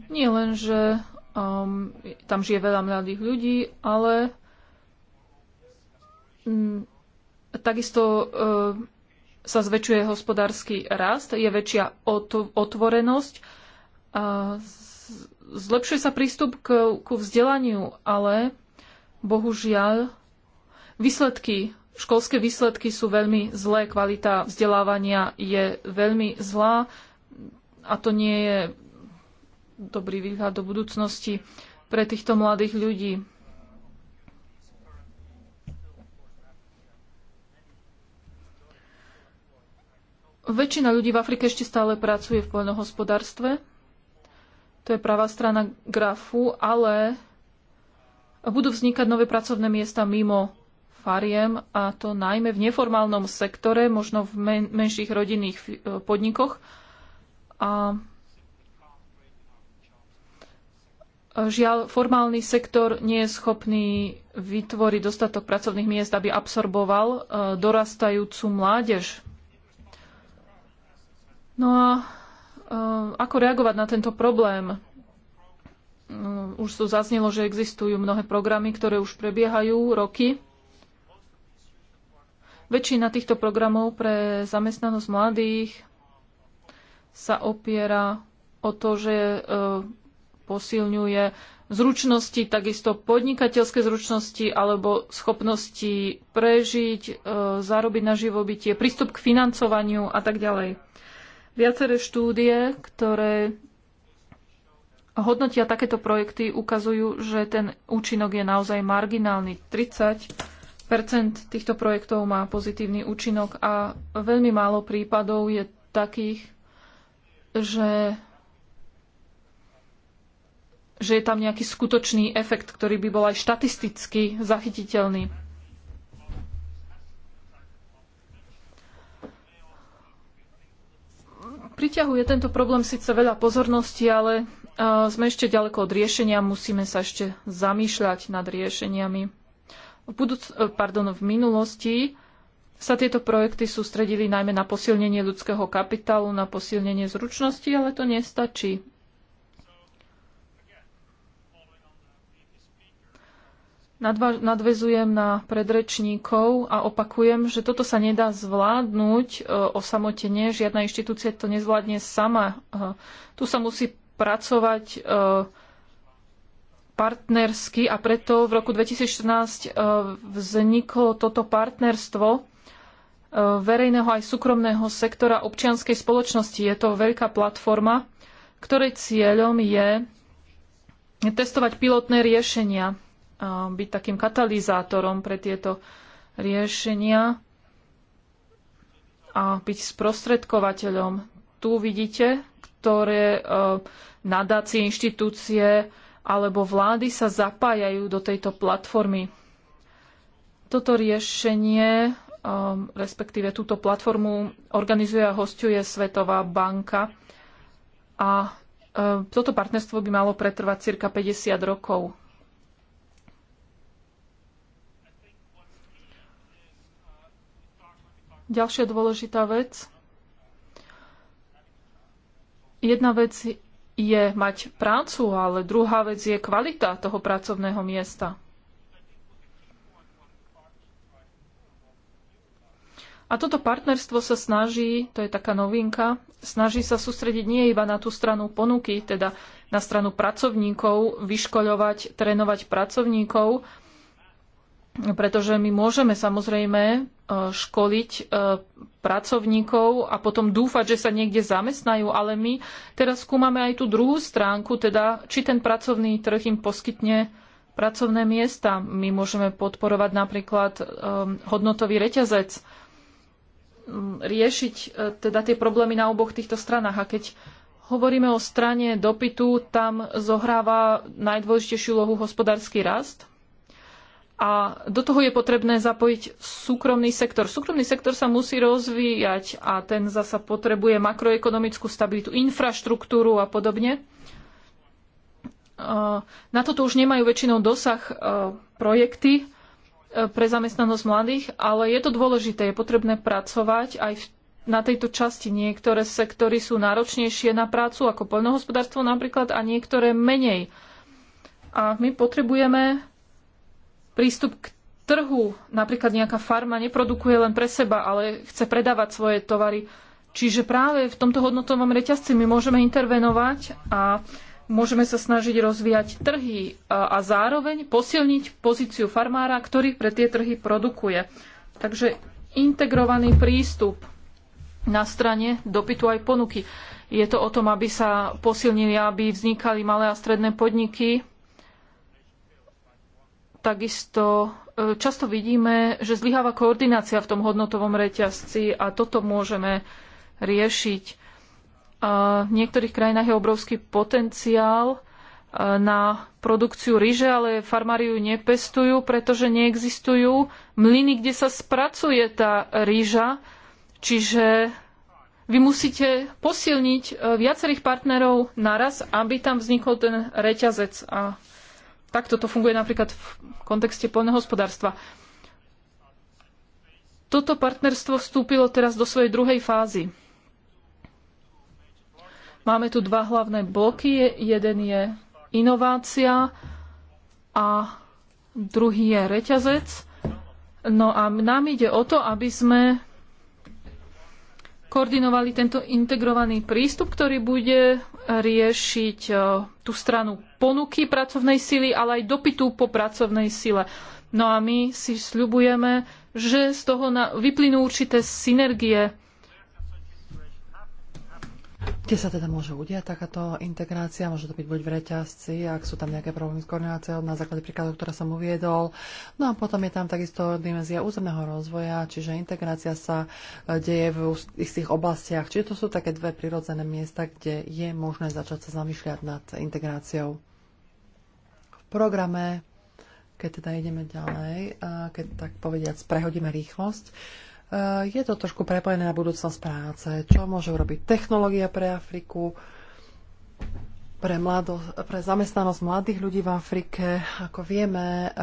Nie len, že Um, tam žije veľa mladých ľudí, ale um, takisto uh, sa zväčšuje hospodársky rast, je väčšia otvorenosť, uh, zlepšuje sa prístup k, ku vzdelaniu, ale bohužiaľ výsledky, školské výsledky sú veľmi zlé, kvalita vzdelávania je veľmi zlá a to nie je dobrý výhľad do budúcnosti pre týchto mladých ľudí. Väčšina ľudí v Afrike ešte stále pracuje v poľnohospodárstve. To je pravá strana grafu, ale budú vznikať nové pracovné miesta mimo fariem, a to najmä v neformálnom sektore, možno v men- menších rodinných podnikoch. A Žiaľ, formálny sektor nie je schopný vytvoriť dostatok pracovných miest, aby absorboval e, dorastajúcu mládež. No a e, ako reagovať na tento problém? E, už tu zaznelo, že existujú mnohé programy, ktoré už prebiehajú roky. Väčšina týchto programov pre zamestnanosť mladých sa opiera o to, že posilňuje zručnosti, takisto podnikateľské zručnosti alebo schopnosti prežiť, e, zarobiť na živobytie, prístup k financovaniu a tak ďalej. Viaceré štúdie, ktoré hodnotia takéto projekty, ukazujú, že ten účinok je naozaj marginálny. 30 týchto projektov má pozitívny účinok a veľmi málo prípadov je takých, že že je tam nejaký skutočný efekt, ktorý by bol aj štatisticky zachytiteľný. Priťahuje tento problém síce veľa pozornosti, ale e, sme ešte ďaleko od riešenia, musíme sa ešte zamýšľať nad riešeniami. V, budúc- e, pardon, v minulosti sa tieto projekty sústredili najmä na posilnenie ľudského kapitálu, na posilnenie zručnosti, ale to nestačí. Nadvezujem na predrečníkov a opakujem, že toto sa nedá zvládnuť e, osamotene. Žiadna inštitúcia to nezvládne sama. E, tu sa musí pracovať e, partnersky a preto v roku 2014 vzniklo toto partnerstvo verejného aj súkromného sektora občianskej spoločnosti. Je to veľká platforma, ktorej cieľom je testovať pilotné riešenia byť takým katalizátorom pre tieto riešenia a byť sprostredkovateľom. Tu vidíte, ktoré e, nadácie, inštitúcie alebo vlády sa zapájajú do tejto platformy. Toto riešenie, e, respektíve túto platformu organizuje a hostuje Svetová banka a e, toto partnerstvo by malo pretrvať cirka 50 rokov. Ďalšia dôležitá vec. Jedna vec je mať prácu, ale druhá vec je kvalita toho pracovného miesta. A toto partnerstvo sa snaží, to je taká novinka, snaží sa sústrediť nie iba na tú stranu ponuky, teda na stranu pracovníkov, vyškoľovať, trénovať pracovníkov, pretože my môžeme samozrejme Eh, školiť eh, pracovníkov a potom dúfať, že sa niekde zamestnajú, ale my teraz skúmame aj tú druhú stránku, teda či ten pracovný trh im poskytne pracovné miesta. My môžeme podporovať napríklad eh, hodnotový reťazec, mm, riešiť teda tie problémy na oboch týchto stranách. A keď hovoríme o strane dopytu, tam zohráva najdôležitejšiu úlohu hospodársky rast, a do toho je potrebné zapojiť súkromný sektor. Súkromný sektor sa musí rozvíjať a ten zasa potrebuje makroekonomickú stabilitu, infraštruktúru a podobne. E, na toto už nemajú väčšinou dosah e, projekty e, pre zamestnanosť mladých, ale je to dôležité, je potrebné pracovať aj na tejto časti. Niektoré sektory sú náročnejšie na prácu, ako poľnohospodárstvo napríklad, a niektoré menej. A my potrebujeme prístup k trhu. Napríklad nejaká farma neprodukuje len pre seba, ale chce predávať svoje tovary. Čiže práve v tomto hodnotovom reťazci my môžeme intervenovať a môžeme sa snažiť rozvíjať trhy a, a zároveň posilniť pozíciu farmára, ktorý pre tie trhy produkuje. Takže integrovaný prístup na strane dopytu aj ponuky. Je to o tom, aby sa posilnili, aby vznikali malé a stredné podniky, Takisto e, často vidíme, že zlyháva koordinácia v tom hodnotovom reťazci a toto môžeme riešiť. E, v niektorých krajinách je obrovský potenciál e, na produkciu ryže, ale farmári ju nepestujú, pretože neexistujú mlyny, kde sa spracuje tá rýža. Čiže vy musíte posilniť viacerých partnerov naraz, aby tam vznikol ten reťazec a Takto to funguje napríklad v kontexte poľnohospodárstva. Toto partnerstvo vstúpilo teraz do svojej druhej fázy. Máme tu dva hlavné bloky. Jeden je inovácia a druhý je reťazec. No a nám ide o to, aby sme koordinovali tento integrovaný prístup, ktorý bude riešiť eh, tú stranu ponuky pracovnej sily, ale aj dopytu po pracovnej sile. No a my si sľubujeme, že z toho vyplynú určité synergie. Kde sa teda môže udiať takáto integrácia? Môže to byť buď v reťazci, ak sú tam nejaké problémy s koordináciou na základe príkladov, ktoré som uviedol. No a potom je tam takisto dimenzia územného rozvoja, čiže integrácia sa e, deje v istých oblastiach. Čiže to sú také dve prirodzené miesta, kde je možné začať sa zamýšľať nad integráciou programe, keď teda ideme ďalej, keď tak povediac prehodíme rýchlosť, e, je to trošku prepojené na budúcnosť práce. Čo môže urobiť technológia pre Afriku, pre, mlado, pre zamestnanosť mladých ľudí v Afrike? Ako vieme, e,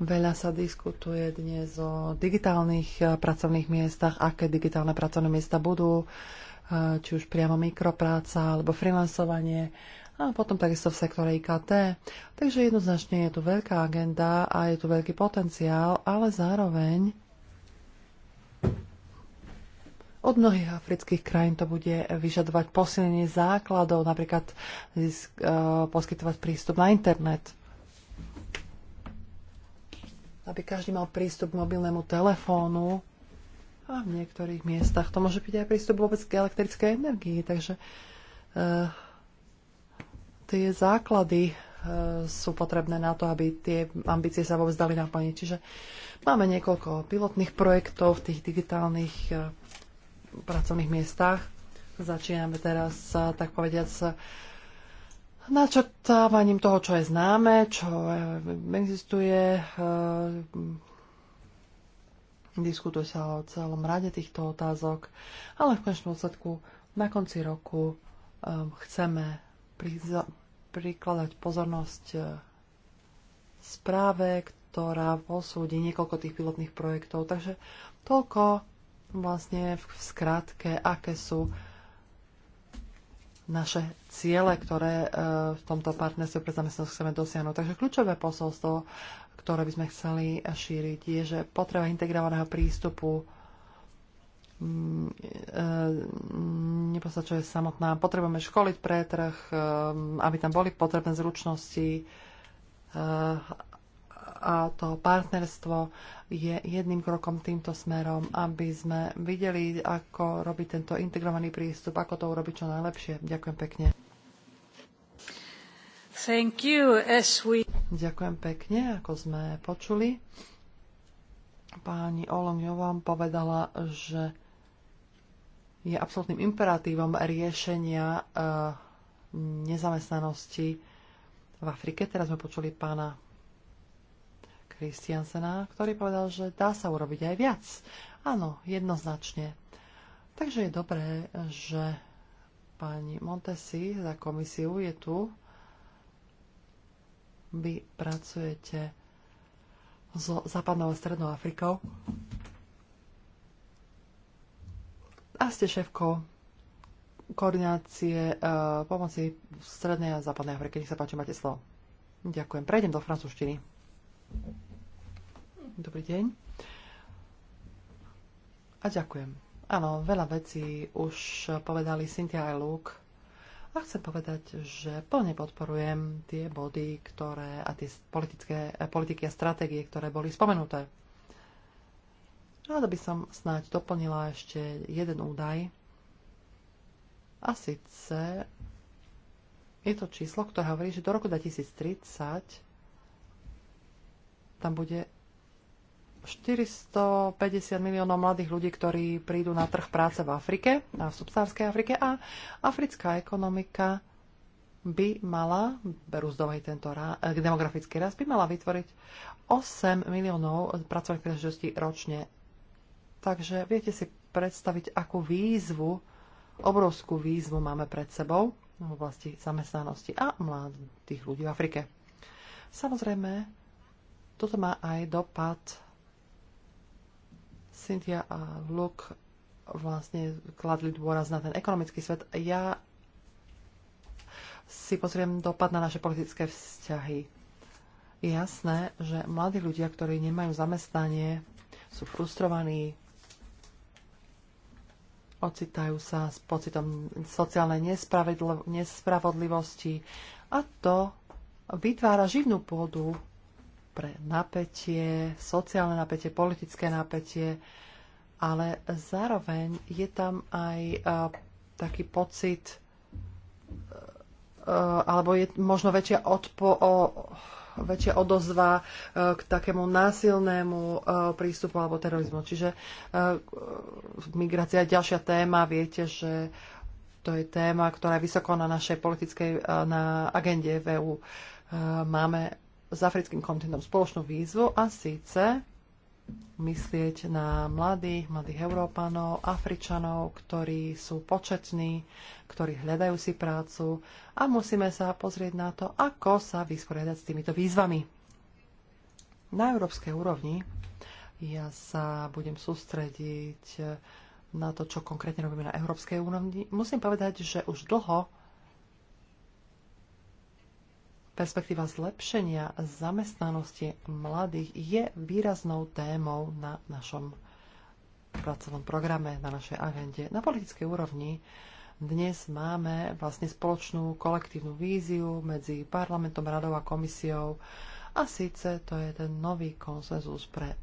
veľa sa diskutuje dnes o digitálnych e, pracovných miestach, aké digitálne pracovné miesta budú, či už priamo mikropráca alebo freelancovanie a potom takisto v sektore IKT. Takže jednoznačne je tu veľká agenda a je tu veľký potenciál, ale zároveň od mnohých afrických krajín to bude vyžadovať posilnenie základov, napríklad zisk, e, poskytovať prístup na internet, aby každý mal prístup k mobilnému telefónu a v niektorých miestach to môže byť aj prístup vôbec k elektrickej energii. Takže uh, tie základy e, sú potrebné na to, aby tie ambície sa vôbec dali naplniť. Čiže máme niekoľko pilotných projektov v tých digitálnych e, pracovných miestach. Začíname teraz, e, tak povediať, s načrtávaním toho, čo je známe, čo existuje. Diskutuje sa o celom rade týchto otázok, ale v konečnom odsledku na konci roku chceme prikladať pozornosť e, správe, ktorá posúdi niekoľko tých pilotných projektov. Takže toľko vlastne v skratke, aké sú naše ciele, ktoré e, v tomto partnerstve pre zamestnanosť chceme dosiahnuť. Takže kľúčové posolstvo, ktoré by sme chceli šíriť, je, že potreba integrovaného prístupu Mm, e, nepostačuje samotná. Potrebujeme školiť pre trh, e, aby tam boli potrebné zručnosti e, a to partnerstvo je jedným krokom týmto smerom, aby sme videli, ako robiť tento integrovaný prístup, ako to urobiť čo najlepšie. Ďakujem pekne. Thank you, as we... Ďakujem pekne, ako sme počuli. Pani Olomňová povedala, že je absolútnym imperatívom riešenia eh, nezamestnanosti v Afrike. Teraz sme počuli pána Kristiansena, ktorý povedal, že dá sa urobiť aj viac. Áno, jednoznačne. Takže je dobré, že pani Montesi za komisiu je tu. Vy pracujete so západnou a strednou Afrikou a ste šéfkou koordinácie uh, pomoci v Strednej a Západnej Afrike. Nech sa páči, máte slovo. Ďakujem. Prejdem do francúzštiny. Dobrý deň. A ďakujem. Áno, veľa vecí už povedali Cynthia aj Luke. A chcem povedať, že plne podporujem tie body, ktoré a tie politické, eh, politiky a stratégie, ktoré boli spomenuté Rada by som snáď doplnila ešte jeden údaj. A síce je to číslo, ktoré hovorí, že do roku 2030 tam bude 450 miliónov mladých ľudí, ktorí prídu na trh práce v Afrike, v subsárskej Afrike a africká ekonomika by mala, berú z tento rá, eh, demografický rast, by mala vytvoriť 8 miliónov pracovných príležitostí ročne. Takže viete si predstaviť, akú výzvu, obrovskú výzvu máme pred sebou v oblasti zamestnanosti a mladých ľudí v Afrike. Samozrejme, toto má aj dopad Cynthia a Luke vlastne kladli dôraz na ten ekonomický svet. Ja si pozriem dopad na naše politické vzťahy. Je jasné, že mladí ľudia, ktorí nemajú zamestnanie, sú frustrovaní, ocitajú sa s pocitom sociálnej nespravodlivosti a to vytvára živnú pôdu pre napätie, sociálne napätie, politické napätie, ale zároveň je tam aj a, e, taký pocit, a, e, e, alebo je možno väčšia odpo, väčšia odozva e, k takému násilnému e, prístupu alebo terorizmu. Čiže e, migrácia je ďalšia téma. Viete, že to je téma, ktorá je vysoko na našej politickej na agende v EU. Máme s africkým kontinentom spoločnú výzvu a síce myslieť na mladých, mladých Európanov, Afričanov, ktorí sú početní, ktorí hľadajú si prácu a musíme sa pozrieť na to, ako sa vysporiadať s týmito výzvami. Na európskej úrovni ja sa budem sústrediť na to, čo konkrétne robíme na európskej úrovni. Musím povedať, že už dlho Perspektíva zlepšenia zamestnanosti mladých je výraznou témou na našom pracovnom programe, na našej agende. Na politickej úrovni dnes máme vlastne spoločnú kolektívnu víziu medzi parlamentom, radou a komisiou. A síce to je ten nový konsenzus pre e,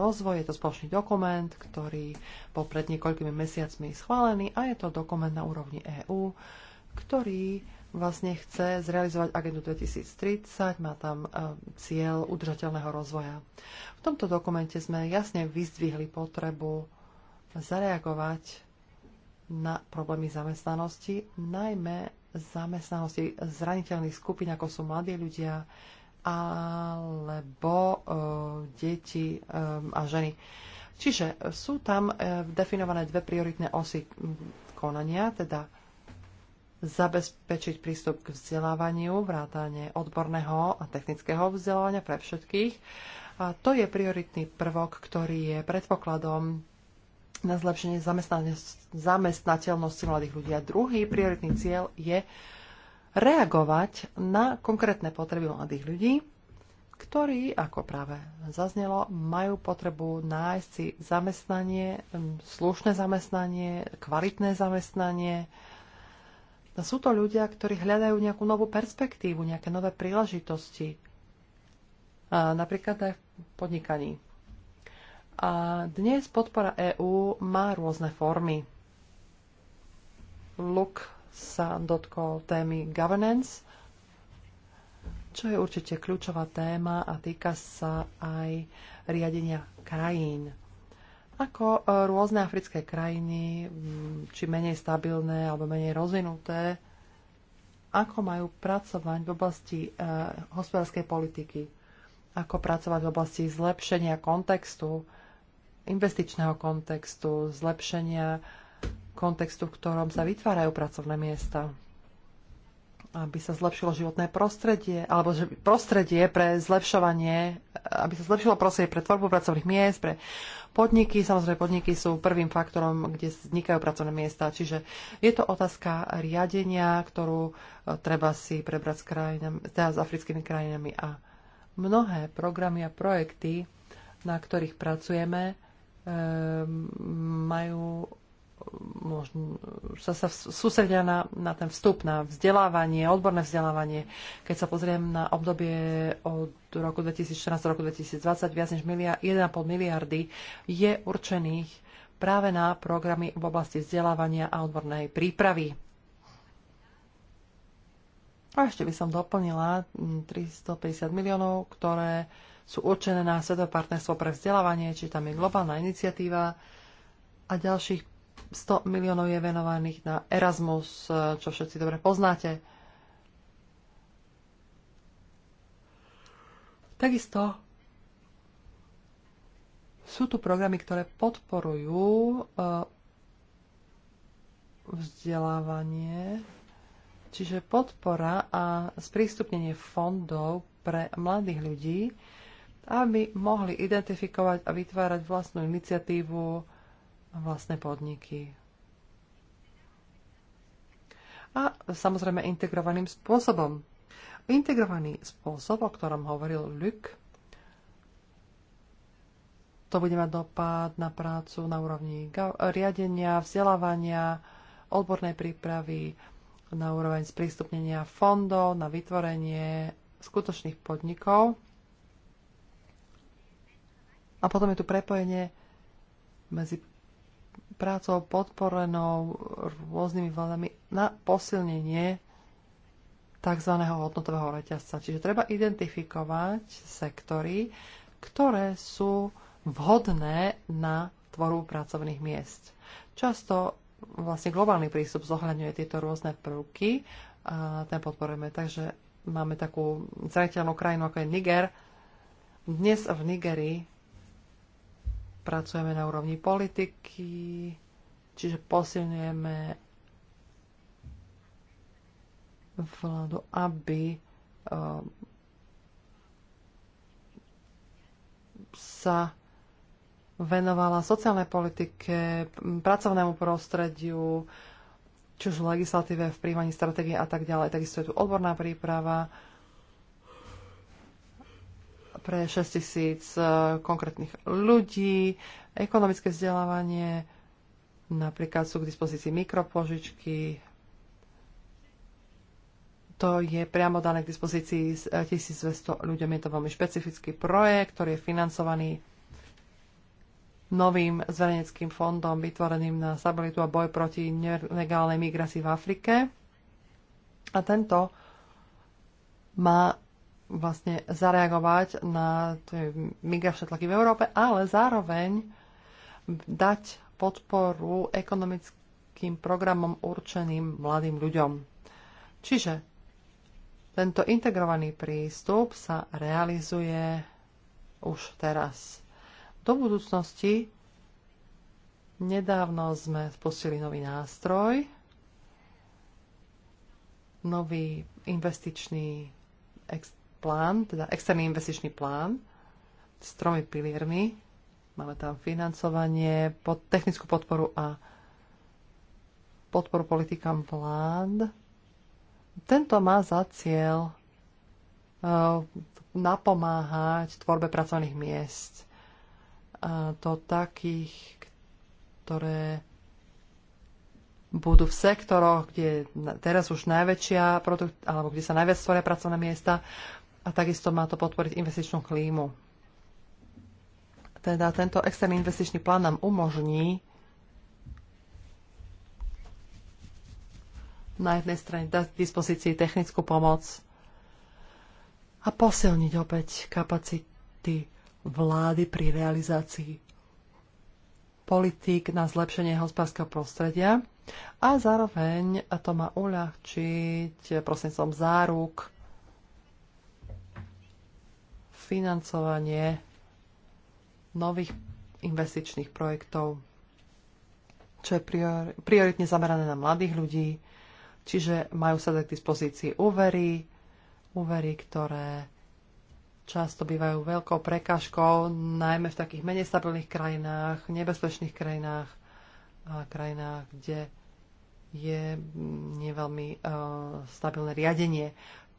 rozvoj. Je to spoločný dokument, ktorý bol pred niekoľkými mesiacmi schválený a je to dokument na úrovni EÚ, ktorý vlastne chce zrealizovať agendu 2030, má tam e, cieľ udržateľného rozvoja. V tomto dokumente sme jasne vyzdvihli potrebu zareagovať na problémy zamestnanosti, najmä zamestnanosti zraniteľných skupín, ako sú mladí ľudia alebo e, deti e, a ženy. Čiže sú tam e, definované dve prioritné osy konania, teda zabezpečiť prístup k vzdelávaniu, vrátane odborného a technického vzdelávania pre všetkých. A to je prioritný prvok, ktorý je predpokladom na zlepšenie zamestnateľnosti mladých ľudí. A druhý prioritný cieľ je reagovať na konkrétne potreby mladých ľudí, ktorí, ako práve zaznelo, majú potrebu nájsť si zamestnanie, slušné zamestnanie, kvalitné zamestnanie, No sú to ľudia, ktorí hľadajú nejakú novú perspektívu, nejaké nové príležitosti. A napríklad aj v podnikaní. A dnes podpora EÚ má rôzne formy. Luk sa dotkol témy governance, čo je určite kľúčová téma a týka sa aj riadenia krajín ako e, rôzne africké krajiny, či menej stabilné alebo menej rozvinuté, ako majú pracovať v oblasti e, hospodárskej politiky, ako pracovať v oblasti zlepšenia kontextu, investičného kontextu, zlepšenia kontextu, v ktorom sa vytvárajú pracovné miesta aby sa zlepšilo životné prostredie, alebo že prostredie pre zlepšovanie, aby sa zlepšilo prostredie pre tvorbu pracovných miest, pre podniky. Samozrejme, podniky sú prvým faktorom, kde vznikajú pracovné miesta. Čiže je to otázka riadenia, ktorú e, treba si prebrať s, krajinami, teda s africkými krajinami. A mnohé programy a projekty, na ktorých pracujeme, e, majú možno, sa, sa sústredia na, na ten vstup, na vzdelávanie, odborné vzdelávanie. Keď sa pozriem na obdobie od roku 2014 do roku 2020, viac než miliard, 1,5 miliardy je určených práve na programy v oblasti vzdelávania a odbornej prípravy. A ešte by som doplnila 350 miliónov, ktoré sú určené na Svetové partnerstvo pre vzdelávanie, či tam je globálna iniciatíva a ďalších 100 miliónov je venovaných na Erasmus, eh, čo všetci dobre poznáte. Takisto sú tu programy, ktoré podporujú eh, vzdelávanie, čiže podpora a sprístupnenie fondov pre mladých ľudí, aby mohli identifikovať a vytvárať vlastnú iniciatívu, vlastné podniky. A samozrejme integrovaným spôsobom. Integrovaný spôsob, o ktorom hovoril Luc, to bude mať dopad na prácu na úrovni riadenia, vzdelávania, odbornej prípravy, na úroveň sprístupnenia fondov, na vytvorenie skutočných podnikov. A potom je tu prepojenie medzi prácou podporenou rôznymi vládami na posilnenie tzv. hodnotového reťazca. Čiže treba identifikovať sektory, ktoré sú vhodné na tvorbu pracovných miest. Často vlastne globálny prístup zohľadňuje tieto rôzne prvky a ten podporujeme. Takže máme takú zraniteľnú krajinu, ako je Niger. Dnes v Nigerii Pracujeme na úrovni politiky, čiže posilňujeme vládu, aby ehm, sa venovala sociálnej politike, pracovnému prostrediu, či už legislatíve, v príjmaní stratégie a tak ďalej. Takisto je tu odborná príprava, pre 6 tisíc e, konkrétnych ľudí, ekonomické vzdelávanie, napríklad sú k dispozícii mikropožičky, to je priamo dané k dispozícii 1200 e, ľuďom. Je to veľmi špecifický projekt, ktorý je financovaný novým zverejneckým fondom vytvoreným na stabilitu a boj proti nelegálnej migrácii v Afrike. A tento má vlastne zareagovať na tie migračné tlaky v Európe, ale zároveň dať podporu ekonomickým programom určeným mladým ľuďom. Čiže tento integrovaný prístup sa realizuje už teraz. Do budúcnosti nedávno sme spustili nový nástroj, nový investičný plán, teda externý investičný plán s tromi piliermi. Máme tam financovanie, pod, technickú podporu a podporu politikám vlád. Tento má za cieľ uh, napomáhať tvorbe pracovných miest. A to takých, ktoré budú v sektoroch, kde teraz už najväčšia produkt, alebo kde sa najviac stvoria pracovné miesta a takisto má to podporiť investičnú klímu. Teda tento externý investičný plán nám umožní na jednej strane dať k dispozícii technickú pomoc a posilniť opäť kapacity vlády pri realizácii politík na zlepšenie hospodárskeho prostredia a zároveň to má uľahčiť prosím som záruk financovanie nových investičných projektov, čo je prior, prioritne zamerané na mladých ľudí, čiže majú sa k dispozícii úvery, úvery, ktoré často bývajú veľkou prekážkou, najmä v takých menej stabilných krajinách, nebezpečných krajinách a krajinách, kde je mm, neveľmi uh, eh, stabilné riadenie.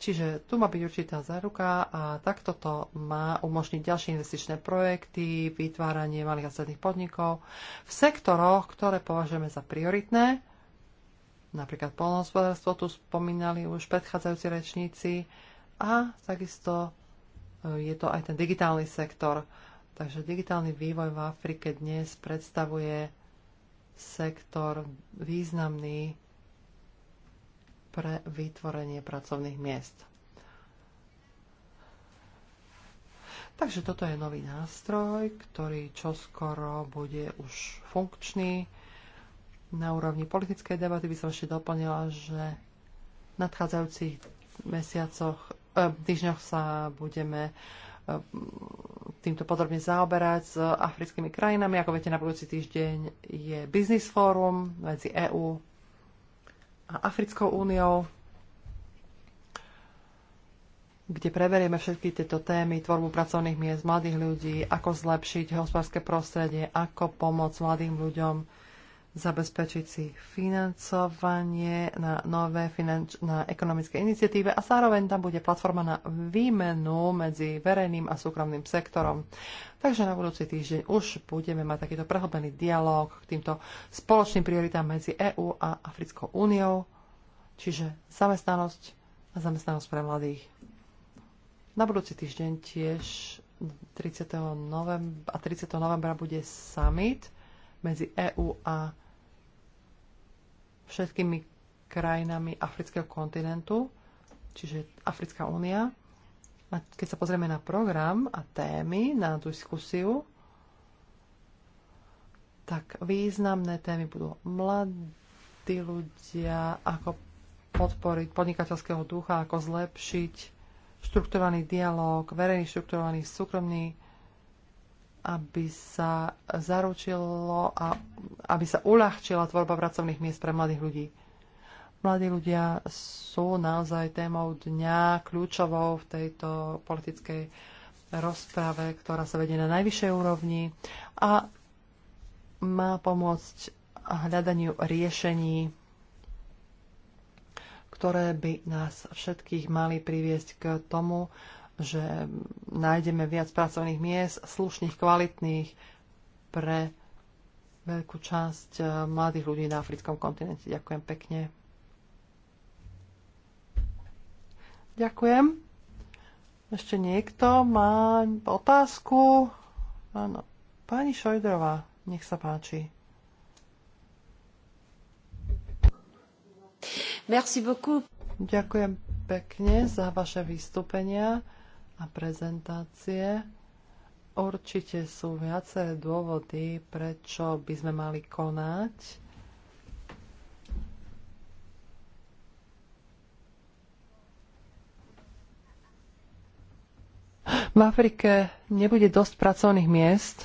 Čiže tu má byť určitá záruka a takto to má umožniť ďalšie investičné projekty, vytváranie malých a stredných podnikov v sektoroch, ktoré považujeme za prioritné. Napríklad polnohospodárstvo tu spomínali už predchádzajúci rečníci a takisto e, je to aj ten digitálny sektor. Takže digitálny vývoj v Afrike dnes predstavuje sektor významný pre vytvorenie pracovných miest. Takže toto je nový nástroj, ktorý čoskoro bude už funkčný. Na úrovni politickej debaty by som ešte doplnila, že v nadchádzajúcich mesiacoch, eh, týždňoch sa budeme eh, týmto podrobne zaoberať s africkými krajinami. Ako viete, na budúci týždeň je Business Forum medzi EU. Africkou úniou, kde preberieme všetky tieto témy, tvorbu pracovných miest mladých ľudí, ako zlepšiť hospodárske prostredie, ako pomôcť mladým ľuďom zabezpečiť si financovanie na nové finanč- na ekonomické iniciatíve a zároveň tam bude platforma na výmenu medzi verejným a súkromným sektorom. Takže na budúci týždeň už budeme mať takýto prehlbený dialog k týmto spoločným prioritám medzi EÚ a Africkou úniou, čiže zamestnanosť a zamestnanosť pre mladých. Na budúci týždeň tiež 30. Novembra, a 30. novembra bude summit medzi EÚ a všetkými krajinami afrického kontinentu, čiže Africká únia. A keď sa pozrieme na program a témy, na tú diskusiu, tak významné témy budú mladí ľudia, ako podporiť podnikateľského ducha, ako zlepšiť štrukturovaný dialog, verejný štrukturovaný, súkromný aby sa zaručilo a aby sa uľahčila tvorba pracovných miest pre mladých ľudí. Mladí ľudia sú naozaj témou dňa kľúčovou v tejto politickej rozprave, ktorá sa vedie na najvyššej úrovni a má pomôcť hľadaniu riešení, ktoré by nás všetkých mali priviesť k tomu, že nájdeme viac pracovných miest, slušných, kvalitných pre veľkú časť eh, mladých ľudí na africkom kontinente. Ďakujem pekne. Ďakujem. Ešte niekto má otázku? Áno. Pani Šojdrová, nech sa páči. Merci beaucoup. Ďakujem pekne za vaše vystúpenia a prezentácie. Určite sú viaceré dôvody, prečo by sme mali konať. V Afrike nebude dosť pracovných miest.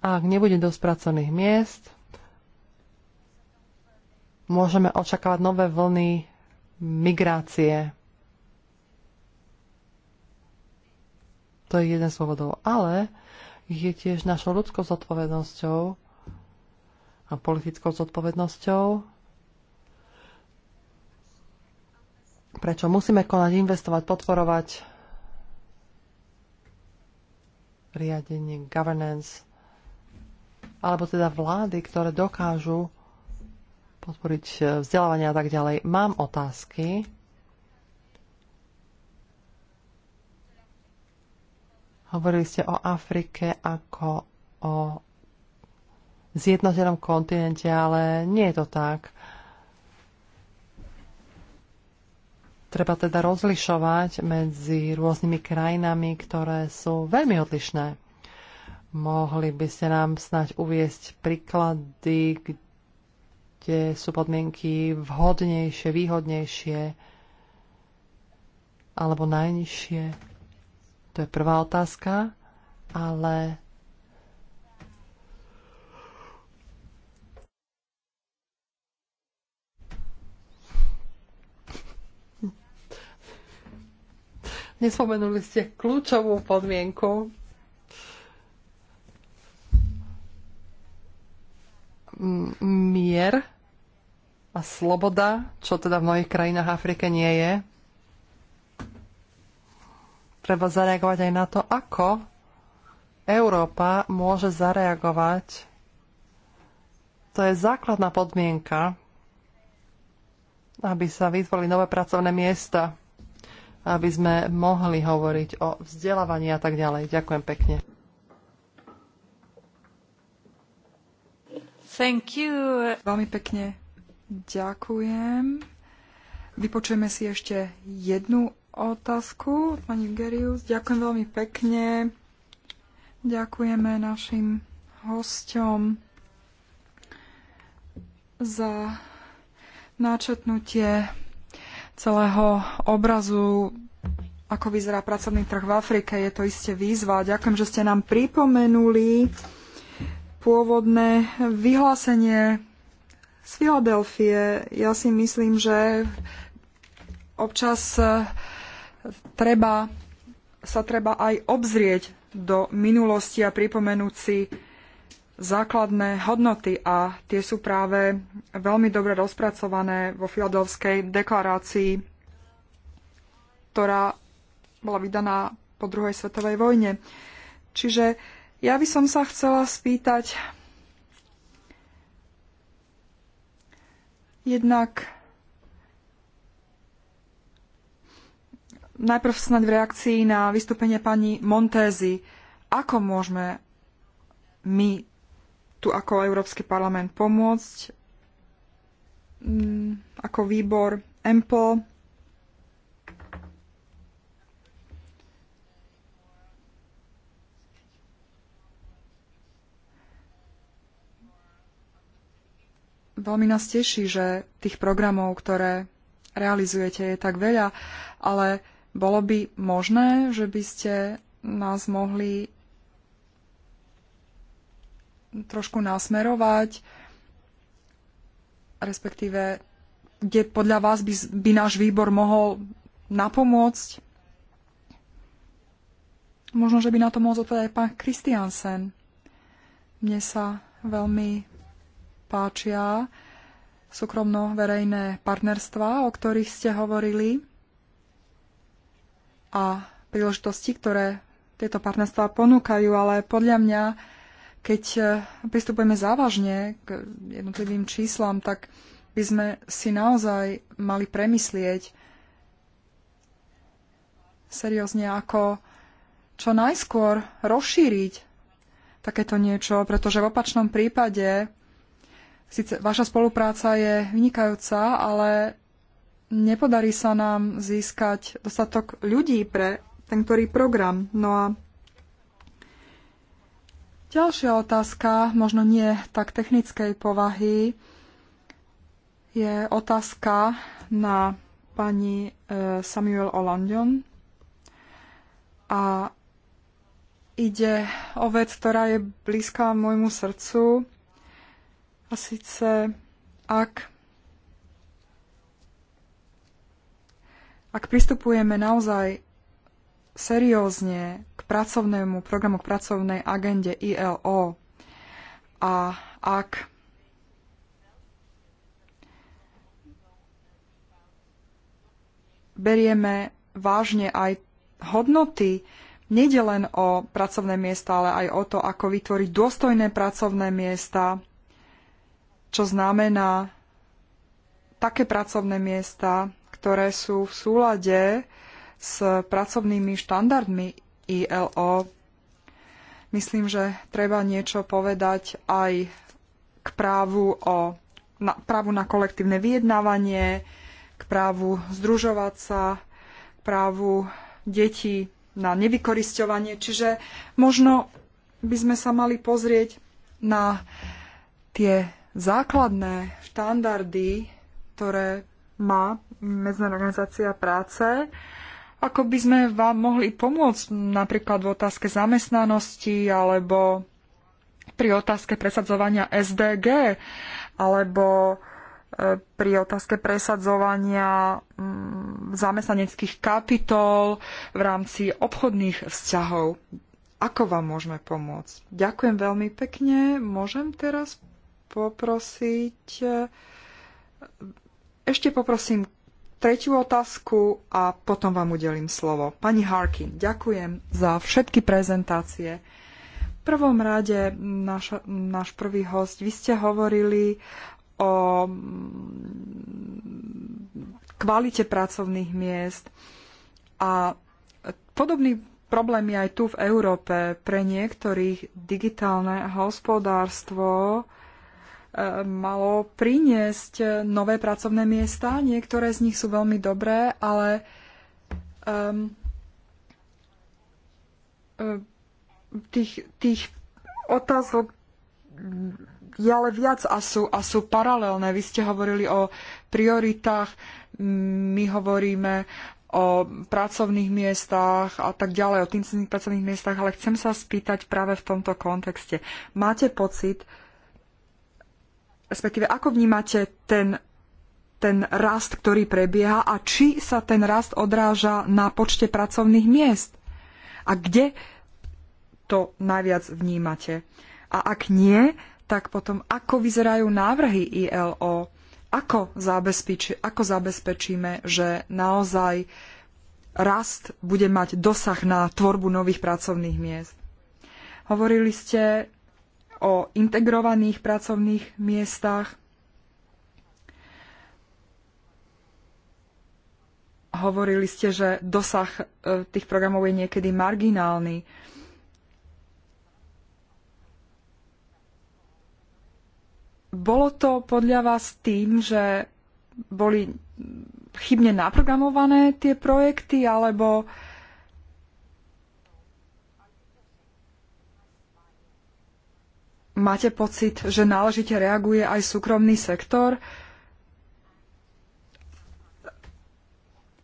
A ak nebude dosť pracovných miest, môžeme očakávať nové vlny migrácie. To je jeden z dôvodov. Ale je tiež našou ľudskou zodpovednosťou a politickou zodpovednosťou, prečo musíme konať, investovať, podporovať riadenie, governance, alebo teda vlády, ktoré dokážu podporiť eh, vzdelávanie a tak ďalej. Mám otázky. Hovorili ste o Afrike ako o zjednotenom kontinente, ale nie je to tak. Treba teda rozlišovať medzi rôznymi krajinami, ktoré sú veľmi odlišné. Mohli by ste nám snať uviesť príklady, kde sú podmienky vhodnejšie, výhodnejšie alebo najnižšie? To je prvá otázka, ale Nespomenuli ste kľúčovú podmienku. Mier a sloboda, čo teda v mnohých krajinách Afrike nie je treba zareagovať aj na to, ako Európa môže zareagovať. To je základná podmienka, aby sa vytvorili nové pracovné miesta, aby sme mohli hovoriť o vzdelávaní a tak ďalej. Ďakujem pekne. Thank you. Veľmi pekne ďakujem. Vypočujeme si ešte jednu otázku, pani Gerius. Ďakujem veľmi pekne. Ďakujeme našim hosťom za náčetnutie celého obrazu, ako vyzerá pracovný trh v Afrike. Je to iste výzva. Ďakujem, že ste nám pripomenuli pôvodné vyhlásenie z Filadelfie. Ja si myslím, že občas treba, sa treba aj obzrieť do minulosti a pripomenúť si základné hodnoty a tie sú práve veľmi dobre rozpracované vo Filadelfskej deklarácii, ktorá bola vydaná po druhej svetovej vojne. Čiže ja by som sa chcela spýtať jednak Najprv snad v reakcii na vystúpenie pani Montézy. Ako môžeme my tu ako Európsky parlament pomôcť? Mm, ako výbor EMPO? Veľmi nás teší, že tých programov, ktoré realizujete, je tak veľa, ale bolo by možné, že by ste nás mohli trošku nasmerovať, respektíve kde podľa vás by, by náš výbor mohol napomôcť? Možno, že by na to mohol zodpovedať aj pán Kristiansen. Mne sa veľmi páčia súkromno-verejné partnerstva, o ktorých ste hovorili a príležitosti, ktoré tieto partnerstvá ponúkajú, ale podľa mňa, keď eh, pristupujeme závažne k jednotlivým číslam, tak by sme si naozaj mali premyslieť seriózne, ako čo najskôr rozšíriť takéto niečo, pretože v opačnom prípade síce vaša spolupráca je vynikajúca, ale nepodarí sa nám získať dostatok ľudí pre ten ktorý program. No a ďalšia otázka, možno nie tak technickej povahy, je otázka na pani e, Samuel Olandion. A ide o vec, ktorá je blízka môjmu srdcu. A síce, ak Ak pristupujeme naozaj seriózne k pracovnému programu, k pracovnej agende ILO a ak berieme vážne aj hodnoty, nie len o pracovné miesta, ale aj o to, ako vytvoriť dôstojné pracovné miesta, čo znamená také pracovné miesta, ktoré sú v súlade s pracovnými štandardmi ILO. Myslím, že treba niečo povedať aj k právu, o, na, právu na kolektívne vyjednávanie, k právu združovať sa, k právu detí na nevykorisťovanie. Čiže možno by sme sa mali pozrieť na tie základné štandardy, ktoré má Medzinárodná organizácia práce. Ako by sme vám mohli pomôcť napríklad v otázke zamestnanosti alebo pri otázke presadzovania SDG alebo e, pri otázke presadzovania mm, zamestnaneckých kapitol v rámci obchodných vzťahov. Ako vám môžeme pomôcť? Ďakujem veľmi pekne. Môžem teraz poprosiť e, ešte poprosím tretiu otázku a potom vám udelím slovo. Pani Harkin, ďakujem za všetky prezentácie. V prvom rade, náš, náš prvý host, vy ste hovorili o mm, kvalite pracovných miest a podobný problém je aj tu v Európe. Pre niektorých digitálne hospodárstvo malo priniesť nové pracovné miesta. Niektoré z nich sú veľmi dobré, ale um, um, tých, tých otázok je ale viac a sú, a sú paralelné. Vy ste hovorili o prioritách, my hovoríme o pracovných miestach a tak ďalej, o tým pracovných miestach, ale chcem sa spýtať práve v tomto kontexte. Máte pocit, respektíve ako vnímate ten, ten rast, ktorý prebieha a či sa ten rast odráža na počte pracovných miest a kde to najviac vnímate. A ak nie, tak potom ako vyzerajú návrhy ILO, ako, zabezpeči, ako zabezpečíme, že naozaj rast bude mať dosah na tvorbu nových pracovných miest. Hovorili ste o integrovaných pracovných miestach. Hovorili ste, že dosah e, tých programov je niekedy marginálny. Bolo to podľa vás tým, že boli chybne naprogramované tie projekty, alebo uh, Máte pocit, že náležite reaguje aj súkromný sektor?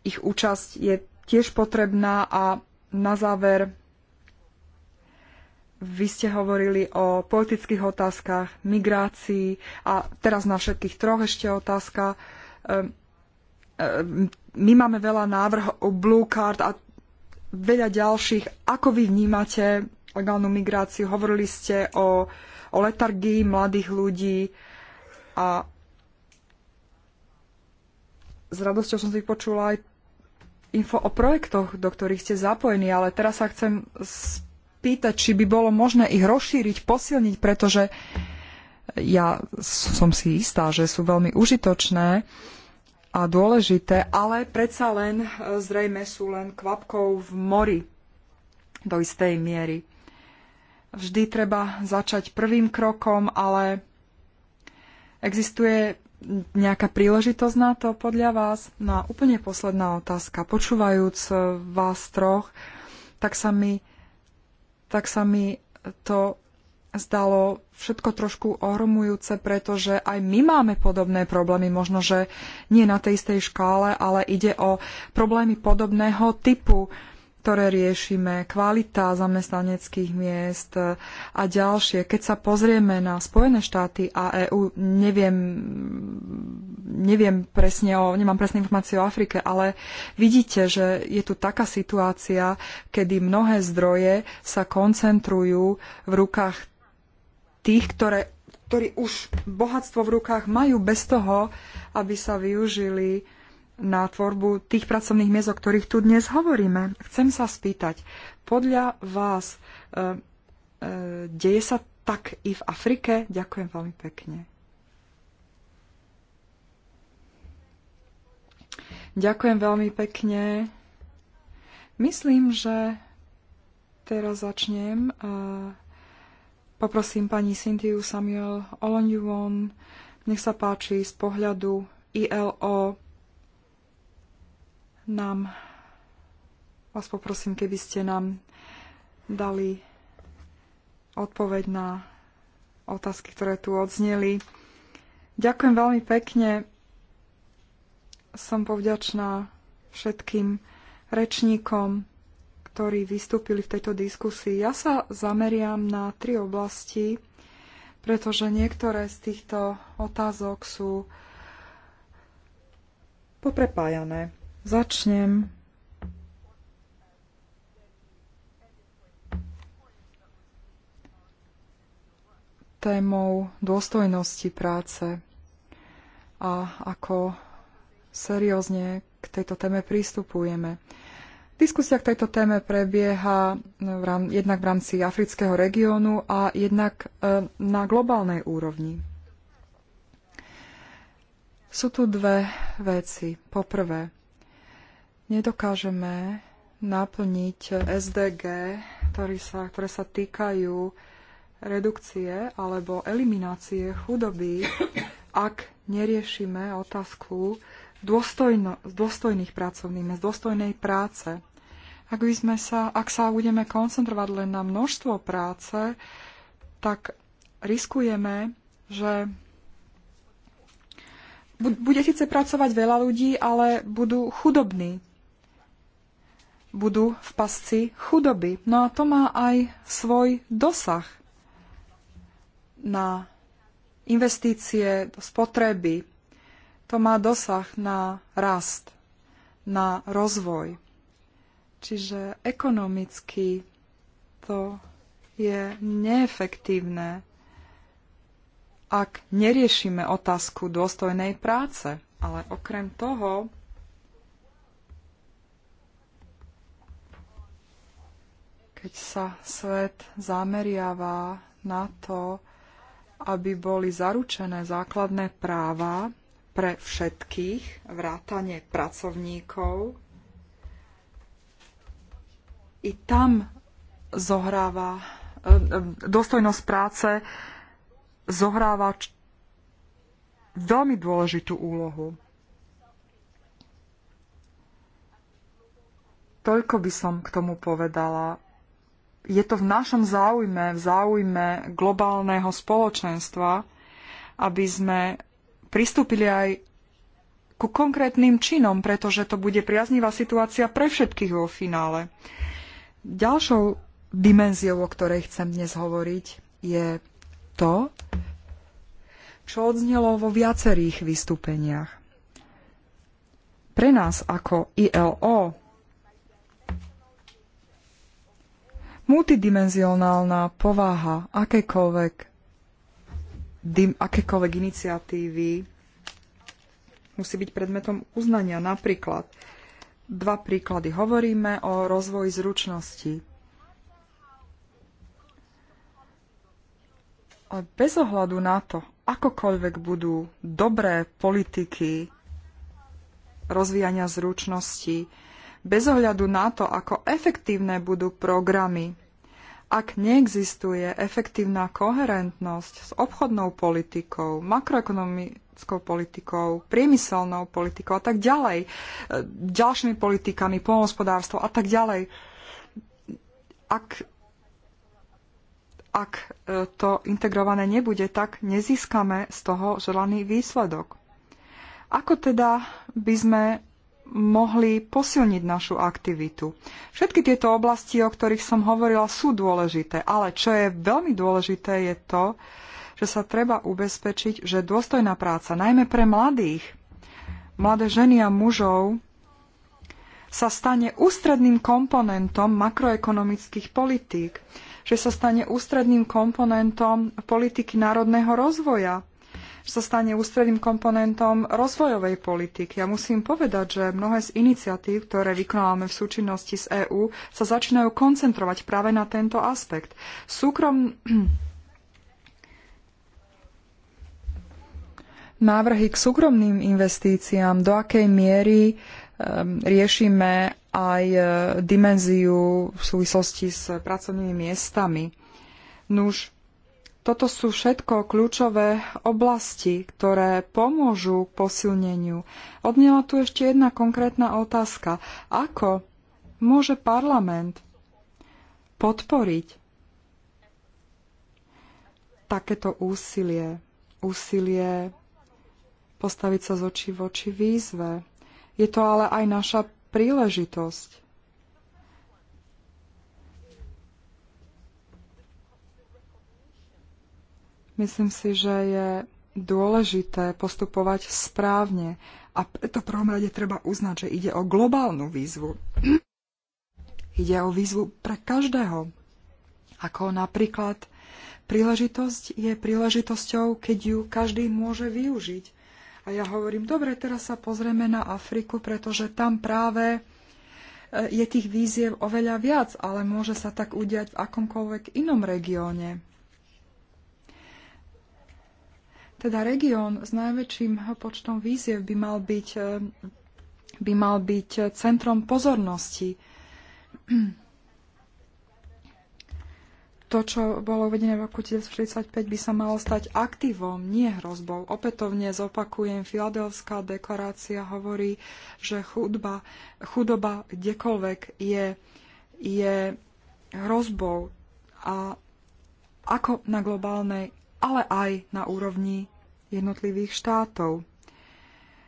Ich účasť je tiež potrebná a na záver vy ste hovorili o politických otázkach, migrácii a teraz na všetkých troch ešte otázka. Ehm, ehm, my máme veľa návrhov o Blue Card a veľa ďalších. Ako vy vnímate legálnu migráciu? Hovorili ste o o letargii mladých ľudí a s radosťou som si počula aj info o projektoch, do ktorých ste zapojení, ale teraz sa chcem spýtať, či by bolo možné ich rozšíriť, posilniť, pretože ja som si istá, že sú veľmi užitočné a dôležité, ale predsa len e, zrejme sú len kvapkou v mori do istej miery. Vždy treba začať prvým krokom, ale existuje nejaká príležitosť na to podľa vás? No a úplne posledná otázka. Počúvajúc e, vás troch, tak sa mi, tak sa mi to zdalo všetko trošku ohromujúce, pretože aj my máme podobné problémy, možno, že nie na tej istej škále, ale ide o problémy podobného typu. Uh, ktoré riešime, kvalita zamestnaneckých miest a ďalšie. Keď sa pozrieme na Spojené štáty a EÚ, neviem, neviem presne o, nemám presné informácie o Afrike, ale vidíte, že je tu taká situácia, kedy mnohé zdroje sa koncentrujú v rukách tých, ktoré, ktorí už bohatstvo v rukách majú bez toho, aby sa využili na tvorbu tých pracovných miest, o ktorých tu dnes hovoríme. Chcem sa spýtať, podľa vás e, e, deje sa tak i v Afrike? Ďakujem veľmi pekne. Ďakujem veľmi pekne. Myslím, že teraz začnem. E, poprosím pani Cynthia Samuel Olonjuvon, nech sa páči z pohľadu ILO nám, vás poprosím, keby ste nám dali odpoveď na otázky, ktoré tu odzneli. Ďakujem veľmi pekne. Som povďačná všetkým rečníkom, ktorí vystúpili v tejto diskusii. Ja sa zameriam na tri oblasti, pretože niektoré z týchto otázok sú poprepájané. Začnem témou dôstojnosti práce a ako seriózne k tejto téme pristupujeme. Diskusia k tejto téme prebieha v rám, jednak v rámci afrického regiónu a jednak e, na globálnej úrovni. Sú tu dve veci. Poprvé, nedokážeme naplniť SDG, ktorý sa, ktoré sa týkajú redukcie alebo eliminácie chudoby, ak neriešime otázku dôstojno, dôstojných pracovných z dôstojnej práce. Ak, by sme sa, ak sa budeme koncentrovať len na množstvo práce, tak riskujeme, že bude síce pracovať veľa ľudí, ale budú chudobní budú v pasci chudoby. No a to má aj svoj dosah na investície do spotreby. To má dosah na rast, na rozvoj. Čiže ekonomicky to je neefektívne, ak neriešime otázku dôstojnej práce. Ale okrem toho keď sa svet zameriava na to, aby boli zaručené základné práva pre všetkých, vrátane pracovníkov, i tam zohráva e, e, dôstojnosť práce zohráva veľmi dôležitú úlohu. Toľko by som k tomu povedala je to v našom záujme, v záujme globálneho spoločenstva, aby sme pristúpili aj ku konkrétnym činom, pretože to bude priaznivá situácia pre všetkých vo finále. Ďalšou dimenziou, o ktorej chcem dnes hovoriť, je to, čo odznelo vo viacerých vystúpeniach. Pre nás ako ILO Multidimenzionálna povaha akékoľvek, dim, akékoľvek iniciatívy musí byť predmetom uznania. Napríklad, dva príklady. Hovoríme o rozvoji zručnosti. Ale bez ohľadu na to, akokoľvek budú dobré politiky rozvíjania zručnosti, bez ohľadu na to, ako efektívne budú programy. Ak neexistuje efektívna koherentnosť s obchodnou politikou, makroekonomickou politikou, priemyselnou politikou a tak ďalej, e, ďalšími politikami, polnohospodárstvo a tak ďalej, ak, ak e, to integrované nebude, tak nezískame z toho želaný výsledok. Ako teda by sme mohli posilniť našu aktivitu. Všetky tieto oblasti, o ktorých som hovorila, sú dôležité, ale čo je veľmi dôležité je to, že sa treba ubezpečiť, že dôstojná práca, najmä pre mladých, mladé ženy a mužov, sa stane ústredným komponentom makroekonomických politík, že sa stane ústredným komponentom politiky národného rozvoja, sa stane ústredným komponentom rozvojovej politiky. A musím povedať, že mnohé z iniciatív, ktoré vykonávame v súčinnosti s EÚ, sa začínajú koncentrovať práve na tento aspekt. Súkrom... Návrhy k súkromným investíciám, do akej miery um, riešime aj e, dimenziu v súvislosti s pracovnými miestami. Nuž, toto sú všetko kľúčové oblasti, ktoré pomôžu k posilneniu. Odnela tu ešte jedna konkrétna otázka. Ako môže parlament podporiť takéto úsilie? Úsilie postaviť sa z očí v oči výzve. Je to ale aj naša príležitosť Myslím si, že je dôležité postupovať správne a preto v prvom rade treba uznať, že ide o globálnu výzvu. ide o výzvu pre každého. Ako napríklad príležitosť je príležitosťou, keď ju každý môže využiť. A ja hovorím, dobre, teraz sa pozrieme na Afriku, pretože tam práve e, je tých víziev oveľa viac, ale môže sa tak udiať v akomkoľvek inom regióne. Teda región s najväčším počtom výziev by mal byť, e, by mal byť e, centrom pozornosti. To, čo bolo uvedené v roku 1945, by sa malo stať aktívom, nie hrozbou. Opätovne zopakujem, Filadelská deklarácia hovorí, že chudba, chudoba kdekoľvek je, je hrozbou a ako na globálnej ale aj na úrovni jednotlivých štátov.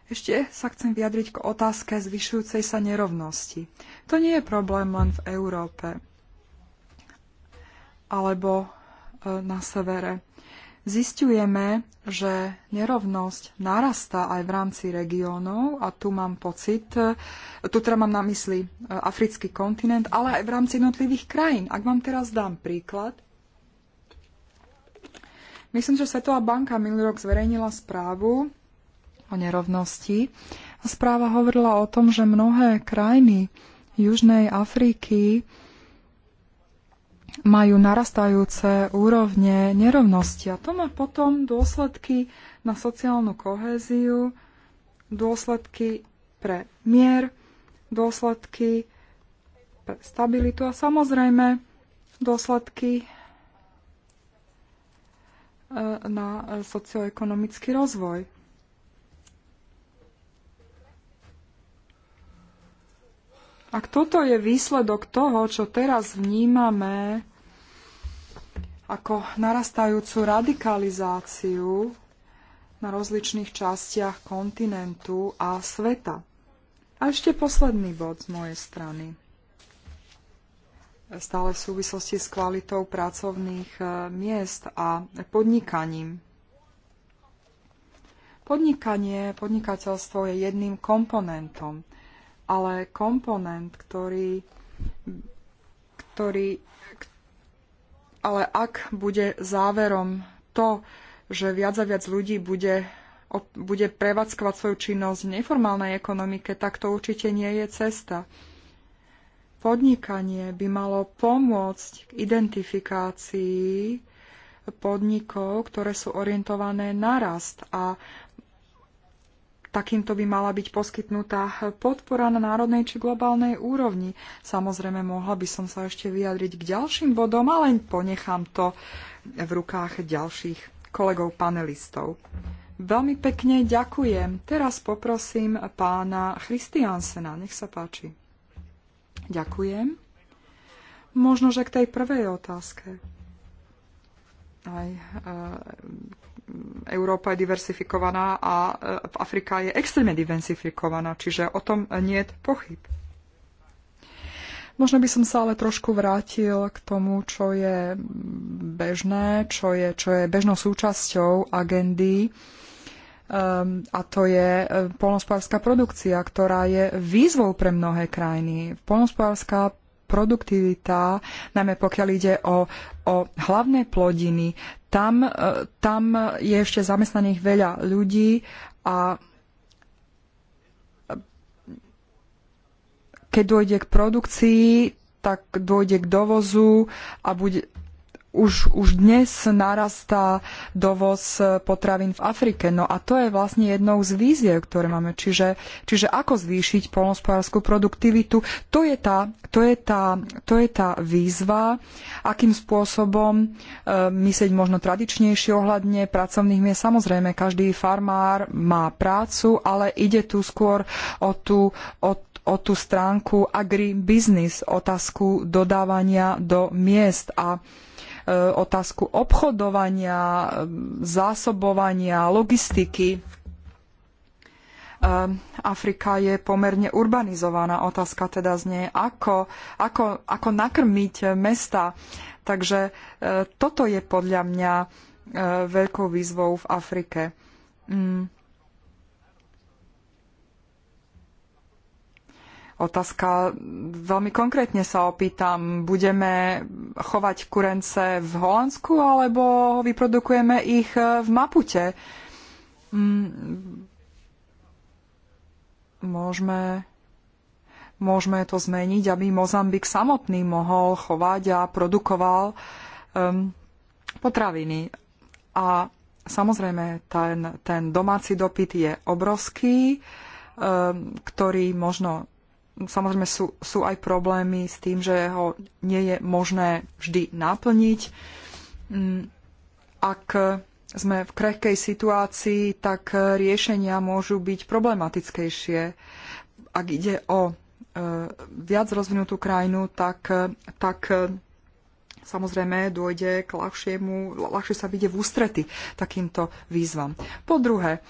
Ešte sa chcem vyjadriť k otázke zvyšujúcej sa nerovnosti. To nie je problém len v Európe alebo e, na severe. Zistujeme, že nerovnosť narastá aj v rámci regiónov a tu mám pocit, e, tu teda mám na mysli e, africký kontinent, ale aj v rámci jednotlivých krajín. Ak vám teraz dám príklad, Myslím, že Svetová banka minulý rok zverejnila správu o nerovnosti a správa hovorila o tom, že mnohé krajiny Južnej Afriky majú narastajúce úrovne nerovnosti a to má potom dôsledky na sociálnu kohéziu, dôsledky pre mier, dôsledky pre stabilitu a samozrejme dôsledky na socioekonomický rozvoj. Ak toto je výsledok toho, čo teraz vnímame ako narastajúcu radikalizáciu na rozličných častiach kontinentu a sveta. A ešte posledný bod z mojej strany stále v súvislosti s kvalitou pracovných e, miest a podnikaním. Podnikanie, podnikateľstvo je jedným komponentom, ale komponent, ktorý, ktorý ale ak bude záverom to, že viac a viac ľudí bude bude prevádzkovať svoju činnosť v neformálnej ekonomike, tak to určite nie je cesta. Podnikanie by malo pomôcť k identifikácii podnikov, ktoré sú orientované na rast a Takýmto by mala byť poskytnutá podpora na národnej či globálnej úrovni. Samozrejme, mohla by som sa ešte vyjadriť k ďalším bodom, ale ponechám to v rukách ďalších kolegov panelistov. Veľmi pekne ďakujem. Teraz poprosím pána Christiansena. Nech sa páči. Ďakujem. Možno, že k tej prvej otázke. Aj, e, Európa je diversifikovaná a e, Afrika je extrémne diversifikovaná, čiže o tom nie je pochyb. Možno by som sa ale trošku vrátil k tomu, čo je bežné, čo je, čo je bežnou súčasťou agendy Ehm, a to je e, polnospodárska produkcia, ktorá je výzvou pre mnohé krajiny. Polnospodárska produktivita, najmä pokiaľ ide o, o hlavné plodiny, tam, e, tam je ešte zamestnaných veľa ľudí a keď dojde k produkcii, tak dôjde k dovozu a bude, už, už dnes narastá dovoz potravín v Afrike. No a to je vlastne jednou z víziev, ktoré máme. Čiže, čiže ako zvýšiť polnospodárskú produktivitu, to je tá, to je tá, to je tá výzva, akým spôsobom e, myslieť možno tradičnejšie ohľadne pracovných miest. Samozrejme, každý farmár má prácu, ale ide tu skôr o tú, o o tú stránku agribusiness, otázku dodávania do miest a otázku obchodovania, zásobovania, logistiky. Ehm, Afrika je pomerne urbanizovaná. Otázka teda znie, ako, ako, ako nakrmiť mesta. Takže e, toto je podľa mňa e, veľkou výzvou v Afrike. Mm, otázka. Veľmi konkrétne sa opýtam, budeme chovať kurence v Holandsku alebo vyprodukujeme ich v Mapute? Mm, môžeme, môžeme to zmeniť, aby Mozambik samotný mohol chovať a produkoval um, potraviny. A samozrejme, ten, ten domáci dopyt je obrovský, um, ktorý možno Samozrejme sú, sú aj problémy s tým, že ho nie je možné vždy naplniť. Mm, ak sme v krehkej situácii, tak riešenia môžu byť problematickejšie. Ak ide o e, viac rozvinutú krajinu, tak, tak e, samozrejme dôjde k ľahšiemu, ľahšie sa vyjde v ústrety takýmto výzvam. Po druhé, e,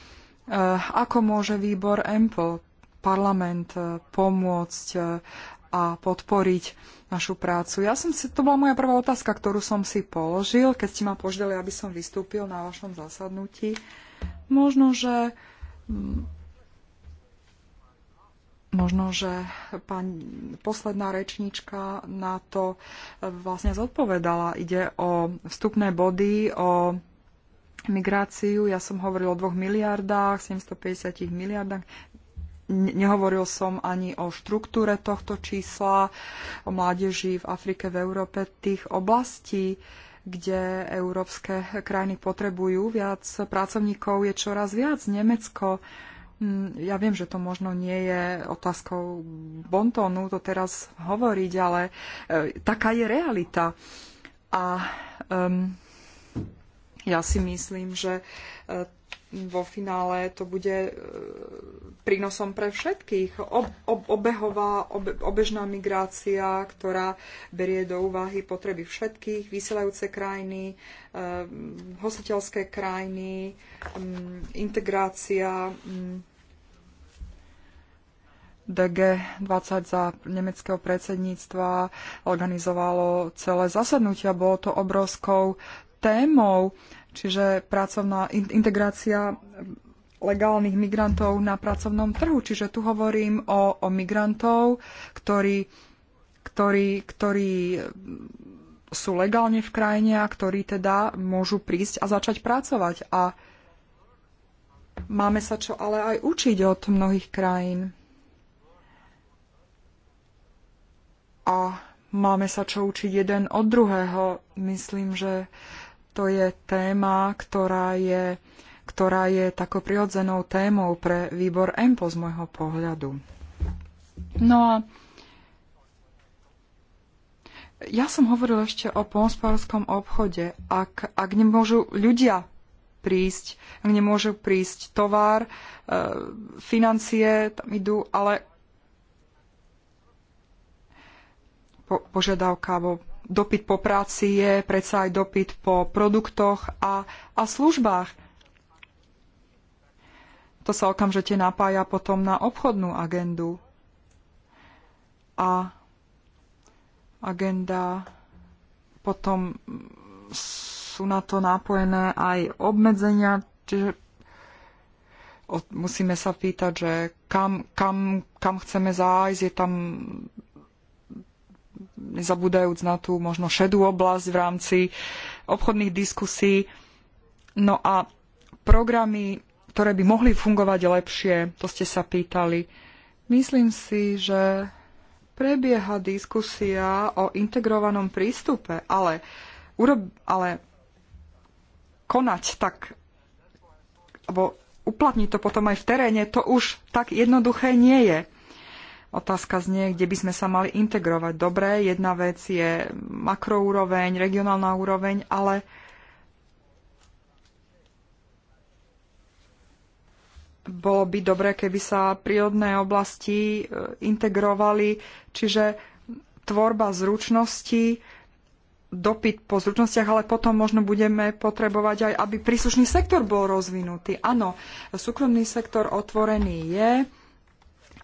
ako môže výbor EMPO parlament e, pomôcť e, a podporiť našu prácu. Ja som si, to bola moja prvá otázka, ktorú som si položil, keď ste ma požiadali, aby som vystúpil na vašom zasadnutí. Možno, že mm, Možno, že pán, posledná rečníčka na to e, vlastne zodpovedala. Ide o vstupné body, o migráciu. Ja som hovoril o 2 miliardách, 750 miliardách nehovoril som ani o štruktúre tohto čísla, o mládeži v Afrike, v Európe, tých oblastí, kde európske krajiny potrebujú viac pracovníkov, je čoraz viac. Nemecko, hm, ja viem, že to možno nie je otázkou bontónu to teraz hovoriť, ale e, taká je realita. A um, ja si myslím, že e, vo finále to bude e, prínosom pre všetkých. Ob, ob, obehová, ob, obežná migrácia, ktorá berie do úvahy potreby všetkých, vysielajúce krajiny, eh, hostiteľské krajiny, hm, integrácia. Hm, mm. DG20 za nemeckého predsedníctva organizovalo celé zasadnutia. Bolo to obrovskou témou, čiže pracovná integrácia legálnych migrantov na pracovnom trhu. Čiže tu hovorím o, o migrantov, ktorí, ktorí, ktorí sú legálne v krajine a ktorí teda môžu prísť a začať pracovať. A máme sa čo ale aj učiť od mnohých krajín. A máme sa čo učiť jeden od druhého. Myslím, že to je téma, ktorá je ktorá je takou prirodzenou témou pre výbor EMPO z môjho pohľadu. No a ja som hovoril ešte o pomospárskom obchode. Ak, ak nemôžu ľudia prísť, ak nemôžu prísť tovar, e, financie tam idú, ale po, požiadavka alebo dopyt po práci je predsa aj dopyt po produktoch a, a službách to sa okamžite napája potom na obchodnú agendu. A agenda potom sú na to nápojené aj obmedzenia, čiže musíme sa pýtať, že kam, kam, kam chceme zájsť, je tam nezabúdajúc na tú možno šedú oblasť v rámci obchodných diskusí. No a programy ktoré by mohli fungovať lepšie, to ste sa pýtali. Myslím si, že prebieha diskusia o integrovanom prístupe, ale, urob, ale konať tak, alebo uplatniť to potom aj v teréne, to už tak jednoduché nie je. Otázka znie, kde by sme sa mali integrovať. Dobre, jedna vec je makroúroveň, regionálna úroveň, ale bolo by dobre, keby sa prírodné oblasti e, integrovali, čiže tvorba zručnosti, dopyt po zručnostiach, ale potom možno budeme potrebovať aj, aby príslušný sektor bol rozvinutý. Áno, súkromný sektor otvorený je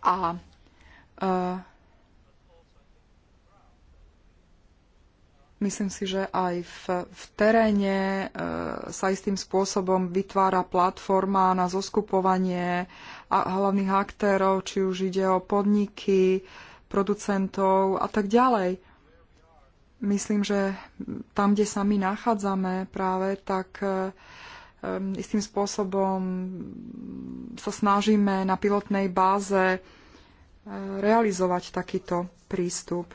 a e, Myslím si, že aj v, v teréne e, sa istým spôsobom vytvára platforma na zoskupovanie a hlavných aktérov, či už ide o podniky, producentov a tak ďalej. Myslím, že tam, kde sa my nachádzame práve, tak e, e istým spôsobom sa snažíme na pilotnej báze e, realizovať takýto prístup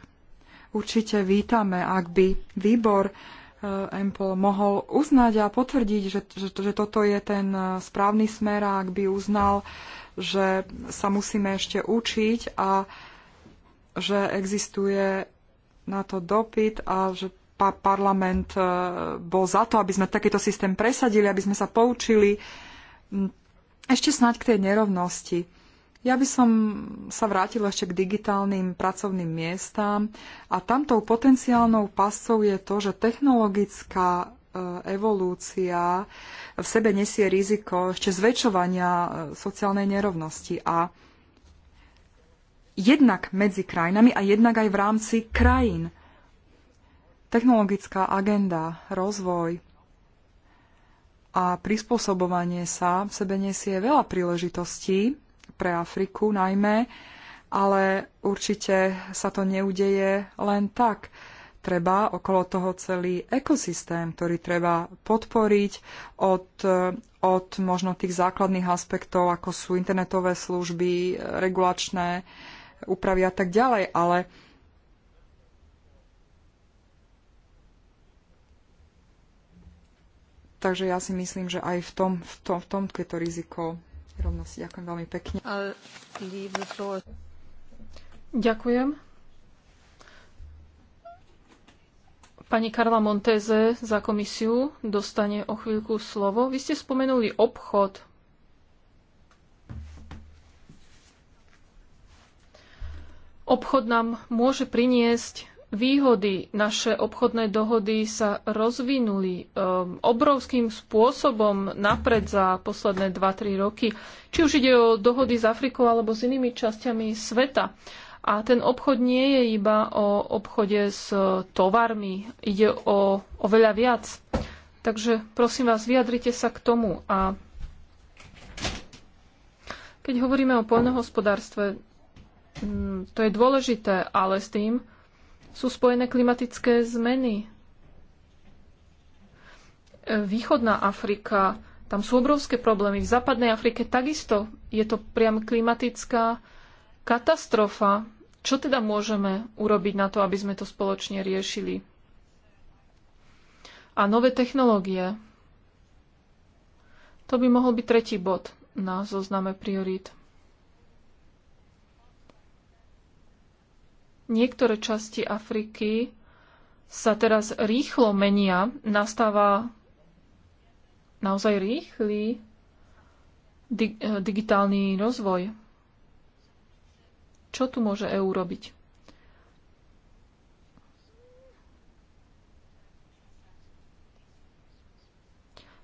určite vítame, ak by výbor eh, EMPOL mohol uznať a potvrdiť, že, že, že toto je ten eh, správny smer a ak by uznal, že sa musíme ešte učiť a že existuje na to dopyt a že pa- parlament eh, bol za to, aby sme takýto systém presadili, aby sme sa poučili. Hm, ešte snáď k tej nerovnosti ja by som sa vrátila ešte k digitálnym pracovným miestam a tamtou potenciálnou pascou je to, že technologická e, evolúcia v sebe nesie riziko ešte zväčšovania e, sociálnej nerovnosti a jednak medzi krajinami a jednak aj v rámci krajín. Technologická agenda, rozvoj, a prispôsobovanie sa v sebe nesie veľa príležitostí, pre Afriku najmä, ale určite sa to neudeje len tak. Treba okolo toho celý ekosystém, ktorý treba podporiť od, od možno tých základných aspektov, ako sú internetové služby, regulačné úpravy a tak ďalej, ale Takže ja si myslím, že aj v tom, v tom, v tom keď to riziko rovnosti. Ďakujem veľmi pekne. Ďakujem. Pani Karla Monteze za komisiu dostane o chvíľku slovo. Vy ste spomenuli obchod. Obchod nám môže priniesť výhody. Naše obchodné dohody sa rozvinuli um, obrovským spôsobom napred za posledné 2-3 roky. Či už ide o dohody s Afrikou alebo s inými časťami sveta. A ten obchod nie je iba o obchode s e, tovarmi. Ide o, o veľa viac. Takže prosím vás, vyjadrite sa k tomu. A keď hovoríme o poľnohospodárstve, mm, to je dôležité, ale s tým, sú spojené klimatické zmeny. E, východná Afrika, tam sú obrovské problémy. V západnej Afrike takisto je to priam klimatická katastrofa. Čo teda môžeme urobiť na to, aby sme to spoločne riešili? A nové technológie. To by mohol byť tretí bod na zozname priorít. Niektoré časti Afriky sa teraz rýchlo menia, nastáva naozaj rýchly dig eh, digitálny rozvoj. Čo tu môže EU robiť?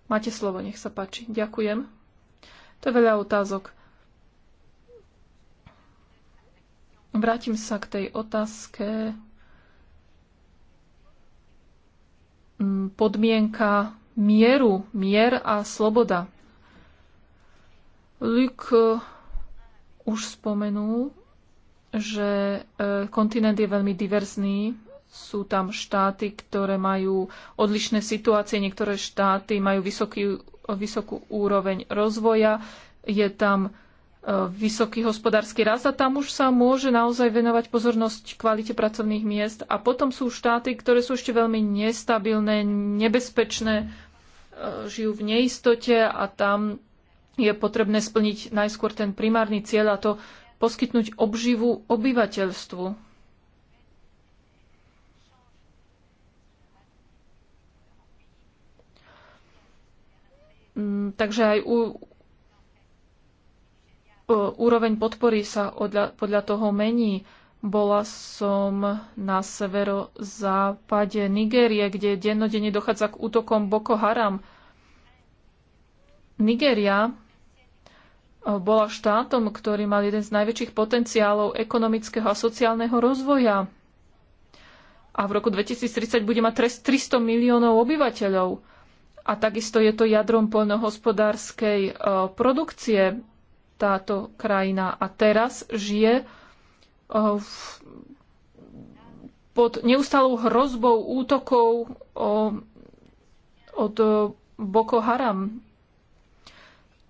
Máte slovo, nech sa páči. Ďakujem. To je veľa otázok. Vrátim sa k tej otázke podmienka mieru, mier a sloboda. Luk e, už spomenul, že e, kontinent je veľmi diverzný. Sú tam štáty, ktoré majú odlišné situácie, niektoré štáty majú vysoký, vysokú úroveň rozvoja, je tam E, vysoký hospodársky rast a tam už sa môže naozaj venovať pozornosť kvalite pracovných miest. A potom sú štáty, ktoré sú ešte veľmi nestabilné, nebezpečné, e, žijú v neistote a tam je potrebné splniť najskôr ten primárny cieľ a to poskytnúť obživu obyvateľstvu. Mm, takže aj u, E, úroveň podpory sa odľa, podľa toho mení. Bola som na severozápade Nigérie, kde dennodenne dochádza k útokom Boko Haram. Nigéria e, bola štátom, ktorý mal jeden z najväčších potenciálov ekonomického a sociálneho rozvoja. A v roku 2030 bude mať trest 300 miliónov obyvateľov. A takisto je to jadrom poľnohospodárskej e, produkcie táto krajina a teraz žije eh, pod neustalou hrozbou útokov od eh, Boko Haram.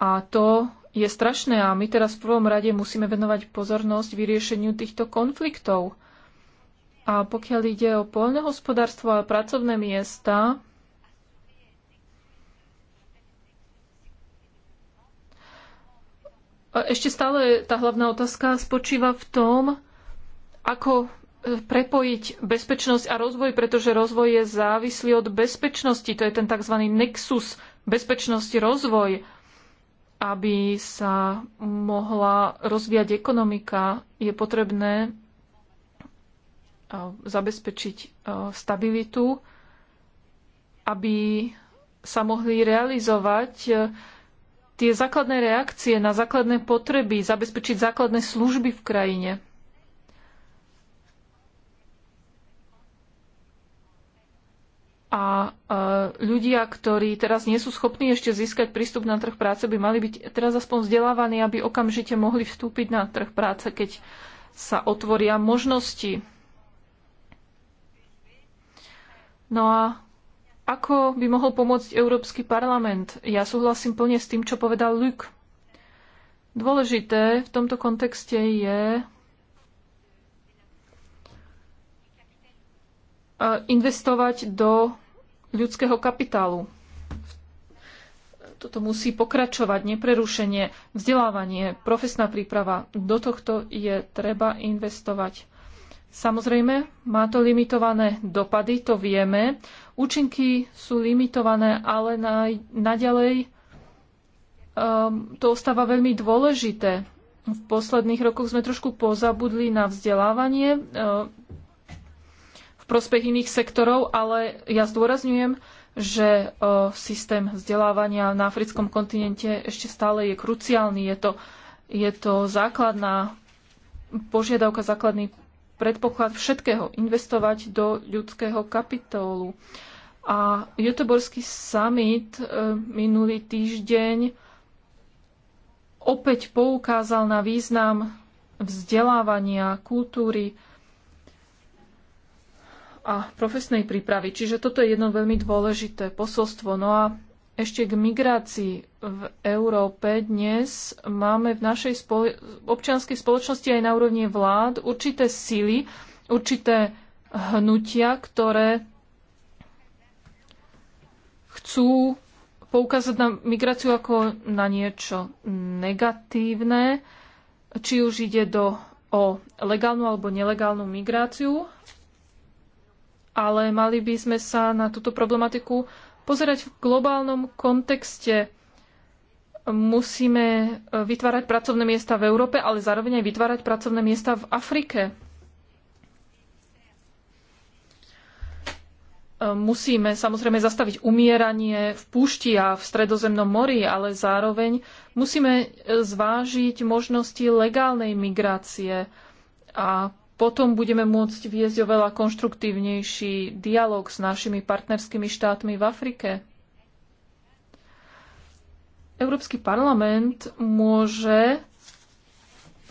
A to je strašné a my teraz v prvom rade musíme venovať pozornosť vyriešeniu týchto konfliktov. A pokiaľ ide o poľnohospodárstvo a pracovné miesta, Ešte stále tá hlavná otázka spočíva v tom, ako e, prepojiť bezpečnosť a rozvoj, pretože rozvoj je závislý od bezpečnosti. To je ten tzv. nexus bezpečnosti rozvoj, aby sa mohla rozvíjať ekonomika, je potrebné e, zabezpečiť e, stabilitu, aby sa mohli realizovať tie základné reakcie na základné potreby, zabezpečiť základné služby v krajine. A e, ľudia, ktorí teraz nie sú schopní ešte získať prístup na trh práce, by mali byť teraz aspoň vzdelávaní, aby okamžite mohli vstúpiť na trh práce, keď sa otvoria možnosti. No a ako by mohol pomôcť Európsky parlament? Ja súhlasím plne s tým, čo povedal Luc. Dôležité v tomto kontexte je e, investovať do ľudského kapitálu. Toto musí pokračovať neprerušenie, vzdelávanie, profesná príprava. Do tohto je treba investovať. Samozrejme, má to limitované dopady, to vieme. Účinky sú limitované, ale na, naďalej um, to ostáva veľmi dôležité. V posledných rokoch sme trošku pozabudli na vzdelávanie um, v prospech iných sektorov, ale ja zdôrazňujem, že ehm, systém vzdelávania na africkom kontinente ešte stále je kruciálny. Je to, je to základná požiadavka, základný predpoklad všetkého, investovať do ľudského kapitólu. A Göteborský summit e, minulý týždeň opäť poukázal na význam vzdelávania, kultúry a profesnej prípravy. Čiže toto je jedno veľmi dôležité posolstvo. No a ešte k migrácii v Európe dnes máme v našej občianskej spoločnosti aj na úrovni vlád určité sily, určité hnutia, ktoré chcú poukázať na migráciu ako na niečo negatívne, či už ide do, o legálnu alebo nelegálnu migráciu, ale mali by sme sa na túto problematiku pozerať v globálnom kontexte. Musíme e, vytvárať pracovné miesta v Európe, ale zároveň aj vytvárať pracovné miesta v Afrike. E, musíme samozrejme zastaviť umieranie v púšti a v stredozemnom mori, ale zároveň musíme e, zvážiť možnosti legálnej migrácie a potom budeme môcť viesť oveľa konštruktívnejší dialog s našimi partnerskými štátmi v Afrike. Európsky parlament môže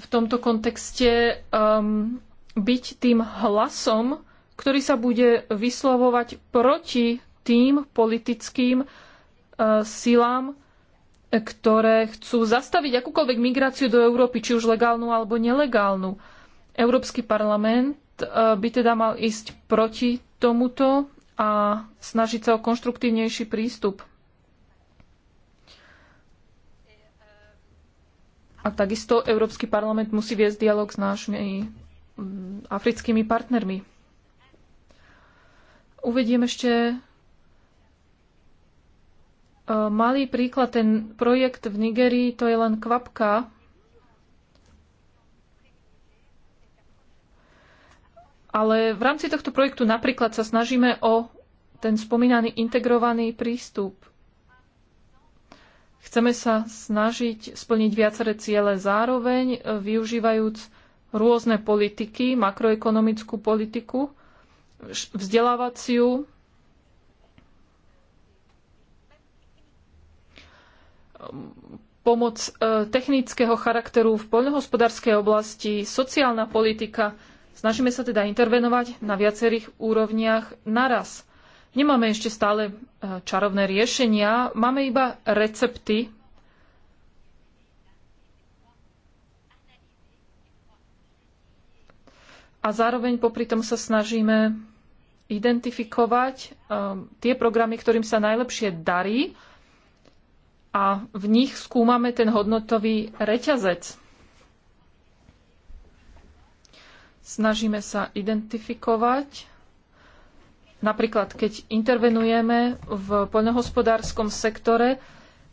v tomto kontexte um, byť tým hlasom, ktorý sa bude vyslovovať proti tým politickým uh, silám, ktoré chcú zastaviť akúkoľvek migráciu do Európy, či už legálnu alebo nelegálnu. Uh, Európsky parlament e, by teda mal ísť proti tomuto a snažiť sa o konštruktívnejší prístup. A takisto Európsky parlament musí viesť dialog s nášmi africkými partnermi. Uvediem ešte e, malý príklad. Ten projekt v Nigerii to je len kvapka Ale v rámci tohto projektu napríklad sa snažíme o ten spomínaný integrovaný prístup. Chceme sa snažiť splniť viaceré ciele zároveň, e, využívajúc rôzne politiky, makroekonomickú politiku, vzdelávaciu, ehm, pomoc e, technického charakteru v poľnohospodárskej oblasti, sociálna politika, Snažíme sa teda intervenovať na viacerých úrovniach naraz. Nemáme ešte stále e, čarovné riešenia, máme iba recepty. A zároveň popri tom sa snažíme identifikovať um, tie programy, ktorým sa najlepšie darí a v nich skúmame ten hodnotový reťazec. Snažíme sa identifikovať, napríklad keď intervenujeme v poľnohospodárskom sektore,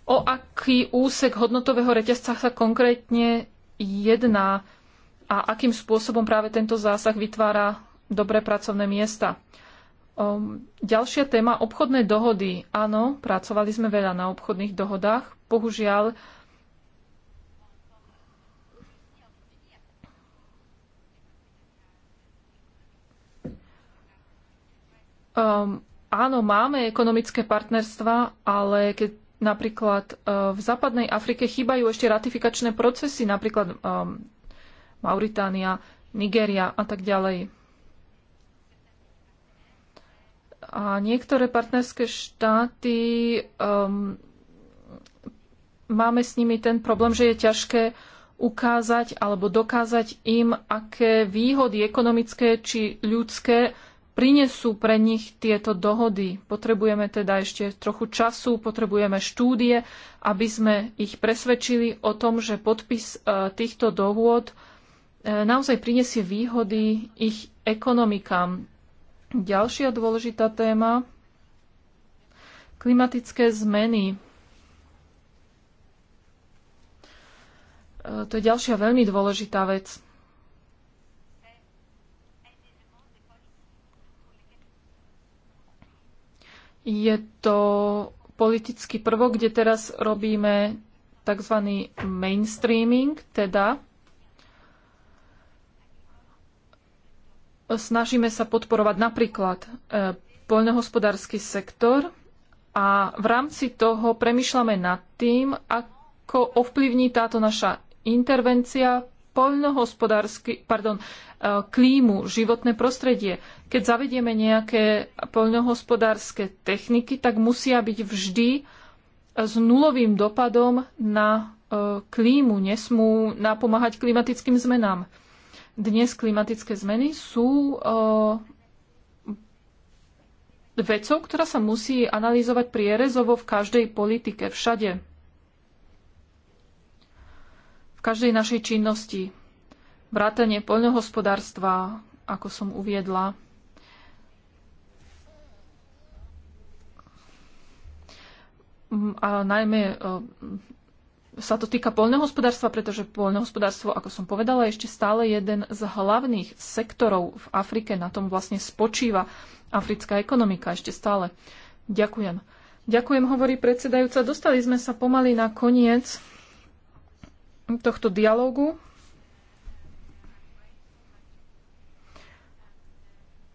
o aký úsek hodnotového reťazca sa konkrétne jedná a akým spôsobom práve tento zásah vytvára dobré pracovné miesta. Ehm, ďalšia téma, obchodné dohody. Áno, pracovali sme veľa na obchodných dohodách. Bohužiaľ, Um, áno, máme ekonomické partnerstva, ale keď napríklad uh, v západnej Afrike chýbajú ešte ratifikačné procesy, napríklad um, Mauritánia, Nigéria a tak ďalej. A niektoré partnerské štáty, um, máme s nimi ten problém, že je ťažké ukázať alebo dokázať im, aké výhody ekonomické či ľudské prinesú pre nich tieto dohody. Potrebujeme teda ešte trochu času, potrebujeme štúdie, aby sme ich presvedčili o tom, že podpis e, týchto dohôd e, naozaj prinesie výhody ich ekonomikám. Ďalšia dôležitá téma klimatické zmeny. E, to je ďalšia veľmi dôležitá vec. Je to politický prvok, kde teraz robíme tzv. mainstreaming, teda snažíme sa podporovať napríklad e, poľnohospodársky sektor a v rámci toho premyšľame nad tým, ako ovplyvní táto naša intervencia poľnohospodársky, pardon, e, klímu, životné prostredie. Keď zavedieme nejaké poľnohospodárske techniky, tak musia byť vždy e, s nulovým dopadom na e, klímu, nesmú napomáhať klimatickým zmenám. Dnes klimatické zmeny sú vecou, ktorá sa musí analyzovať prierezovo v každej politike, všade každej našej činnosti. Vrátanie poľnohospodárstva, ako som uviedla, mm, a najmä e, sa to týka poľnohospodárstva, pretože poľnohospodárstvo, ako som povedala, je ešte stále jeden z hlavných sektorov v Afrike. Na tom vlastne spočíva africká ekonomika ešte stále. Ďakujem. Ďakujem, hovorí predsedajúca. Dostali sme sa pomaly na koniec tohto dialógu.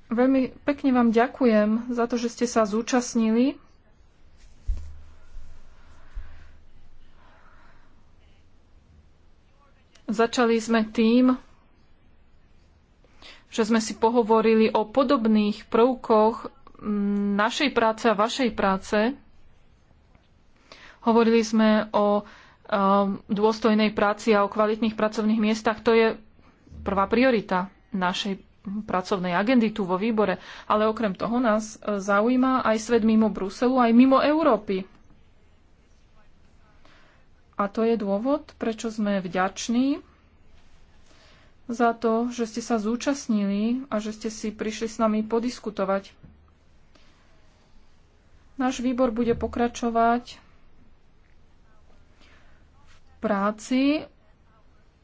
Veľmi pekne vám ďakujem za to, že ste sa zúčastnili. Začali sme tým, že sme si pohovorili o podobných prvkoch našej práce a vašej práce. Hovorili sme o Um, dôstojnej práci a o kvalitných pracovných miestach. To je prvá priorita našej pracovnej agendy tu vo výbore. Ale okrem toho nás e, zaujíma aj svet mimo Bruselu, aj mimo Európy. A to je dôvod, prečo sme vďační za to, že ste sa zúčastnili a že ste si prišli s nami podiskutovať. Náš výbor bude pokračovať práci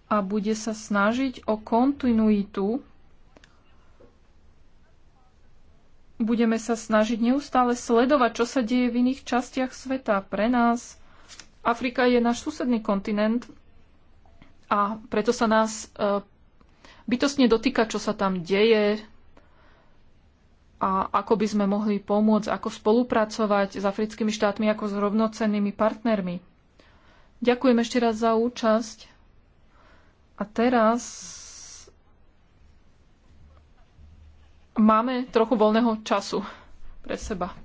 a bude sa snažiť o kontinuitu. Budeme sa snažiť neustále sledovať, čo sa deje v iných častiach sveta. Pre nás Afrika je náš susedný kontinent a preto sa nás e, bytostne dotýka, čo sa tam deje a ako by sme mohli pomôcť, ako spolupracovať s africkými štátmi ako s rovnocennými partnermi. Ďakujem ešte raz za účasť. A teraz máme trochu voľného času pre seba.